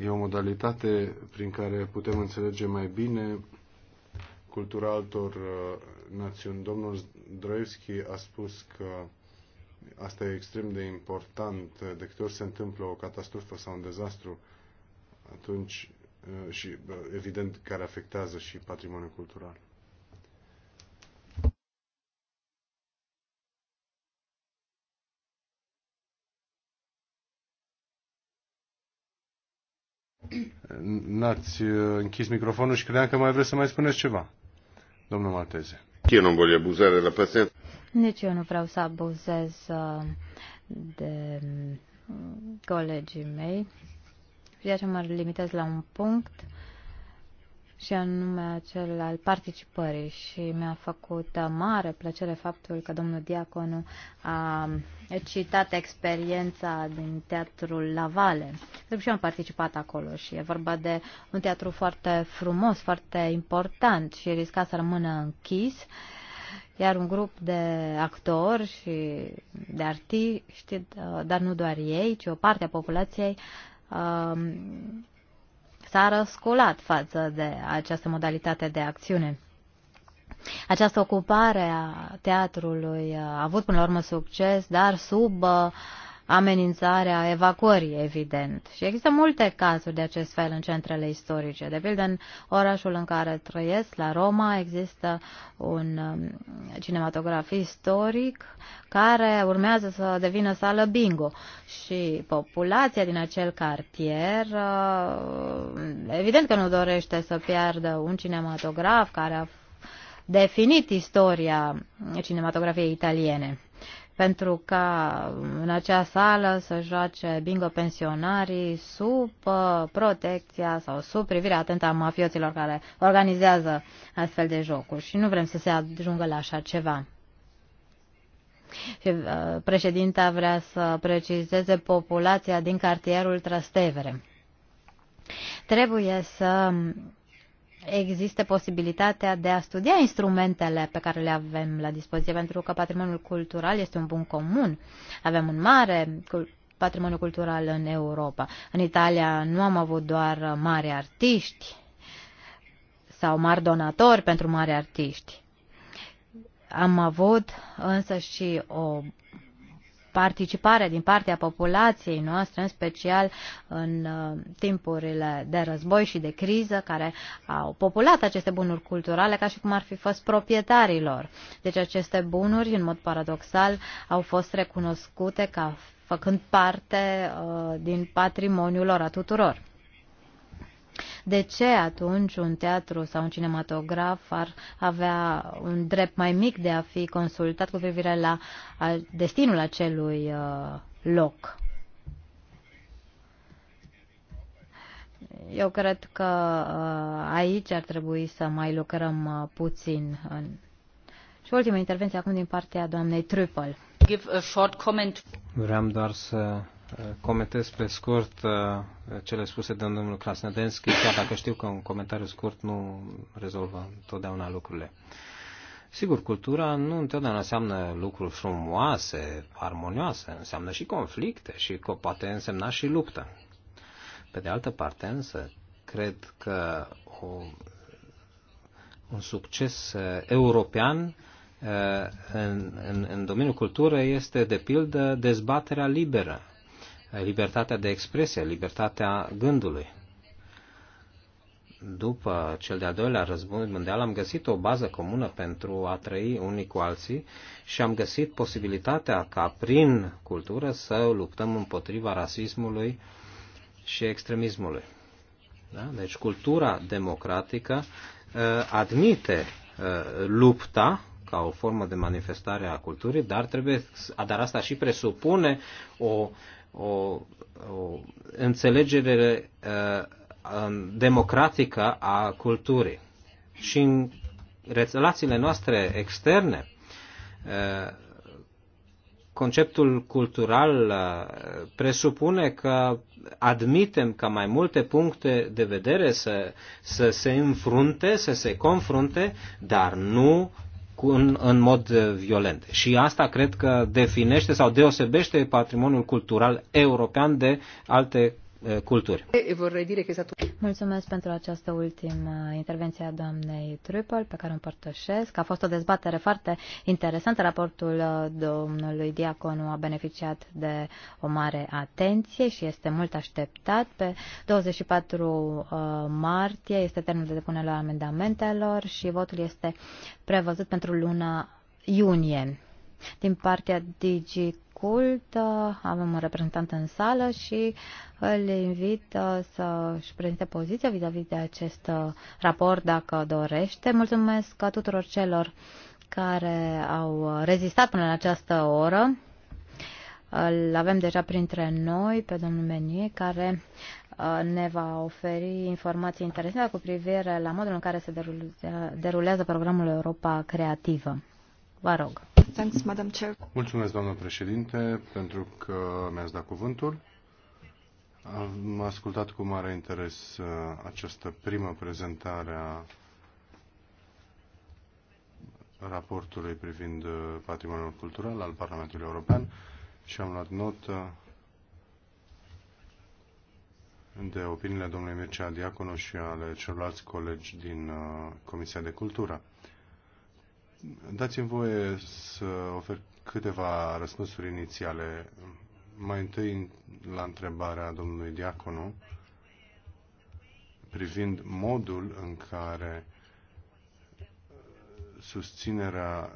E o modalitate prin care putem înțelege mai bine cultura altor uh, națiuni. Domnul Zdroevski a spus că asta e extrem de important. De câte ori se întâmplă o catastrofă sau un dezastru, atunci uh, și uh, evident care afectează și patrimoniul cultural. N-ați uh, închis microfonul și credeam că mai vreți să mai spuneți ceva, domnul Malteze. Eu nu voi abuzare la pacient. Nici eu nu vreau să abuzez uh, de uh, colegii mei. De aceea mă limitez la un punct și anume acel al participării și mi-a făcut mare plăcere faptul că domnul Diaconu a citat experiența din teatrul La Vale. și eu am participat acolo și e vorba de un teatru foarte frumos, foarte important și risca să rămână închis iar un grup de actori și de artiști, dar nu doar ei, ci o parte a populației um, s-a răsculat față de această modalitate de acțiune. Această ocupare a teatrului a avut până la urmă succes, dar sub uh, amenințarea evacuării, evident. Și există multe cazuri de acest fel în centrele istorice. De pildă, în orașul în care trăiesc, la Roma, există un um, cinematograf istoric care urmează să devină sală bingo. Și populația din acel cartier, uh, evident că nu dorește să piardă un cinematograf care a definit istoria cinematografiei italiene pentru ca în acea sală să joace bingo pensionarii sub uh, protecția sau sub privirea atentă a mafioților care organizează astfel de jocuri și nu vrem să se ajungă la așa ceva. Și, uh, președinta vrea să precizeze populația din cartierul Trastevere. Trebuie să existe posibilitatea de a studia instrumentele pe care le avem la dispoziție, pentru că patrimoniul cultural este un bun comun. Avem un mare patrimoniu cultural în Europa. În Italia nu am avut doar mari artiști sau mari donatori pentru mari artiști. Am avut însă și o participare din partea populației noastre, în special în uh, timpurile de război și de criză, care au populat aceste bunuri culturale ca și cum ar fi fost proprietarilor. Deci aceste bunuri, în mod paradoxal, au fost recunoscute ca făcând parte uh, din patrimoniul lor a tuturor de ce atunci un teatru sau un cinematograf ar avea un drept mai mic de a fi consultat cu privire la destinul acelui uh, loc? Eu cred că uh, aici ar trebui să mai lucrăm uh, puțin. În... Și ultima intervenție acum din partea doamnei comment. Vreau doar să comentez pe scurt uh, cele spuse de domnul Krasnodenski, chiar dacă știu că un comentariu scurt nu rezolvă întotdeauna lucrurile. Sigur, cultura nu întotdeauna înseamnă lucruri frumoase, armonioase, înseamnă și conflicte și că poate însemna și luptă. Pe de altă parte, însă, cred că o, un succes uh, european uh, în, în, în domeniul culturii este, de pildă, dezbaterea liberă libertatea de expresie, libertatea gândului. După cel de-al doilea război mondial am găsit o bază comună pentru a trăi unii cu alții și am găsit posibilitatea ca prin cultură să luptăm împotriva rasismului și extremismului. Da? Deci cultura democratică uh, admite uh, lupta ca o formă de manifestare a culturii, dar, trebuie, dar asta și presupune o o, o înțelegere uh, um, democratică a culturii. Și în relațiile noastre externe, uh, conceptul cultural uh, presupune că admitem ca mai multe puncte de vedere să, să se înfrunte, să se confrunte, dar nu cu, în, în mod uh, violent. Și asta cred că definește sau deosebește patrimoniul cultural european de alte Uh, culturi. Mulțumesc pentru această ultimă intervenție a doamnei Trupel, pe care o împărtășesc. A fost o dezbatere foarte interesantă. Raportul uh, domnului Diaconu a beneficiat de o mare atenție și este mult așteptat. Pe 24 uh, martie este termenul de depunere la amendamentelor și votul este prevăzut pentru luna iunie. Din partea DigiCult uh, avem un reprezentant în sală și îl invit uh, să-și prezinte poziția vis-a-vis -vis de acest uh, raport dacă dorește. Mulțumesc tuturor celor care au rezistat până la această oră. Îl avem deja printre noi pe domnul Menie, care ne va oferi informații interesante cu privire la modul în care se derulează programul Europa Creativă. Vă rog. Thanks, Madam Chair. Mulțumesc, doamnă președinte, pentru că mi-ați dat cuvântul. Am ascultat cu mare interes uh, această primă prezentare a raportului privind uh, patrimoniul cultural al Parlamentului European și am luat notă de opiniile domnului Mircea Diaconu și ale celorlalți colegi din uh, Comisia de Cultură. Dați-mi voie să ofer câteva răspunsuri inițiale. Mai întâi la întrebarea domnului Diaconu privind modul în care susținerea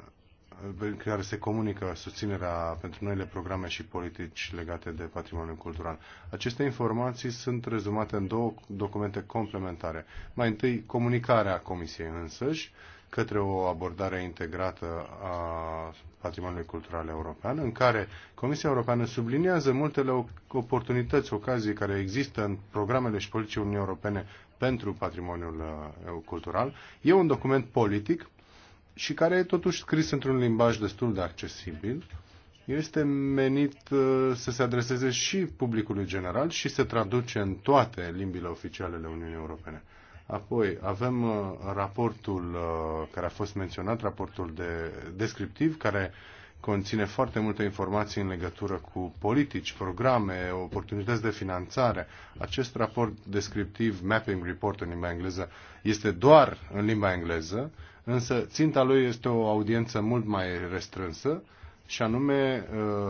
în care se comunică susținerea pentru noile programe și politici legate de patrimoniul cultural. Aceste informații sunt rezumate în două documente complementare. Mai întâi, comunicarea Comisiei însăși către o abordare integrată a patrimoniului cultural european, în care Comisia Europeană subliniază multele oportunități, ocazii care există în programele și politicii Uniunii Europene pentru patrimoniul uh, cultural. E un document politic și care e totuși scris într-un limbaj destul de accesibil. Este menit uh, să se adreseze și publicului general și se traduce în toate limbile oficiale ale Uniunii Europene. Apoi avem uh, raportul uh, care a fost menționat, raportul de descriptiv, care conține foarte multe informații în legătură cu politici, programe, oportunități de finanțare. Acest raport descriptiv, Mapping Report în limba engleză, este doar în limba engleză, însă ținta lui este o audiență mult mai restrânsă și anume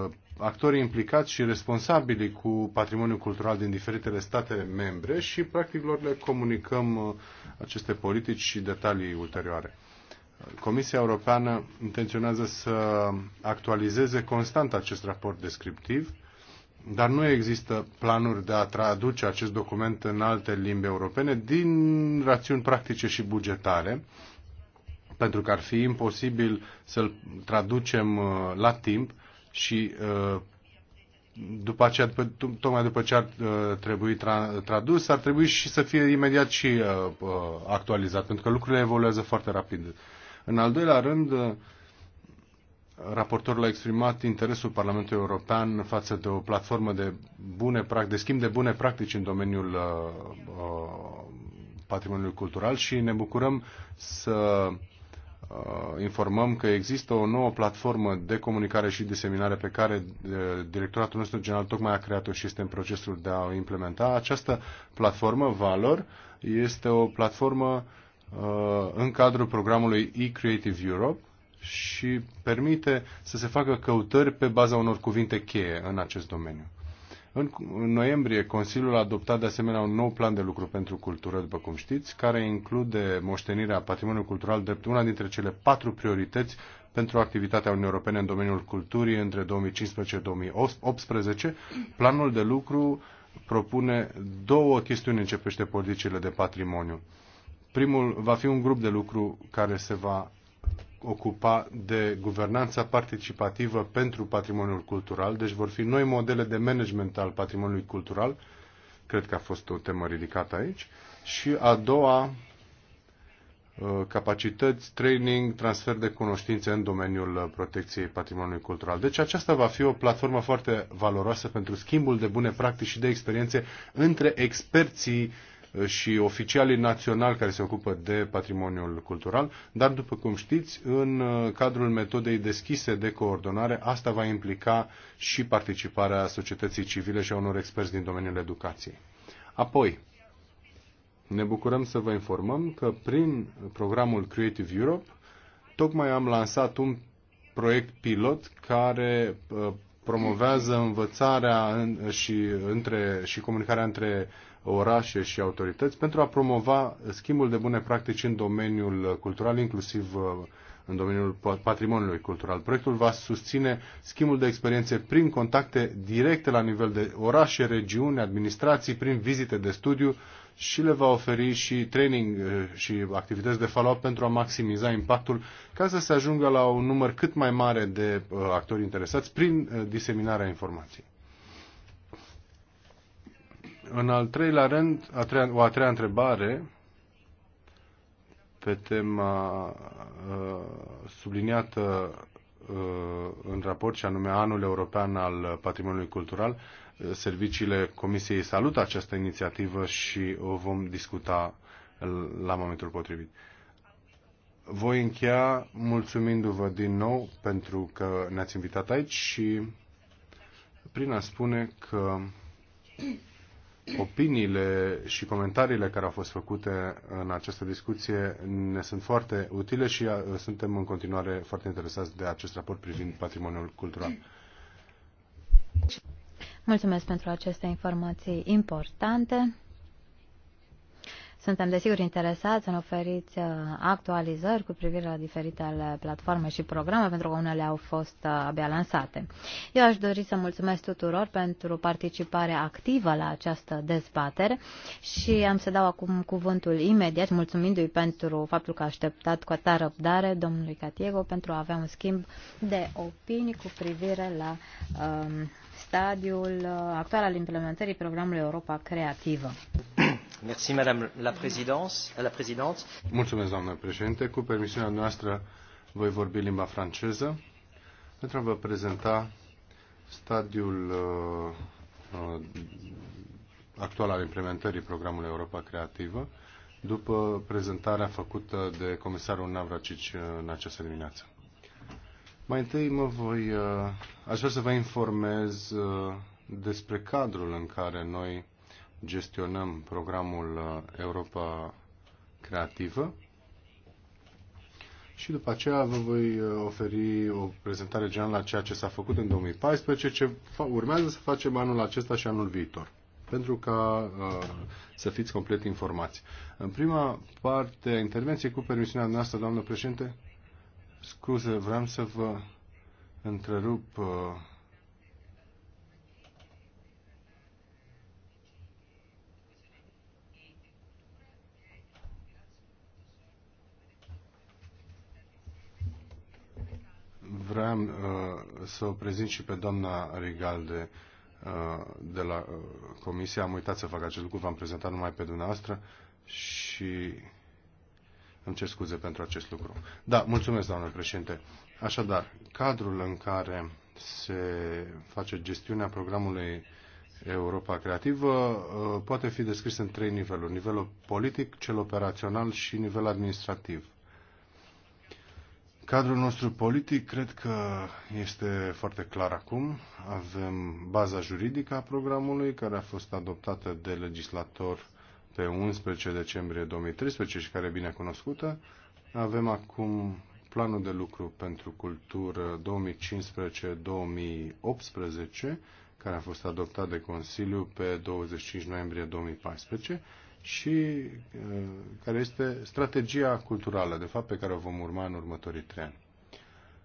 uh, actorii implicați și responsabili cu patrimoniul cultural din diferitele state membre și practic lor le comunicăm uh, aceste politici și detalii ulterioare. Comisia Europeană intenționează să actualizeze constant acest raport descriptiv, dar nu există planuri de a traduce acest document în alte limbi europene din rațiuni practice și bugetare, pentru că ar fi imposibil să-l traducem uh, la timp și uh, după aceea, după, tocmai după ce ar uh, trebui tra- tradus, ar trebui și să fie imediat și uh, actualizat, pentru că lucrurile evoluează foarte rapid. În al doilea rând, raportorul a exprimat interesul Parlamentului European față de o platformă de bune de schimb de bune practici în domeniul patrimoniului cultural și ne bucurăm să uh, Uh, informăm că există o nouă platformă de comunicare și diseminare pe care uh, directoratul nostru general tocmai a creat-o și este în procesul de a o implementa. Această platformă, Valor, este o platformă uh, în cadrul programului eCreative Europe și permite să se facă căutări pe baza unor cuvinte cheie în acest domeniu. În noiembrie, Consiliul a adoptat de asemenea un nou plan de lucru pentru cultură, după cum știți, care include moștenirea patrimoniului cultural drept una dintre cele patru priorități pentru activitatea Uniunii Europene în domeniul culturii între 2015-2018. Planul de lucru propune două chestiuni începește politicile de patrimoniu. Primul va fi un grup de lucru care se va ocupa de guvernanța participativă pentru patrimoniul cultural, deci vor fi noi modele de management al patrimoniului cultural, cred că a fost o temă ridicată aici, și a doua, uh, capacități, training, transfer de cunoștințe în domeniul uh, protecției patrimoniului cultural. Deci aceasta va fi o platformă foarte valoroasă pentru schimbul de bune practici și de experiențe între experții și oficialii naționali care se ocupă de patrimoniul cultural, dar după cum știți, în uh, cadrul metodei deschise de coordonare, asta va implica și participarea societății civile și a unor experți din domeniul educației. Apoi, ne bucurăm să vă informăm că prin programul Creative Europe tocmai am lansat un proiect pilot care uh, promovează învățarea și, între, și comunicarea între orașe și autorități pentru a promova schimbul de bune practici în domeniul cultural, inclusiv uh, în domeniul patrimoniului cultural. Proiectul va susține schimbul de experiențe prin contacte directe la nivel de orașe, regiuni, administrații, prin vizite de studiu și le va oferi și training uh, și activități de follow-up pentru a maximiza impactul ca să se ajungă la un număr cât mai mare de uh, actori interesați prin diseminarea informației. În al treilea rând, a treia, o a treia întrebare pe tema uh, subliniată uh, în raport și anume Anul European al Patrimoniului Cultural. Uh, serviciile Comisiei salută această inițiativă și o vom discuta la momentul potrivit. Voi încheia mulțumindu-vă din nou pentru că ne-ați invitat aici și prin a spune că opiniile și comentariile care au fost făcute în această discuție ne sunt foarte utile și uh, suntem în continuare foarte interesați de acest raport privind patrimoniul cultural. Mulțumesc pentru aceste informații importante. Suntem desigur interesați în oferiți uh, actualizări cu privire la diferitele platforme și programe, pentru că unele au fost uh, abia lansate. Eu aș dori să mulțumesc tuturor pentru participarea activă la această dezbatere și am să dau acum cuvântul imediat, mulțumindu-i pentru faptul că a așteptat cu atâta răbdare domnului Catiego pentru a avea un schimb de opinii cu privire la um, stadiul uh, actual al implementării programului Europa Creativă. Mulțumesc, doamnă președinte. Cu permisiunea noastră voi vorbi limba franceză pentru a vă prezenta stadiul uh, uh, actual al implementării programului Europa Creativă după prezentarea făcută de comisarul Navracici uh, în această dimineață. Mai întâi mă voi, uh, aș vrea să vă informez uh, despre cadrul în care noi gestionăm programul uh, Europa Creativă și după aceea vă voi uh, oferi o prezentare generală a ceea ce s-a făcut în 2014, ce urmează să facem anul acesta și anul viitor, pentru ca uh, să fiți complet informați. În prima parte a intervenției, cu permisiunea noastră, doamnă președinte, scuze, vreau să vă întrerup uh, vreau uh, să o prezint și pe doamna Rigalde uh, de la uh, Comisie. Am uitat să fac acest lucru, v-am prezentat numai pe dumneavoastră și îmi cer scuze pentru acest lucru. Da, mulțumesc, doamnă președinte. Așadar, cadrul în care se face gestiunea programului Europa Creativă uh, poate fi descris în trei niveluri. Nivelul politic, cel operațional și nivel administrativ. Cadrul nostru politic cred că este foarte clar acum. Avem baza juridică a programului care a fost adoptată de legislator pe 11 decembrie 2013 și care e bine cunoscută. Avem acum planul de lucru pentru cultură 2015-2018, care a fost adoptat de Consiliu pe 25 noiembrie 2014 și uh, care este strategia culturală, de fapt, pe care o vom urma în următorii trei ani,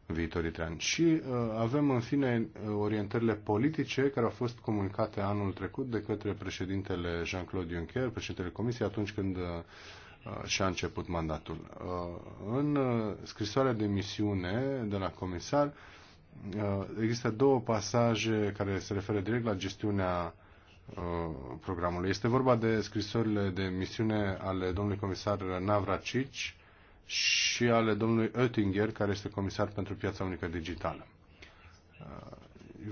în viitorii trei ani. Și uh, avem, în fine, uh, orientările politice care au fost comunicate anul trecut de către președintele Jean-Claude Juncker, președintele Comisiei, atunci când și-a început mandatul. În scrisoarea de misiune de la comisar există două pasaje care se referă direct la gestiunea Uh, programului. Este vorba de scrisorile de misiune ale domnului comisar Navracici și ale domnului Oettinger, care este comisar pentru piața unică digitală. Uh,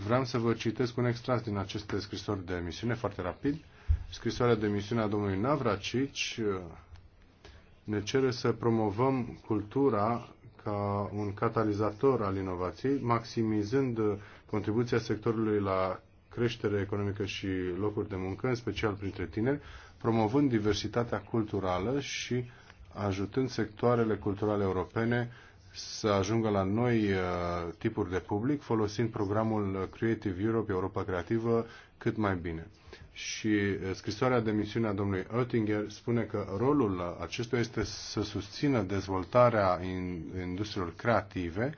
vreau să vă citesc un extras din aceste scrisori de misiune, foarte rapid. Scrisoarea de misiune a domnului Navracici uh, ne cere să promovăm cultura ca un catalizator al inovației, maximizând contribuția sectorului la creștere economică și locuri de muncă, în special printre tineri, promovând diversitatea culturală și ajutând sectoarele culturale europene să ajungă la noi uh, tipuri de public, folosind programul Creative Europe, Europa Creativă, cât mai bine. Și uh, scrisoarea de misiune a domnului Oettinger spune că rolul acestuia este să susțină dezvoltarea industriilor creative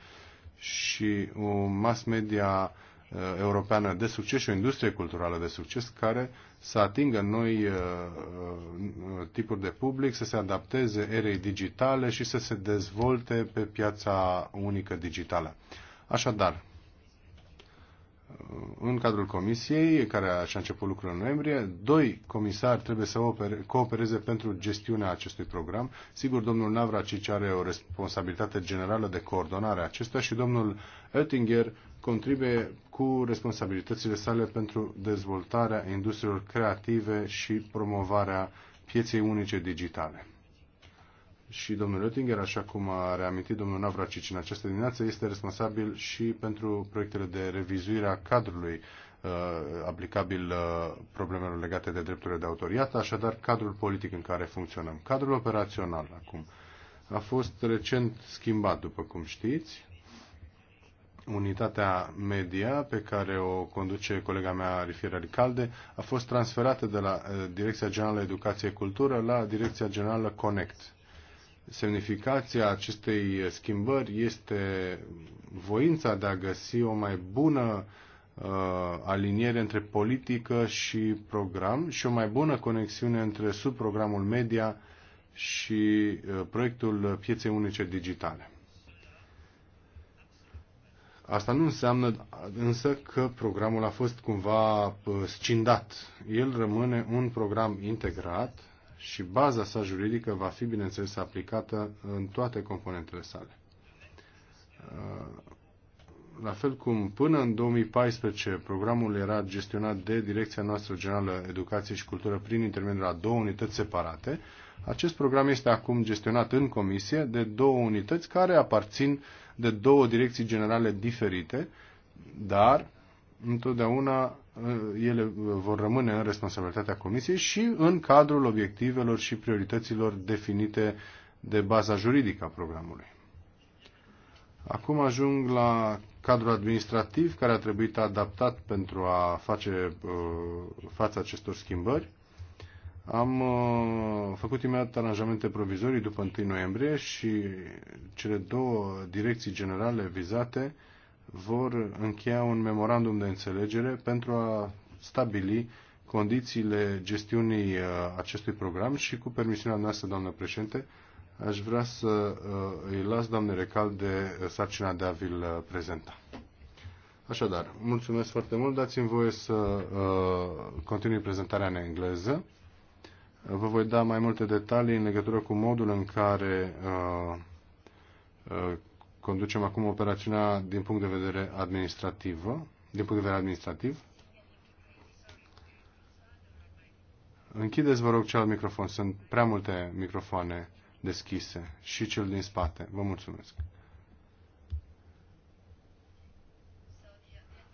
și uh, mass media Uh, europeană de succes și o industrie culturală de succes care să atingă noi uh, uh, tipuri de public, să se adapteze erei digitale și să se dezvolte pe piața unică digitală. Așadar, în cadrul comisiei, care și-a început lucrul în noiembrie, doi comisari trebuie să coopereze pentru gestiunea acestui program. Sigur, domnul Navracici are o responsabilitate generală de coordonare a acestuia și domnul Oettinger contribuie cu responsabilitățile sale pentru dezvoltarea industriilor creative și promovarea pieței unice digitale. Și domnul Oettinger, așa cum a reamintit domnul Navracic în această dimineață, este responsabil și pentru proiectele de revizuire a cadrului uh, aplicabil uh, problemelor legate de drepturile de autor. așadar cadrul politic în care funcționăm. Cadrul operațional acum a fost recent schimbat, după cum știți, unitatea media pe care o conduce colega mea Rifira Ricalde a fost transferată de la eh, Direcția Generală Educație Cultură la Direcția Generală Connect. Semnificația acestei schimbări este voința de a găsi o mai bună uh, aliniere între politică și program și o mai bună conexiune între subprogramul media și uh, proiectul pieței unice digitale. Asta nu înseamnă însă că programul a fost cumva scindat. El rămâne un program integrat și baza sa juridică va fi, bineînțeles, aplicată în toate componentele sale. Uh, la fel cum până în 2014 programul era gestionat de Direcția noastră Generală Educație și Cultură prin intermediul a două unități separate, acest program este acum gestionat în comisie de două unități care aparțin de două direcții generale diferite, dar întotdeauna uh, ele uh, vor rămâne în responsabilitatea Comisiei și în cadrul obiectivelor și priorităților definite de baza juridică a programului. Acum ajung la cadrul administrativ care a trebuit adaptat pentru a face uh, fața acestor schimbări. Am uh, făcut imediat aranjamente provizorii după 1 noiembrie și cele două direcții generale vizate vor încheia un memorandum de înțelegere pentru a stabili condițiile gestiunii uh, acestui program și cu permisiunea noastră, doamnă președinte, aș vrea să uh, îi las doamne Recal de sarcina de a vi-l prezenta. Așadar, mulțumesc foarte mult, dați-mi voie să continui prezentarea în engleză. Vă voi da mai multe detalii în legătură cu modul în care uh, uh, conducem acum operațiunea din punct de vedere administrativ. Din punct de vedere administrativ. Închideți, vă rog, cel microfon. Sunt prea multe microfoane deschise și cel din spate. Vă mulțumesc.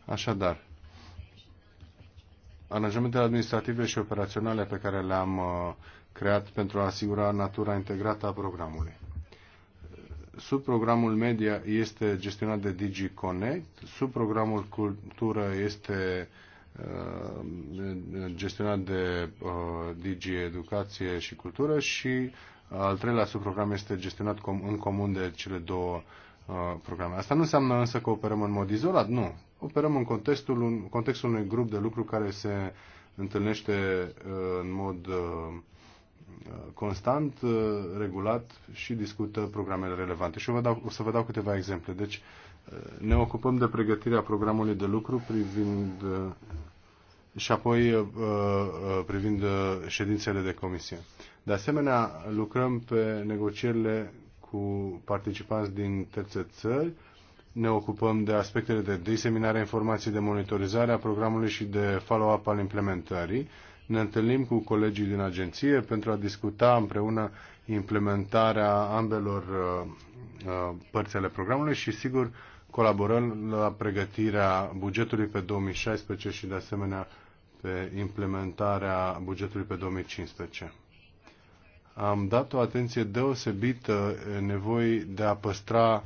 Așadar, aranjamentele administrative și operaționale pe care le-am uh, creat pentru a asigura natura integrată a programului. Subprogramul media este gestionat de DigiConnect, subprogramul cultură este uh, gestionat de uh, Digi Educație și Cultură și al treilea subprogram este gestionat în comun de cele două programe. Asta nu înseamnă însă că operăm în mod izolat, nu operăm în contextul, un, contextul unui grup de lucru care se întâlnește uh, în mod uh, uh, constant, regulat și discută programele relevante. Și vă dau, o să vă dau câteva exemple. Deci ne ocupăm de pregătirea programului de lucru privind și apoi privind ședințele de comisie. De asemenea, lucrăm pe negocierile cu participanți din terțe țări, ne ocupăm de aspectele de diseminare a informației, de monitorizare a programului și de follow-up al implementării. Ne întâlnim cu colegii din agenție pentru a discuta împreună implementarea ambelor uh, uh părți ale programului și, sigur, colaborăm la pregătirea bugetului pe 2016 și, de asemenea, pe implementarea bugetului pe 2015 am dat o atenție deosebită nevoii de a păstra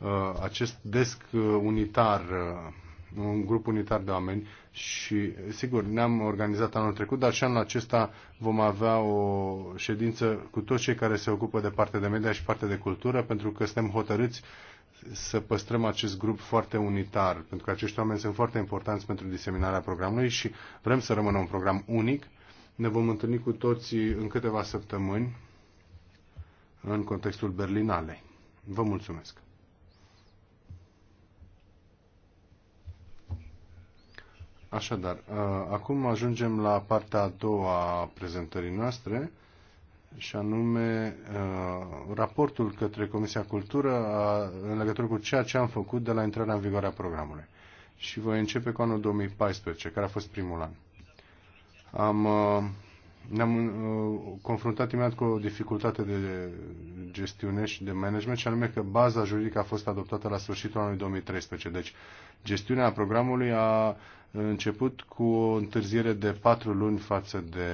Uh, acest desc uh, unitar, uh, un grup unitar de oameni și, sigur, ne-am organizat anul trecut, dar și anul acesta vom avea o ședință cu toți cei care se ocupă de partea de media și partea de cultură, pentru că suntem hotărâți să păstrăm acest grup foarte unitar, pentru că acești oameni sunt foarte importanți pentru diseminarea programului și vrem să rămână un program unic. Ne vom întâlni cu toții în câteva săptămâni în contextul Berlinalei. Vă mulțumesc! Așadar, uh, acum ajungem la partea a doua a prezentării noastre și anume uh, raportul către Comisia Cultură uh, în legătură cu ceea ce am făcut de la intrarea în vigoare a programului. Și voi începe cu anul 2014, care a fost primul an. Am, ne-am confruntat imediat cu o dificultate de gestiune și de management, și anume că baza juridică a fost adoptată la sfârșitul anului 2013. Deci, gestiunea programului a început cu o întârziere de patru luni față de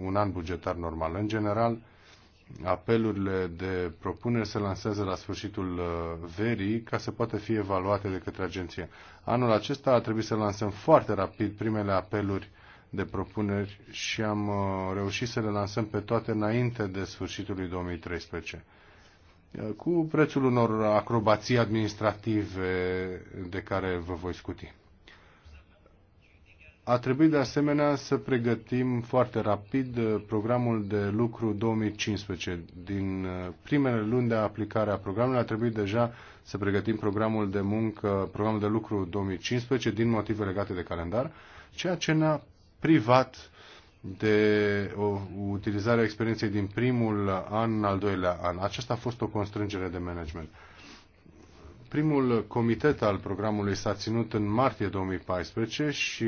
un an bugetar normal. În general, apelurile de propuneri se lansează la sfârșitul uh, verii ca să poată fi evaluate de către agenție. Anul acesta a trebuit să lansăm foarte rapid primele apeluri de propuneri și am uh, reușit să le lansăm pe toate înainte de sfârșitul lui 2013. Uh, cu prețul unor acrobații administrative de care vă voi scuti. A trebuit de asemenea să pregătim foarte rapid uh, programul de lucru 2015. Din uh, primele luni de aplicare a programului a trebuit deja să pregătim programul de muncă, programul de lucru 2015 din motive legate de calendar, ceea ce ne-a privat de o utilizare a experienței din primul an al doilea an. Aceasta a fost o constrângere de management. Primul comitet al programului s-a ținut în martie 2014 și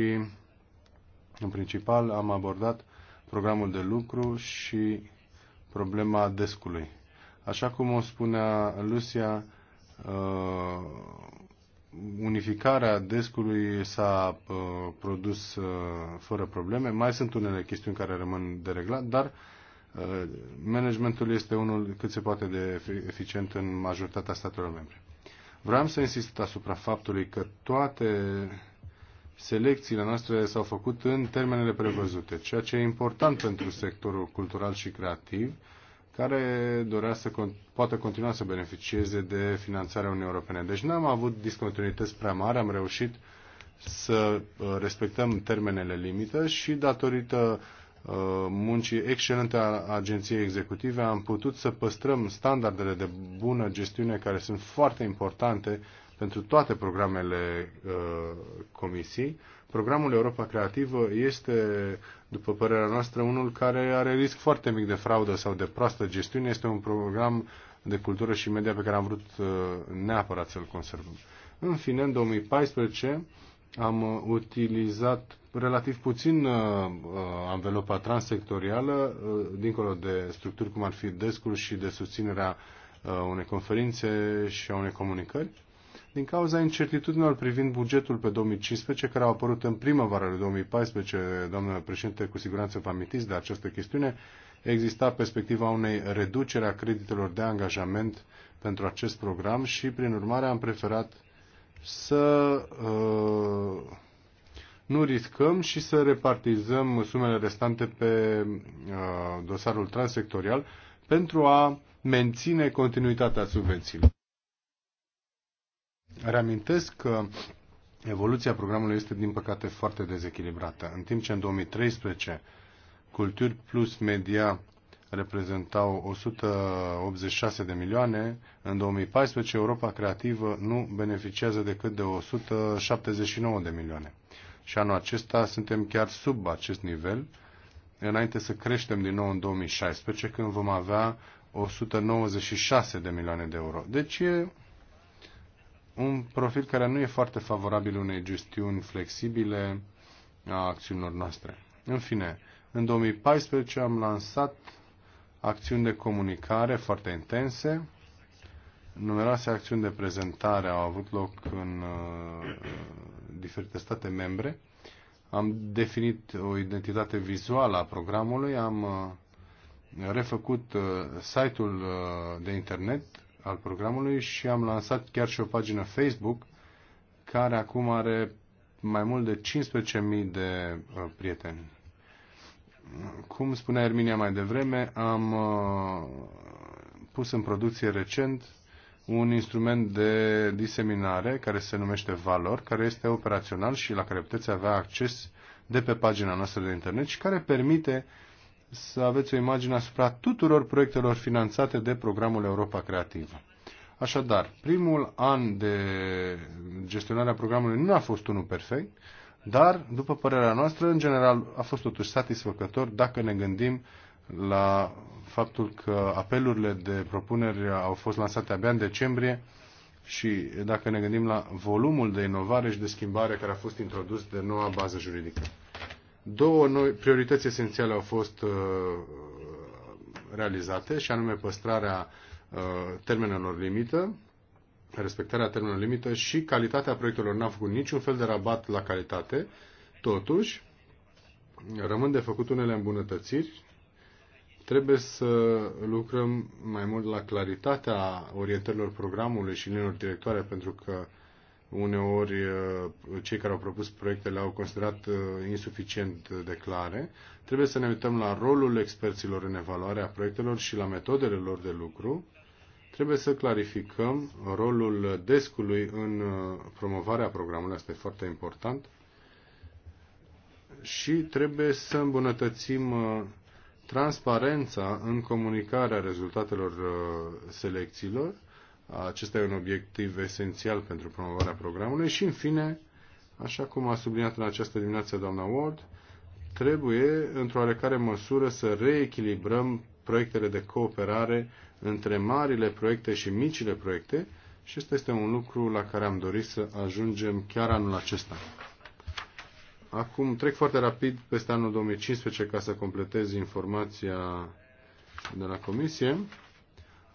în principal am abordat programul de lucru și problema descului. Așa cum o spunea Lucia, uh, unificarea descului s-a uh, produs uh, fără probleme. Mai sunt unele chestiuni care rămân de reglat, dar managementul este unul cât se poate de eficient în majoritatea statelor membre. Vreau să insist asupra faptului că toate selecțiile noastre s-au făcut în termenele prevăzute, ceea ce e important pentru sectorul cultural și creativ, care dorea să con- poată continua să beneficieze de finanțarea Uniunii Europene. Deci n-am avut discontinuități prea mari, am reușit să uh, respectăm termenele limită și datorită uh, muncii excelente a agenției executive am putut să păstrăm standardele de bună gestiune care sunt foarte importante pentru toate programele uh, Comisiei. Programul Europa Creativă este, după părerea noastră, unul care are risc foarte mic de fraudă sau de proastă gestiune. Este un program de cultură și media pe care am vrut uh, neapărat să-l conservăm. În fine, în 2014 am utilizat relativ puțin uh, uh, anvelopa transsectorială, uh, dincolo de structuri cum ar fi descul și de susținerea uh, unei conferințe și a unei comunicări din cauza incertitudinilor privind bugetul pe 2015, care au apărut în primăvara lui 2014, doamnă președinte, cu siguranță vă amintiți de această chestiune, exista perspectiva unei reduceri a creditelor de angajament pentru acest program și, prin urmare, am preferat să uh, nu riscăm și să repartizăm sumele restante pe uh, dosarul transsectorial pentru a menține continuitatea subvențiilor. Reamintesc că evoluția programului este, din păcate, foarte dezechilibrată. În timp ce în 2013 Culturi plus Media reprezentau 186 de milioane, în 2014 Europa Creativă nu beneficiază decât de 179 de milioane. Și anul acesta suntem chiar sub acest nivel, înainte să creștem din nou în 2016, când vom avea 196 de milioane de euro. Deci e un profil care nu e foarte favorabil unei gestiuni flexibile a acțiunilor noastre. În fine, în 2014 am lansat acțiuni de comunicare foarte intense. Numeroase acțiuni de prezentare au avut loc în uh, diferite state membre. Am definit o identitate vizuală a programului, am uh, refăcut uh, site-ul de internet al programului și am lansat chiar și o pagină Facebook care acum are mai mult de 15.000 de uh, prieteni. Cum spunea Erminia mai devreme, am uh, pus în producție recent un instrument de diseminare care se numește Valor, care este operațional și la care puteți avea acces de pe pagina noastră de internet și care permite uh, să aveți o imagine asupra tuturor proiectelor finanțate de programul Europa Creativă. Așadar, primul an de gestionare a programului nu a fost unul perfect, dar, după părerea noastră, în general a fost totuși satisfăcător dacă ne gândim la faptul că apelurile de propuneri au fost lansate abia în decembrie și dacă ne gândim la volumul de inovare și de schimbare care a fost introdus de noua bază juridică. Două noi priorități esențiale au fost uh, realizate, și anume păstrarea uh, termenelor limită, respectarea termenelor limită și calitatea proiectelor. N-am făcut niciun fel de rabat la calitate. Totuși, rămân de făcut unele îmbunătățiri. Trebuie să lucrăm mai mult la claritatea orientărilor programului și linilor directoare, pentru că uh, uneori uh, cei care au propus proiectele au considerat uh, insuficient de clare. Trebuie să ne uităm la rolul experților în evaluarea proiectelor și la metodele lor de lucru. Trebuie să clarificăm rolul descului în uh, promovarea programului, asta e foarte important. Și trebuie să îmbunătățim transparența în comunicarea rezultatelor selecțiilor acesta e un obiectiv esențial pentru promovarea programului și, în fine, așa cum a subliniat în această dimineață doamna Ward, trebuie, într-o oarecare măsură, să reechilibrăm proiectele de cooperare între marile proiecte și micile proiecte și ăsta este un lucru la care am dorit să ajungem chiar anul acesta. Acum trec foarte rapid peste anul 2015 ca să completez informația de la Comisie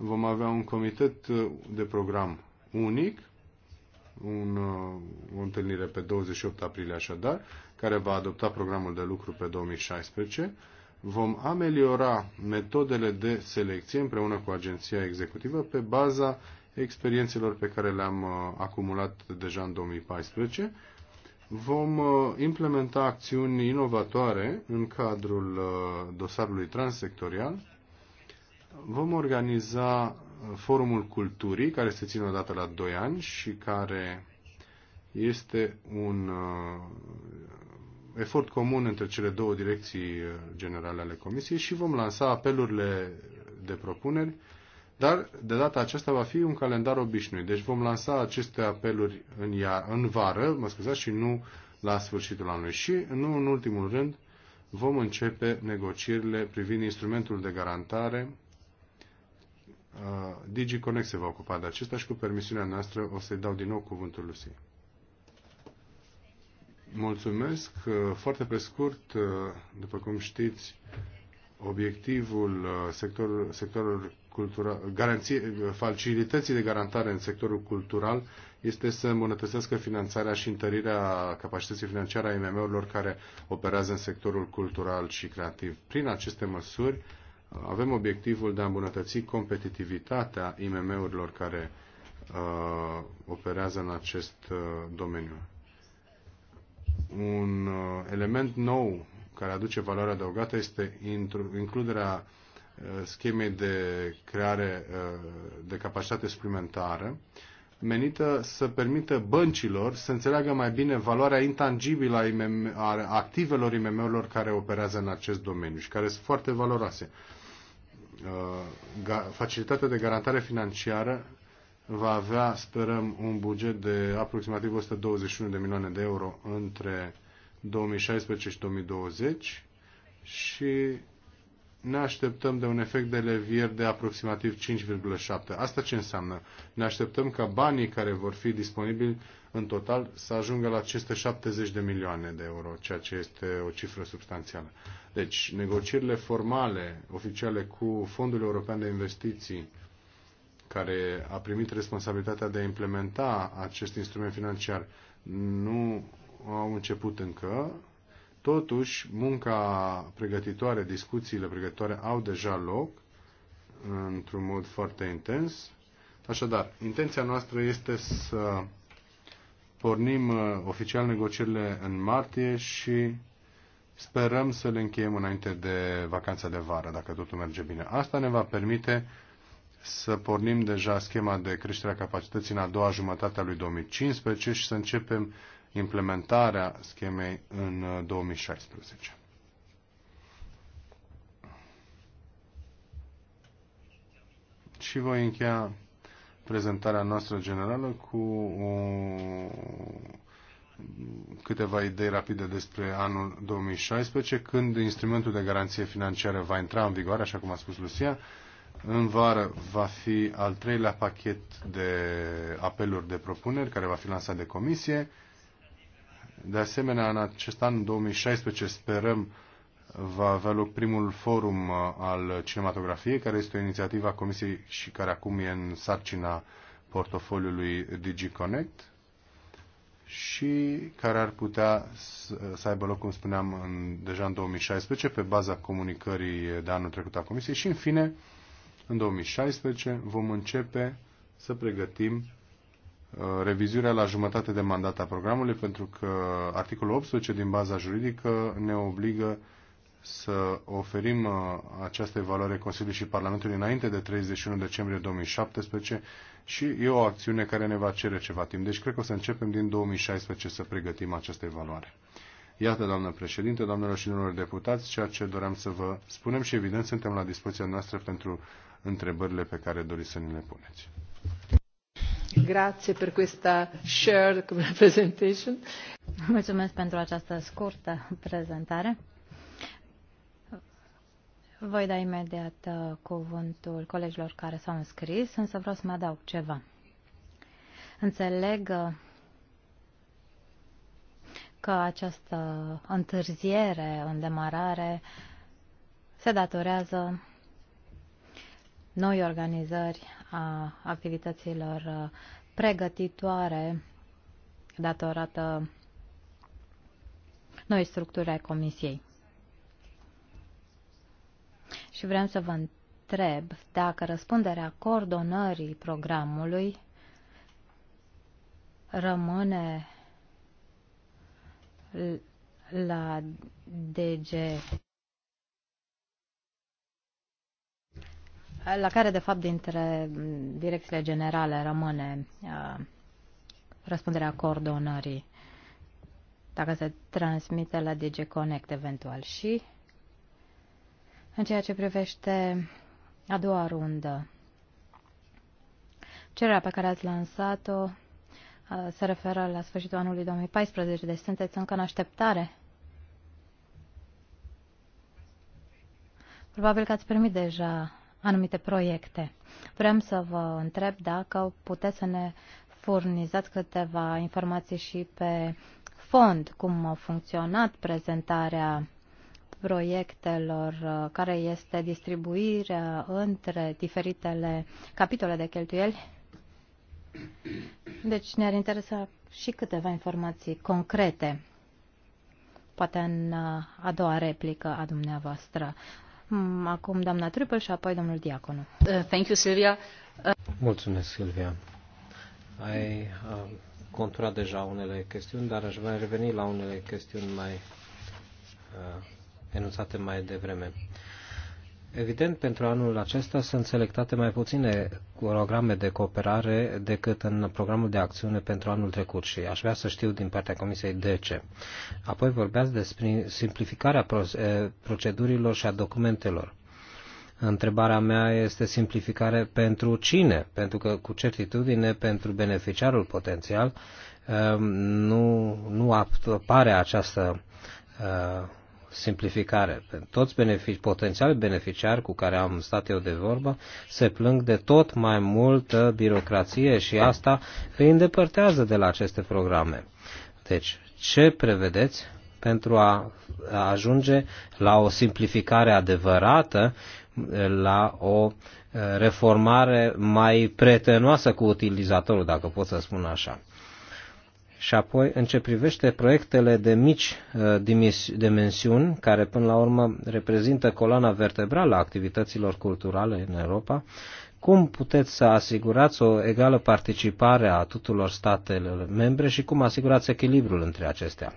vom avea un comitet uh, de program unic, un, uh, o întâlnire pe 28 aprilie așadar, care va adopta programul de lucru pe 2016. Vom ameliora metodele de selecție împreună cu agenția executivă pe baza experiențelor pe care le-am uh, acumulat deja în 2014. Vom implementa acțiuni inovatoare în cadrul dosarului transsectorial Vom organiza uh, Forumul Culturii, care se ține odată la 2 ani și care este un uh, efort comun între cele două direcții uh, generale ale Comisiei și vom lansa apelurile de propuneri, dar de data aceasta va fi un calendar obișnuit. Deci vom lansa aceste apeluri în, ia, în vară, mă scuzați, și nu la sfârșitul anului. Și, nu în ultimul rând, vom începe negocierile privind instrumentul de garantare Uh, Digi Connect se va ocupa de acesta și cu permisiunea noastră o să-i dau din nou cuvântul Lucy. Mulțumesc. Uh, foarte pe scurt, uh, după cum știți, obiectivul sector, sectorul cultural, garanție, facilității de garantare în sectorul cultural este să îmbunătățească finanțarea și întărirea capacității financiare a IMM-urilor care operează în sectorul cultural și creativ. Prin aceste măsuri, avem obiectivul de a îmbunătăți competitivitatea IMM-urilor care uh, operează în acest uh, domeniu. Un uh, element nou care aduce valoare adăugată este includerea uh, schemei de creare uh, de capacitate suplimentară menită să permită băncilor să înțeleagă mai bine valoarea intangibilă a, IMM, a activelor IMM-urilor care operează în acest domeniu și care sunt foarte valoroase. Uh, facilitatea de garantare financiară va avea, sperăm, un buget de aproximativ 121 de milioane de euro între 2016 și 2020 și ne așteptăm de un efect de levier de aproximativ 5,7. Asta ce înseamnă? Ne așteptăm ca banii care vor fi disponibili în total să ajungă la 70 de milioane de euro, ceea ce este o cifră substanțială. Deci, negocierile formale, oficiale cu Fondul European de Investiții, care a primit responsabilitatea de a implementa acest instrument financiar, nu au început încă. Totuși, munca pregătitoare, discuțiile pregătitoare au deja loc într-un mod foarte intens. Așadar, intenția noastră este să pornim uh, oficial negocierile în martie și Sperăm să le încheiem înainte de vacanța de vară, dacă totul merge bine. Asta ne va permite să pornim deja schema de creștere a capacității în a doua jumătate a lui 2015 și să începem implementarea schemei în 2016. Uh, și voi încheia prezentarea noastră generală cu o câteva idei rapide despre anul 2016, când instrumentul de garanție financiară va intra în vigoare, așa cum a spus Lucia. În vară va fi al treilea pachet de apeluri de propuneri care va fi lansat de comisie. De asemenea, în acest an 2016 sperăm va avea loc primul forum uh, al cinematografiei, care este o inițiativă a Comisiei și care acum e în sarcina portofoliului DigiConnect și care ar putea să aibă loc, cum spuneam, în, deja în 2016, pe baza comunicării de anul trecut a Comisiei. Și, în fine, în 2016 vom începe să pregătim uh, revizuirea la jumătate de mandat a programului, pentru că articolul 18 din baza juridică ne obligă să oferim uh, această evaluare Consiliului și Parlamentului înainte de 31 decembrie 2017 și e o acțiune care ne va cere ceva timp. Deci cred că o să începem din 2016 să pregătim această evaluare. Iată, doamnă președinte, doamnelor și domnilor deputați, ceea ce doream să vă spunem și evident suntem la dispoziția noastră pentru întrebările pe care doriți să ne le puneți. Grazie per questa shared presentation. Mulțumesc pentru această scurtă prezentare. Voi da imediat uh, cuvântul colegilor care s-au înscris, însă vreau să mă adaug ceva. Înțeleg uh, că această întârziere în demarare se datorează noi organizări a activităților uh, pregătitoare datorată noi structuri ai Comisiei și vrem să vă întreb dacă răspunderea coordonării programului rămâne la DG la care de fapt dintre direcțiile generale rămâne uh, răspunderea coordonării dacă se transmite la DG Connect eventual și în ceea ce privește a doua rundă, cererea pe care ați lansat-o uh, se referă la sfârșitul anului 2014, deci sunteți încă în așteptare. Probabil că ați primit deja anumite proiecte. Vrem să vă întreb dacă puteți să ne furnizați câteva informații și pe fond, cum a funcționat prezentarea proiectelor, uh, care este distribuirea între diferitele capitole de cheltuieli. Deci ne-ar interesa și câteva informații concrete, poate în uh, a doua replică a dumneavoastră. Mm, acum doamna Trupel și apoi domnul Diaconu. Uh, thank you, Silvia. Mulțumesc, Silvia. Ai conturat deja unele chestiuni, dar aș vrea reveni la unele chestiuni mai uh, enunțate mai devreme. Evident, pentru anul acesta sunt selectate mai puține programe de cooperare decât în programul de acțiune pentru anul trecut și aș vrea să știu din partea Comisiei de ce. Apoi vorbeați despre simplificarea eh, procedurilor și a documentelor. Întrebarea mea este simplificare pentru cine? Pentru că, cu certitudine, pentru beneficiarul potențial eh, nu, nu apare această eh, simplificare. Toți benefici, potențiali beneficiari cu care am stat eu de vorbă se plâng de tot mai multă birocrație și asta îi îndepărtează de la aceste programe. Deci, ce prevedeți pentru a ajunge la o simplificare adevărată, la o uh, reformare mai prietenoasă cu utilizatorul, dacă pot să spun așa? Și apoi, în ce privește proiectele de mici uh, dimensiuni, care până la urmă reprezintă coloana vertebrală a activităților culturale în Europa, cum puteți să asigurați o egală participare a tuturor statelor membre și cum asigurați echilibrul între acestea?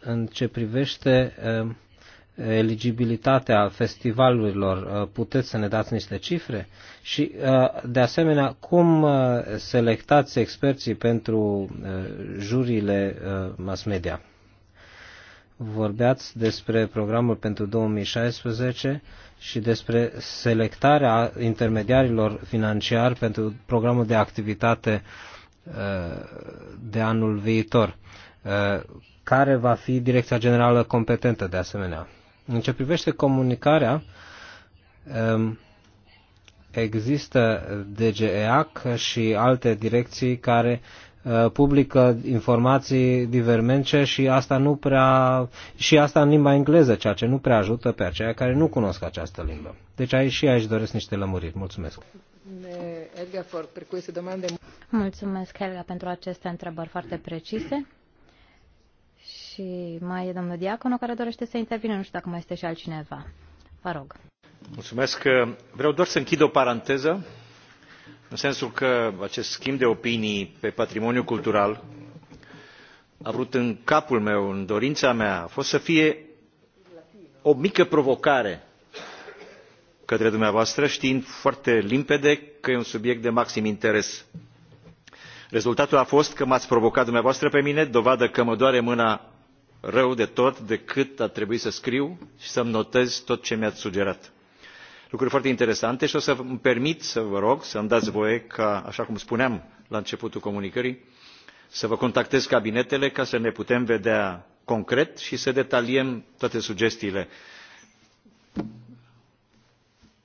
În ce privește uh, eligibilitatea festivalurilor, uh, puteți să ne dați niște cifre? Și, uh, de asemenea, cum uh, selectați experții pentru juriile mass media? Vorbeați despre programul pentru 2016 și despre selectarea intermediarilor financiari pentru programul de activitate de anul viitor. Care va fi direcția generală competentă de asemenea? În ce privește comunicarea, um, există DGEAC și alte direcții care uh, publică informații divermence și asta nu prea și asta în limba engleză, ceea ce nu prea ajută pe aceia care nu cunosc această limbă. Deci aici și aici doresc niște lămuriri. Mulțumesc. Mulțumesc, Helga, pentru aceste întrebări foarte precise și mai e domnul Diaconu care dorește să intervine, Nu știu dacă mai este și altcineva. Vă rog. Mulțumesc. Vreau doar să închid o paranteză, în sensul că acest schimb de opinii pe patrimoniu cultural a vrut în capul meu, în dorința mea, a fost să fie o mică provocare către dumneavoastră, știind foarte limpede că e un subiect de maxim interes rezultatul a fost că m ați provocat dumneavoastră pe mine dovadă că mă doare mâna rău de tot decât a trebuit să scriu și să îmi notez tot ce mi ați sugerat lucruri foarte interesante și o să îmi permit să vă rog să îmi dați voie ca așa cum spuneam la începutul comunicării să vă contactez cabinetele ca să ne putem vedea concret și să detaliem toate sugestiile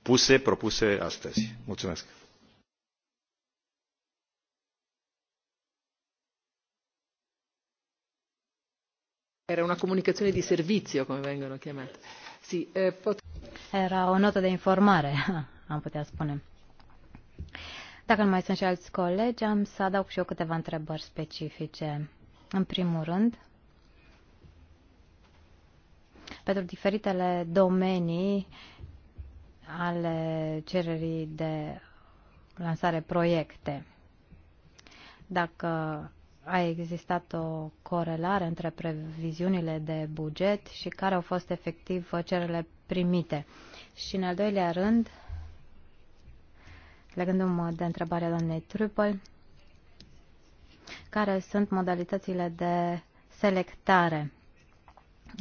puse propuse astăzi. mulțumesc. Era una comunicazione di servizio, come vengono chiamate. Sì, eh, pot- Era o notă de informare, am putea spune. Dacă nu mai sunt și alți colegi, am să adaug și eu câteva întrebări specifice. În primul rând, pentru diferitele domenii ale cererii de lansare proiecte. Dacă a existat o corelare între previziunile de buget și care au fost efectiv cererile primite. Și în al doilea rând, legându-mă de întrebarea doamnei Trupel, care sunt modalitățile de selectare?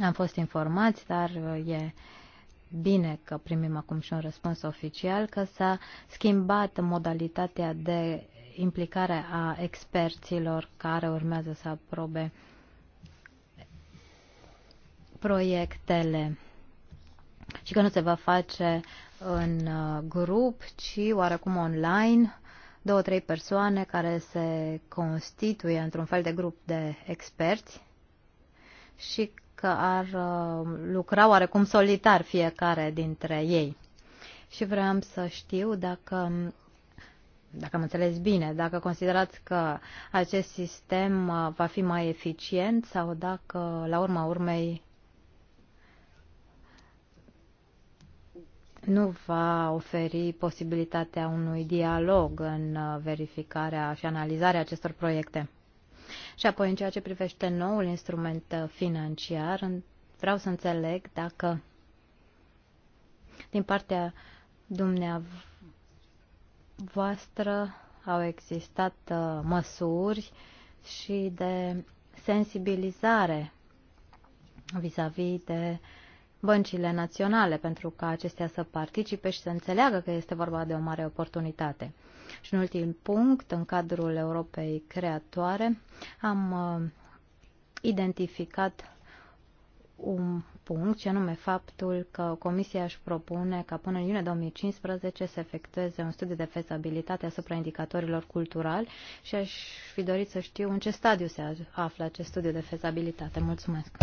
Am fost informați, dar e bine că primim acum și un răspuns oficial, că s-a schimbat modalitatea de implicare a experților care urmează să aprobe proiectele și că nu se va face în uh, grup, ci oarecum online, două, trei persoane care se constituie într-un fel de grup de experți și că ar uh, lucra oarecum solitar fiecare dintre ei. Și vreau să știu dacă dacă am înțeles bine, dacă considerați că acest sistem uh, va fi mai eficient sau dacă, la urma urmei, nu va oferi posibilitatea unui dialog în uh, verificarea și analizarea acestor proiecte. Și apoi, în ceea ce privește noul instrument uh, financiar, vreau să înțeleg dacă din partea dumneavoastră voastră au existat uh, măsuri și de sensibilizare vis-a-vis -vis de băncile naționale pentru ca acestea să participe și să înțeleagă că este vorba de o mare oportunitate. Și în ultim punct, în cadrul Europei Creatoare, am uh, identificat un, punct, ce anume faptul că Comisia își propune ca până în iunie 2015 să efectueze un studiu de fezabilitate asupra indicatorilor culturali și aș fi dorit să știu în ce stadiu se află acest studiu de fezabilitate. Mulțumesc!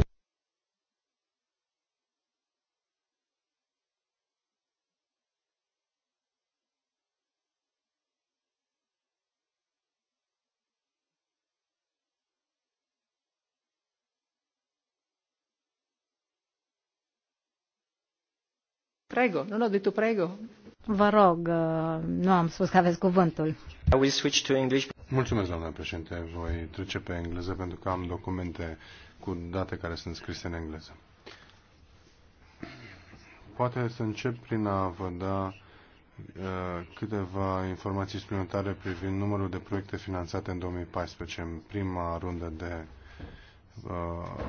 Prego, nu, no, de tu prego. Vă rog, uh, nu am spus că aveți cuvântul. I will switch to English. Mulțumesc, doamna președinte. Voi trece pe engleză pentru că am documente cu date care sunt scrise în engleză. Poate să încep prin a vă da uh, câteva informații suplimentare privind numărul de proiecte finanțate în 2014, în prima rundă de uh,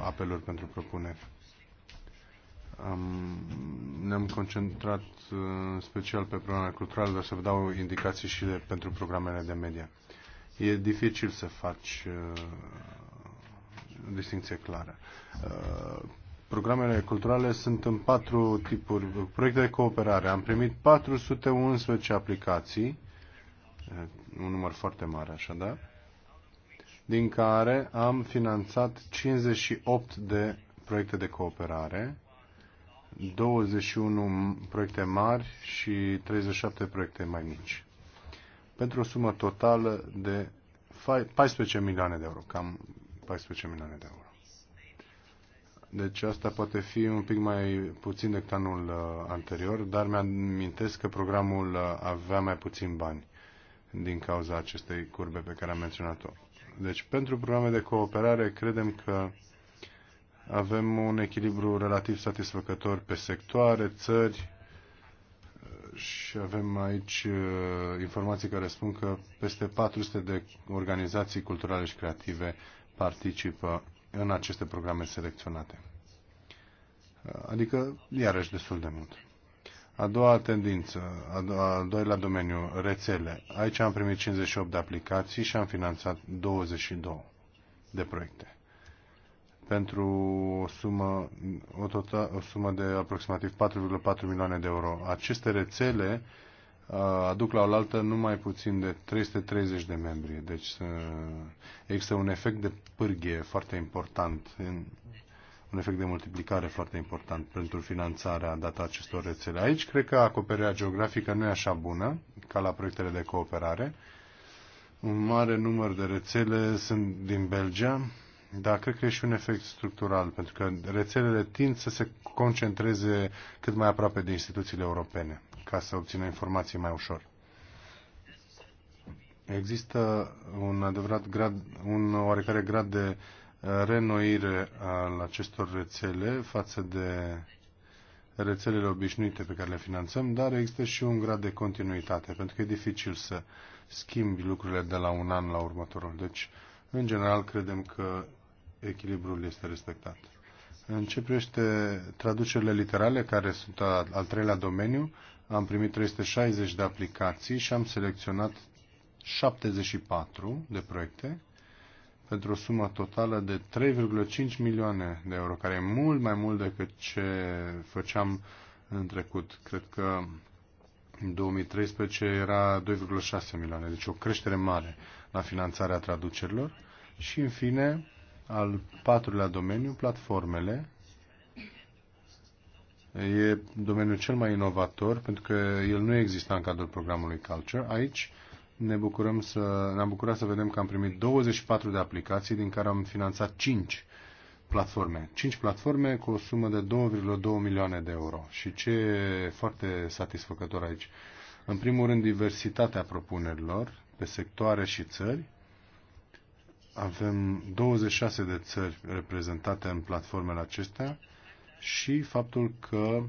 apeluri pentru propuneri. Um, ne-am concentrat uh, în special pe programele culturale, dar să vă dau indicații și de, pentru programele de media. E dificil să faci uh, distinție clară. Uh, programele culturale sunt în patru tipuri, proiecte de cooperare. Am primit 411 aplicații, uh, un număr foarte mare așadar, din care am finanțat 58 de proiecte de cooperare 21 proiecte mari și 37 proiecte mai mici. Pentru o sumă totală de 14 milioane de euro, cam 14 milioane de euro. Deci asta poate fi un pic mai puțin decât anul uh, anterior, dar mi mintesc că programul uh, avea mai puțin bani din cauza acestei curbe pe care am menționat-o. Deci pentru programe de cooperare credem că avem un echilibru relativ satisfăcător pe sectoare, țări și avem aici uh, informații care spun că peste 400 de organizații culturale și creative participă în aceste programe selecționate. Uh, adică, iarăși, destul de mult. A doua tendință, a doua, a doilea domeniu, rețele. Aici am primit 58 de aplicații și am finanțat 22 de proiecte pentru o sumă, o, total, o sumă de aproximativ 4,4 milioane de euro. Aceste rețele uh, aduc la oaltă numai puțin de 330 de membri. Deci uh, există un efect de pârghie foarte important, un efect de multiplicare foarte important pentru finanțarea dată acestor rețele. Aici cred că acoperirea geografică nu e așa bună ca la proiectele de cooperare. Un mare număr de rețele sunt din Belgia, da, cred că e și un efect structural, pentru că rețelele tind să se concentreze cât mai aproape de instituțiile europene, ca să obțină informații mai ușor. Există un adevărat grad, un oarecare grad de uh, renoire al acestor rețele față de rețelele obișnuite pe care le finanțăm, dar există și un grad de continuitate, pentru că e dificil să schimbi lucrurile de la un an la următorul. Deci, în general, credem că echilibrul este respectat. În ce privește traducerile literale, care sunt al treilea domeniu, am primit 360 de aplicații și am selecționat 74 de proiecte pentru o sumă totală de 3,5 milioane de euro, care e mult mai mult decât ce făceam în trecut. Cred că în 2013 era 2,6 milioane, deci o creștere mare la finanțarea traducerilor. Și, în fine, al patrulea domeniu, platformele. E domeniul cel mai inovator pentru că el nu exista în cadrul programului Culture. Aici ne bucurăm să, ne-am bucurat să vedem că am primit 24 de aplicații din care am finanțat 5 platforme. 5 platforme cu o sumă de 2,2 milioane de euro. Și ce e foarte satisfăcător aici? În primul rând, diversitatea propunerilor pe sectoare și țări avem 26 de țări reprezentate în platformele acestea și faptul că uh,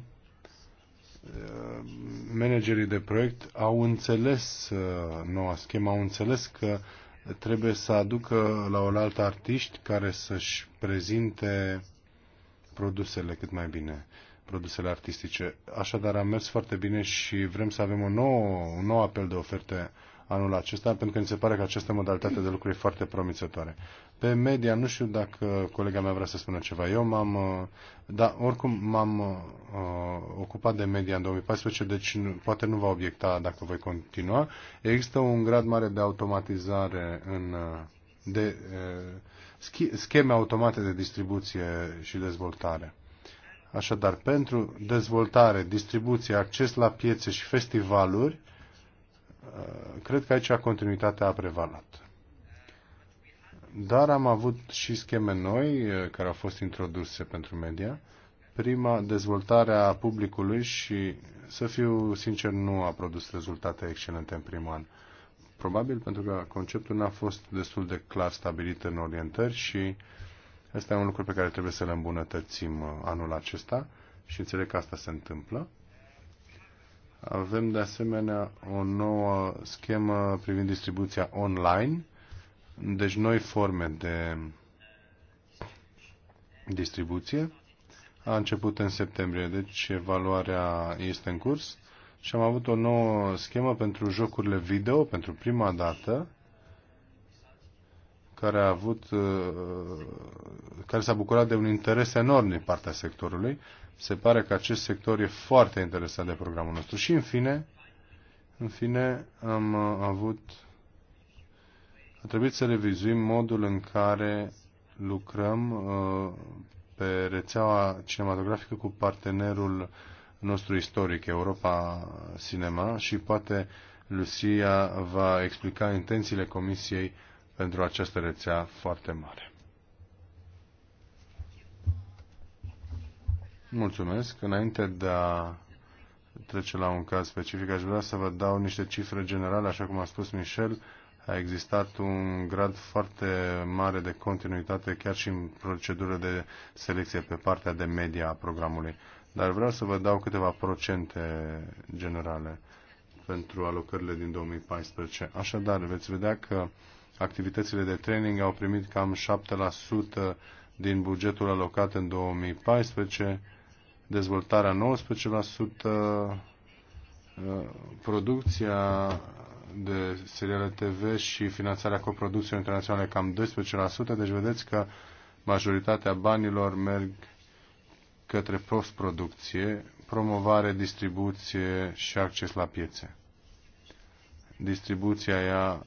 managerii de proiect au înțeles uh, noua schemă, au înțeles că trebuie să aducă la oaltă artiști care să-și prezinte produsele cât mai bine, produsele artistice. Așadar, a mers foarte bine și vrem să avem un nou, un nou apel de oferte anul acesta, pentru că mi se pare că această modalitate de lucru e foarte promițătoare. Pe media, nu știu dacă colega mea vrea să spună ceva. Eu m-am, da, oricum m-am uh, ocupat de media în 2014, deci poate nu va obiecta dacă voi continua. Există un grad mare de automatizare în, uh, de uh, scheme automate de distribuție și dezvoltare. Așadar, pentru dezvoltare, distribuție, acces la piețe și festivaluri, uh, Uh, cred că aici continuitatea a prevalat. Dar am avut și scheme noi uh, care au fost introduse pentru media. Prima, dezvoltarea publicului și, să fiu sincer, nu a produs rezultate excelente în primul an. Probabil pentru că conceptul n-a fost destul de clar stabilit în orientări și ăsta e un lucru pe care trebuie să-l îmbunătățim uh, anul acesta și înțeleg că asta se întâmplă. Avem de asemenea o nouă schemă privind distribuția online, deci noi forme de distribuție. A început în septembrie, deci evaluarea este în curs și am avut o nouă schemă pentru jocurile video pentru prima dată care a avut uh, care s-a bucurat de un interes enorm din partea sectorului se pare că acest sector e foarte interesat de programul nostru. Și în fine, în fine am uh, avut a trebuit să revizuim modul în care lucrăm uh, pe rețeaua cinematografică cu partenerul nostru istoric, Europa Cinema, și poate Lucia va explica intențiile Comisiei pentru această rețea foarte mare. Mulțumesc. Înainte de a trece la un caz specific, aș vrea să vă dau niște cifre generale. Așa cum a spus Michel, a existat un grad foarte mare de continuitate chiar și în procedurile de selecție pe partea de media a programului. Dar vreau să vă dau câteva procente generale pentru alocările din 2014. Așadar, veți vedea că activitățile de training au primit cam 7% din bugetul alocat în 2014, dezvoltarea 19%, uh, producția de seriale TV și finanțarea coproducției internaționale cam 12%, deci vedeți că majoritatea banilor merg către postproducție, promovare, distribuție și acces la piețe. Distribuția ia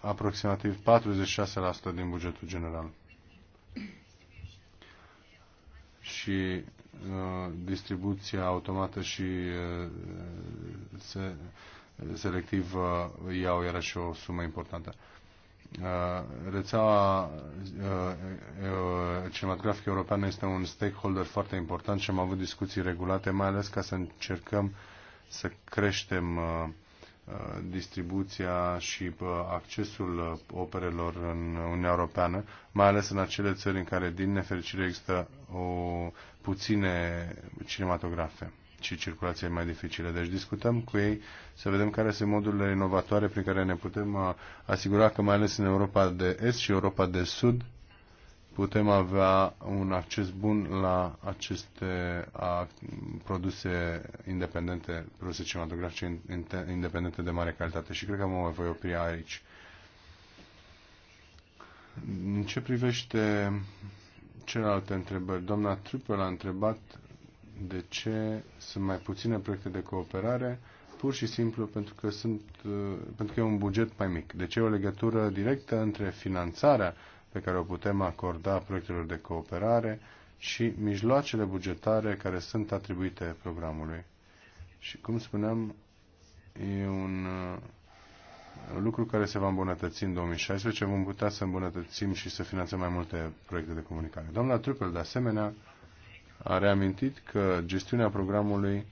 aproximativ 46% din bugetul general și uh, distribuția automată și uh, se, selectiv iau era și o sumă importantă. Uh, rețeaua cinematografică europeană este un stakeholder foarte important și am avut discuții regulate, mai ales ca să încercăm să creștem Uh, distribuția și uh, accesul uh, operelor în Uniunea Europeană, mai ales în acele țări în care, din nefericire, există o puține cinematografe și circulație mai dificilă. Deci discutăm cu ei să vedem care sunt modurile inovatoare prin care ne putem asigura că, mai ales în Europa de Est și Europa de Sud, putem avea un acces bun la aceste produse independente, produse cinematografice independente de mare calitate. Și cred că mă voi opri aici. În ce privește celelalte întrebări, doamna Trupel a întrebat de ce sunt mai puține proiecte de cooperare, pur și simplu pentru că, sunt, uh, pentru că e un buget mai mic. Deci e o legătură directă între finanțarea pe care o putem acorda proiectelor de cooperare și mijloacele bugetare care sunt atribuite programului. Și cum spuneam, e un uh, lucru care se va îmbunătăți în 2016, vom putea să îmbunătățim și să finanțăm mai multe proiecte de comunicare. Doamna Trupel, de asemenea, a reamintit că gestiunea programului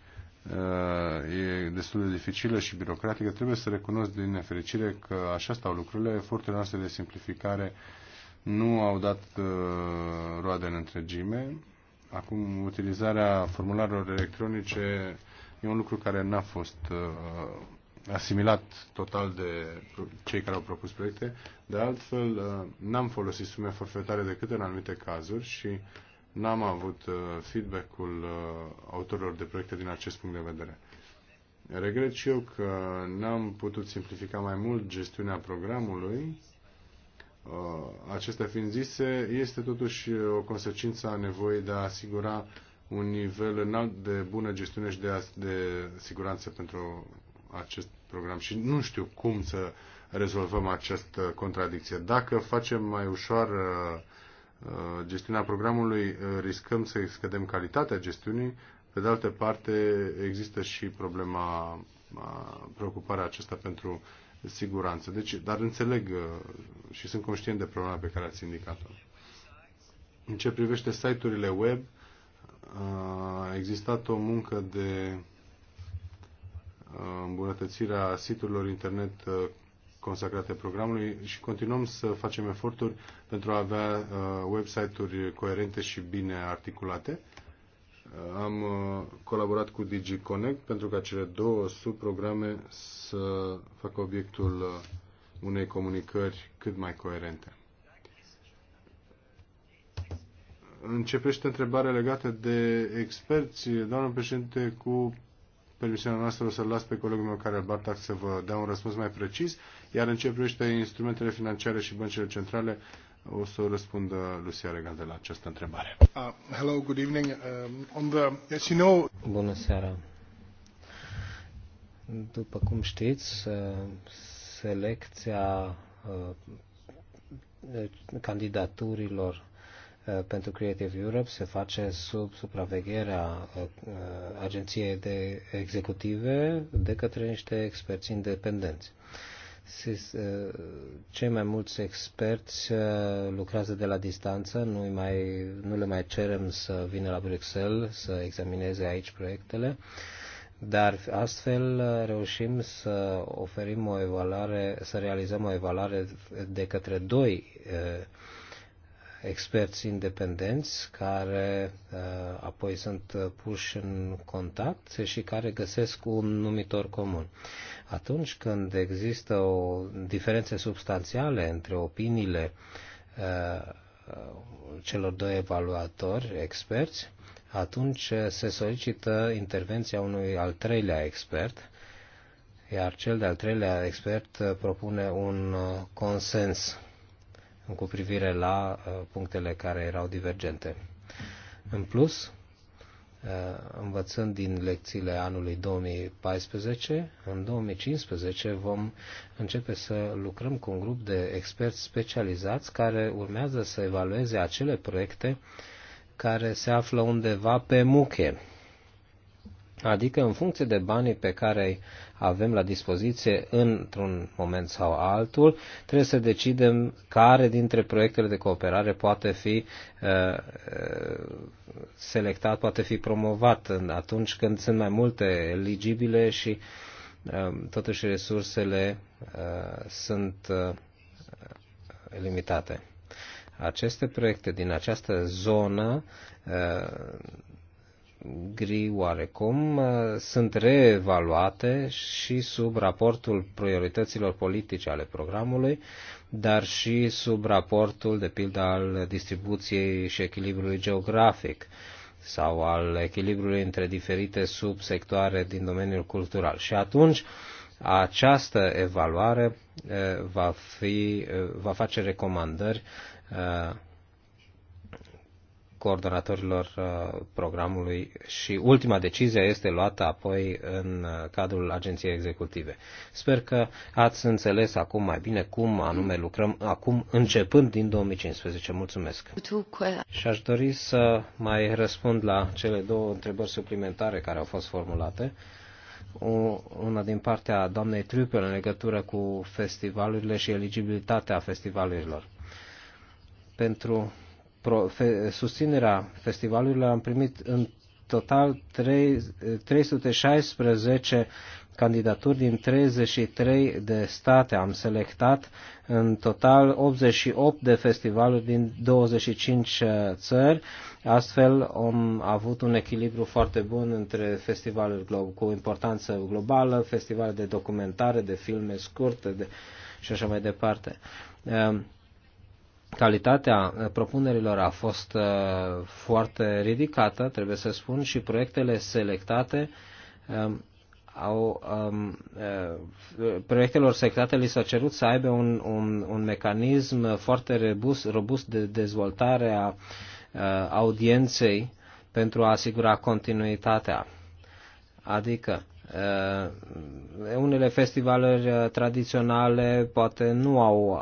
uh, e destul de dificilă și birocratică. Trebuie să recunosc din nefericire că așa stau lucrurile. Eforturile noastre de simplificare uh, nu au dat uh, roade în întregime. Acum, utilizarea formularelor electronice e un lucru care n-a fost uh, asimilat total de cei care au propus proiecte. De altfel, uh, n-am folosit sume forfetare decât în anumite cazuri și n-am avut feedback-ul autorilor de proiecte din acest punct de vedere. Regret și eu că n-am putut simplifica mai mult gestiunea programului Acestea fiind zise, este totuși o consecință a nevoii de a asigura un nivel înalt de bună gestiune și de, de siguranță pentru acest program. Și nu știu cum să rezolvăm această contradicție. Dacă facem mai ușor uh, uh, gestiunea programului, uh, riscăm să scădem calitatea gestiunii. Pe de altă parte, există și problema, preocuparea aceasta pentru siguranță. Deci, dar înțeleg uh, și sunt conștient de problema pe care ați indicat-o. În ce privește site-urile web, uh, a existat o muncă de uh, îmbunătățirea siturilor internet consacrate programului și continuăm să facem eforturi pentru a avea website-uri coerente și bine articulate am uh, colaborat cu DigiConnect pentru ca cele două subprograme să facă obiectul uh, unei comunicări cât mai coerente. Începește întrebarea legată de experți. Doamnă președinte, cu permisiunea noastră o să-l las pe colegul meu care Bartac să vă dea un răspuns mai precis, iar în ce privește instrumentele financiare și băncile centrale, o să răspundă Lucia Regal de la această întrebare. Uh, hello, good evening. Um, on the, yes, you know... Bună seara. După cum știți, uh, selecția uh, candidaturilor uh, pentru Creative Europe se face sub supravegherea agenției de executive de către niște experți independenți cei mai mulți experți uh, lucrează de la distanță, nu, mai, nu le mai cerem să vină la Bruxelles să examineze aici proiectele, dar astfel uh, reușim să oferim o evaluare, să realizăm o evaluare de către doi uh, experți independenți care uh, apoi sunt puși în contact și care găsesc un numitor comun. Atunci când există o diferențe substanțiale între opiniile uh, celor doi evaluatori experți, atunci se solicită intervenția unui al treilea expert, iar cel de-al treilea expert propune un uh, consens cu privire la uh, punctele care erau divergente. În plus, uh, învățând din lecțiile anului 2014, în 2015 vom începe să lucrăm cu un grup de experți specializați care urmează să evalueze acele proiecte care se află undeva pe muche Adică în funcție de banii pe care îi avem la dispoziție într-un moment sau altul, trebuie să decidem care dintre proiectele de cooperare poate fi uh, uh selectat, poate fi promovat atunci când sunt mai multe eligibile și uh, totuși resursele uh, sunt uh, limitate. Aceste proiecte din această zonă uh, gri oarecum uh, sunt reevaluate și sub raportul priorităților politice ale programului, dar și sub raportul, de pildă, al distribuției și echilibrului geografic sau al echilibrului între diferite subsectoare din domeniul cultural. Și atunci, această evaluare uh, va, fi, uh, va face recomandări coordonatorilor uh, programului și ultima decizie este luată apoi în uh, cadrul agenției executive. Sper că ați înțeles acum mai bine cum anume lucrăm acum începând din 2015. Mulțumesc! Și aș dori să mai răspund la cele două întrebări suplimentare care au fost formulate una din partea doamnei Triupel în legătură cu festivalurile și eligibilitatea festivalurilor. Pentru susținerea festivalului am primit în total 316 candidaturi din 33 de state. Am selectat în total 88 de festivaluri din 25 uh, țări. Astfel am avut un echilibru foarte bun între festivaluri cu importanță globală, festivaluri de documentare, de filme scurte de, și așa mai departe. Uh, calitatea eh, propunerilor a fost eh, foarte ridicată, trebuie să spun, și proiectele selectate ehm, au, ehm, eh, proiectelor selectate li s-a cerut să aibă un, un, un mecanism foarte robust, robust de dezvoltare a audienței pentru a asigura continuitatea. Adică Eh, unele festivaluri eh, tradiționale poate nu au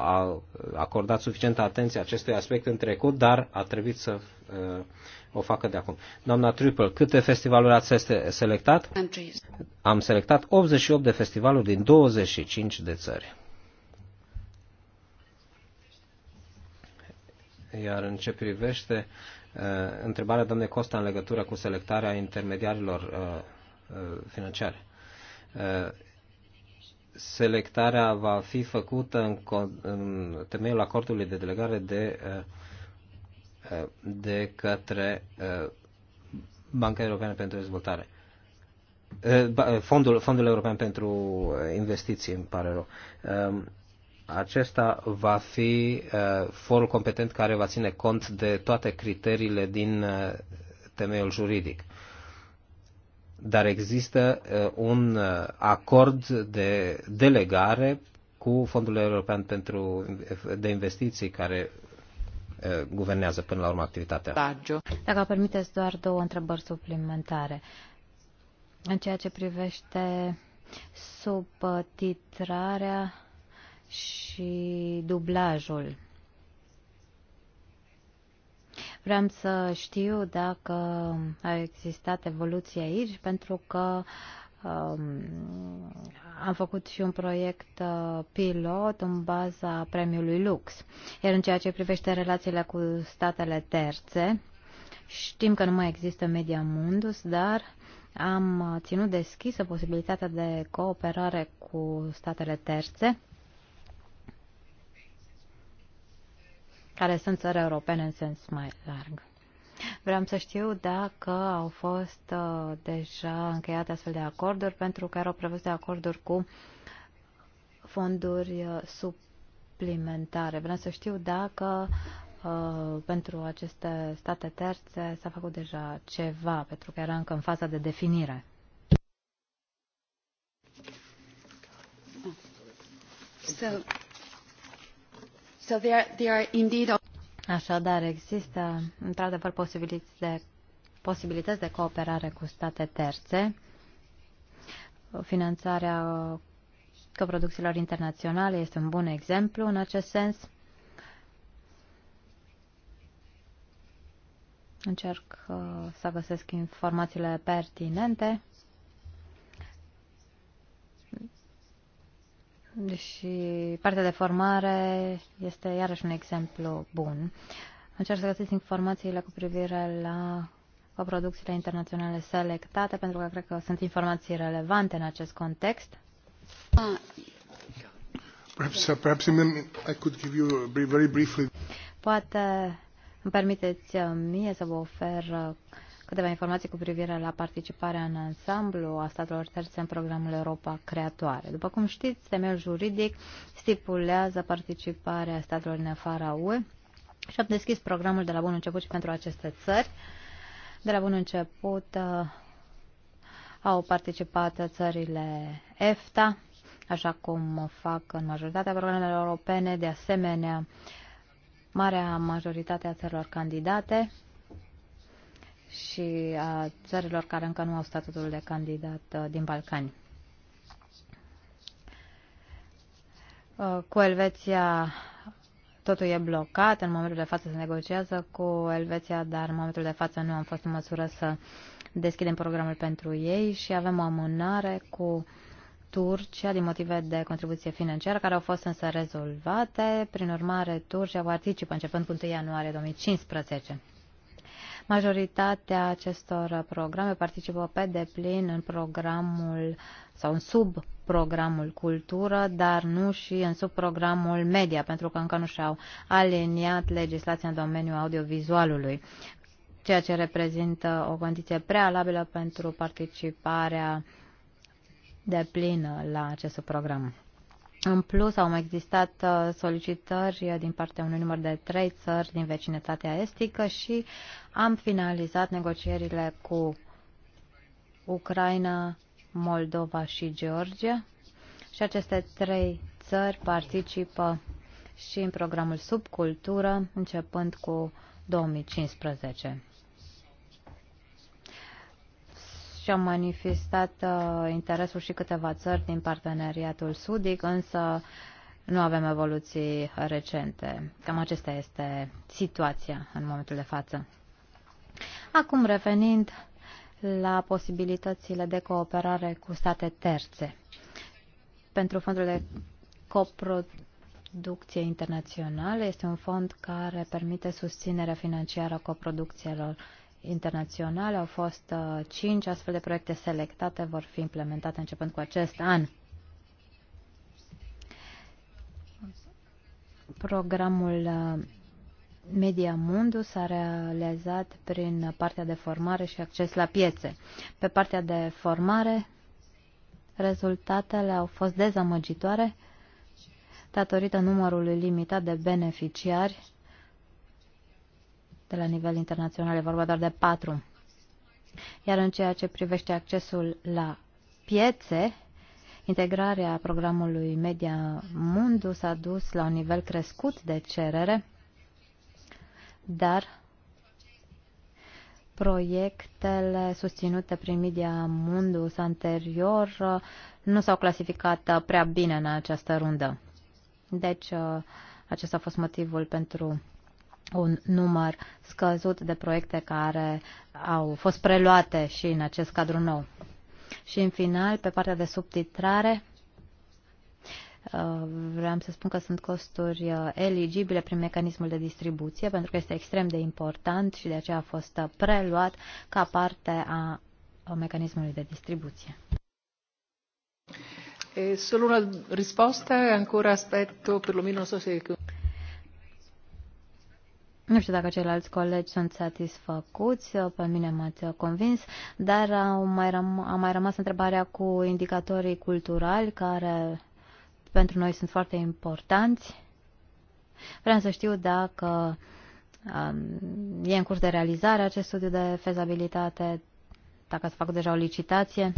acordat suficientă atenție acestui aspect în trecut, dar a trebuit să eh, o facă de acum. Doamna Triple, câte festivaluri ați selectat? Am selectat 88 de festivaluri din 25 de țări. Iar în ce privește uh, întrebarea doamnei Costa în legătură cu selectarea intermediarilor uh, Uh, financiare. Uh, selectarea va fi făcută în, în temeiul acordului de delegare de, uh, de către Banca Europeană pentru Dezvoltare. Fondul, Fondul European pentru Investiții, îmi pare rău. Um, acesta va fi forul competent care va ține cont de toate criteriile din temeiul juridic dar există uh, un uh, acord de delegare cu Fondul European pentru de Investiții care uh, guvernează până la urmă activitatea. Dacă permiteți doar două întrebări suplimentare. În ceea ce privește subtitrarea și dublajul Vreau să știu dacă a existat evoluție aici, pentru că um, am făcut și un proiect uh, pilot în baza premiului Lux. Iar în ceea ce privește relațiile cu statele terțe, știm că nu mai există Media Mundus, dar am uh, ținut deschisă posibilitatea de cooperare cu statele terțe care sunt țări europene în sens mai larg. Vreau să știu dacă au fost uh, deja încheiate astfel de acorduri, pentru că erau prevăzute acorduri cu fonduri uh, suplimentare. Vreau să știu dacă uh, pentru aceste state terțe s-a făcut deja ceva, pentru că era încă în faza de definire. So, So there, there are indeed... Așadar, există într-adevăr posibilități de, posibilități de cooperare cu state terțe, finanțarea coproducțiilor internaționale este un bun exemplu în acest sens. Încerc uh, să găsesc informațiile pertinente. și partea de formare este iarăși un exemplu bun. Încerc să găsesc informațiile cu privire la coproducțiile internaționale selectate, pentru că cred că sunt informații relevante în acest context. Perhaps, uh, perhaps I could give you very briefly. Poate îmi permiteți uh, mie să vă ofer uh, câteva informații cu privire la participarea în ansamblu a statelor terțe în programul Europa Creatoare. După cum știți, temeiul juridic stipulează participarea statelor în afara UE și am deschis programul de la bun început și pentru aceste țări. De la bun început uh, au participat țările EFTA, așa cum fac în majoritatea programelor europene, de asemenea marea majoritate a țărilor candidate și a țărilor care încă nu au statutul de candidat uh, din Balcani. Uh, cu Elveția totul e blocat, în momentul de față se negociază cu Elveția, dar în momentul de față nu am fost în măsură să deschidem programul pentru ei și avem o amânare cu Turcia din motive de contribuție financiară, care au fost însă rezolvate. Prin urmare, Turcia participă începând cu 1 ianuarie 2015. Majoritatea acestor programe participă pe deplin în programul sau în subprogramul cultură, dar nu și în subprogramul media, pentru că încă nu și-au aliniat legislația în domeniul audiovizualului, ceea ce reprezintă o condiție prealabilă pentru participarea de plină la acest program. În plus, au mai existat uh, solicitări din partea unui număr de trei țări din vecinătatea estică și am finalizat negocierile cu Ucraina, Moldova și Georgia. Și aceste trei țări participă și în programul Subcultură, începând cu 2015. și-au manifestat uh, interesul și câteva țări din parteneriatul sudic, însă nu avem evoluții recente. Cam acesta este situația în momentul de față. Acum revenind la posibilitățile de cooperare cu state terțe pentru fondul de coproducție internațională este un fond care permite susținerea financiară coproducțiilor internaționale. Au fost uh, cinci astfel de proiecte selectate, vor fi implementate începând cu acest an. Programul uh, Media Mundus s-a realizat prin partea de formare și acces la piețe. Pe partea de formare, rezultatele au fost dezamăgitoare datorită numărului limitat de beneficiari de la nivel internațional, e vorba doar de patru. Iar în ceea ce privește accesul la piețe, integrarea programului Media Mundu s-a dus la un nivel crescut de cerere, dar proiectele susținute prin Media Mundus anterior uh, nu s-au clasificat uh, prea bine în această rundă. Deci, uh, acesta a fost motivul pentru un număr scăzut de proiecte care au fost preluate și în acest cadru nou. Și în final, pe partea de subtitrare, uh, vreau să spun că sunt costuri uh, eligibile prin mecanismul de distribuție, pentru că este extrem de important și de aceea a fost uh, preluat ca parte a mecanismului de distribuție. E solo una risposta, ancora aspetto perlomeno non so se nu știu dacă ceilalți colegi sunt satisfăcuți, pe mine m-ați convins, dar a mai răm- a mai rămas întrebarea cu indicatorii culturali, care pentru noi sunt foarte importanți. Vreau să știu dacă um, e în curs de realizare acest studiu de fezabilitate, dacă se fac deja o licitație.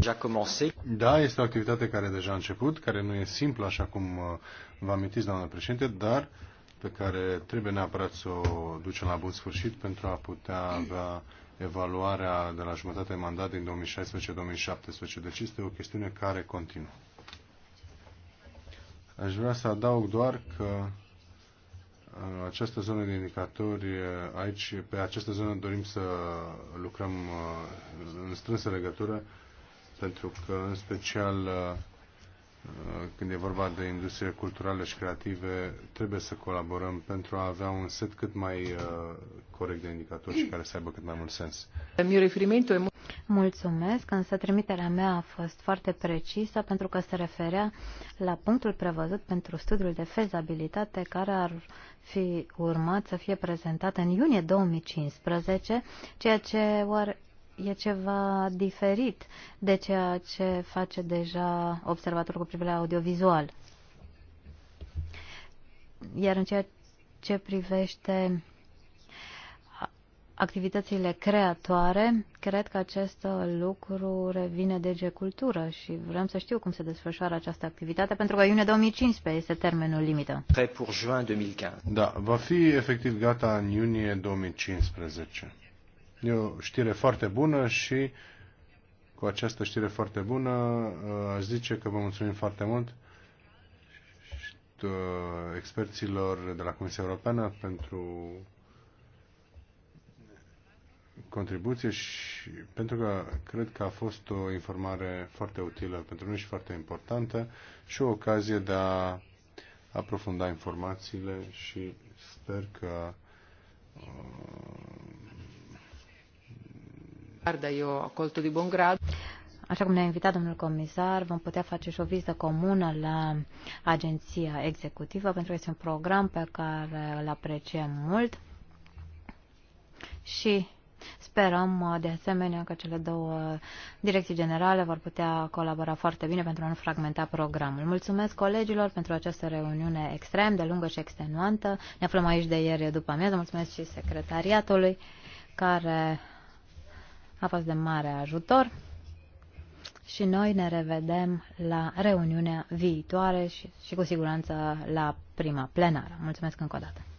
Da, este o activitate care deja a început, care nu e simplă, așa cum uh, vă amintiți, doamnă președinte, dar uh, pe care trebuie neapărat să o ducem la bun sfârșit pentru a putea avea evaluarea de la jumătate de mandat din 2016-2017. Deci este o chestiune care continuă. Aș vrea să adaug doar că uh, această zonă de indicatori, uh, aici, pe această zonă dorim să lucrăm uh, în strânsă legătură, pentru că, în special, Uh, când e vorba de industrie culturale și creative, trebuie să colaborăm pentru a avea un set cât mai uh, corect de indicatori și care să aibă cât mai mult sens. Mulțumesc, însă trimiterea mea a fost foarte precisă pentru că se referea la punctul prevăzut pentru studiul de fezabilitate care ar fi urmat să fie prezentat în iunie 2015, ceea ce oare e ceva diferit de ceea ce face deja observatorul cu privire la audiovizual. Iar în ceea ce privește activitățile creatoare, cred că acest lucru revine ge Cultură și vrem să știu cum se desfășoară această activitate, pentru că iunie 2015 este termenul limită. Da, va fi efectiv gata în iunie 2015. E o știre foarte bună și cu această știre foarte bună uh, aș zice că vă mulțumim foarte mult uh, experților de la Comisia Europeană pentru contribuție și pentru că cred că a fost o informare foarte utilă pentru noi și foarte importantă și o ocazie de a aprofunda informațiile și sper că uh, Așa cum ne-a invitat domnul comisar, vom putea face și o vizită comună la agenția executivă, pentru că este un program pe care îl apreciem mult și sperăm uh, de asemenea că cele două direcții generale vor putea colabora foarte bine pentru a nu fragmenta programul. Mulțumesc colegilor pentru această reuniune extrem de lungă și extenuantă. Ne aflăm aici de ieri după amiază. Mulțumesc și secretariatului care a fost de mare ajutor și noi ne revedem la reuniunea viitoare și, și cu siguranță la prima plenară. Mulțumesc încă o dată!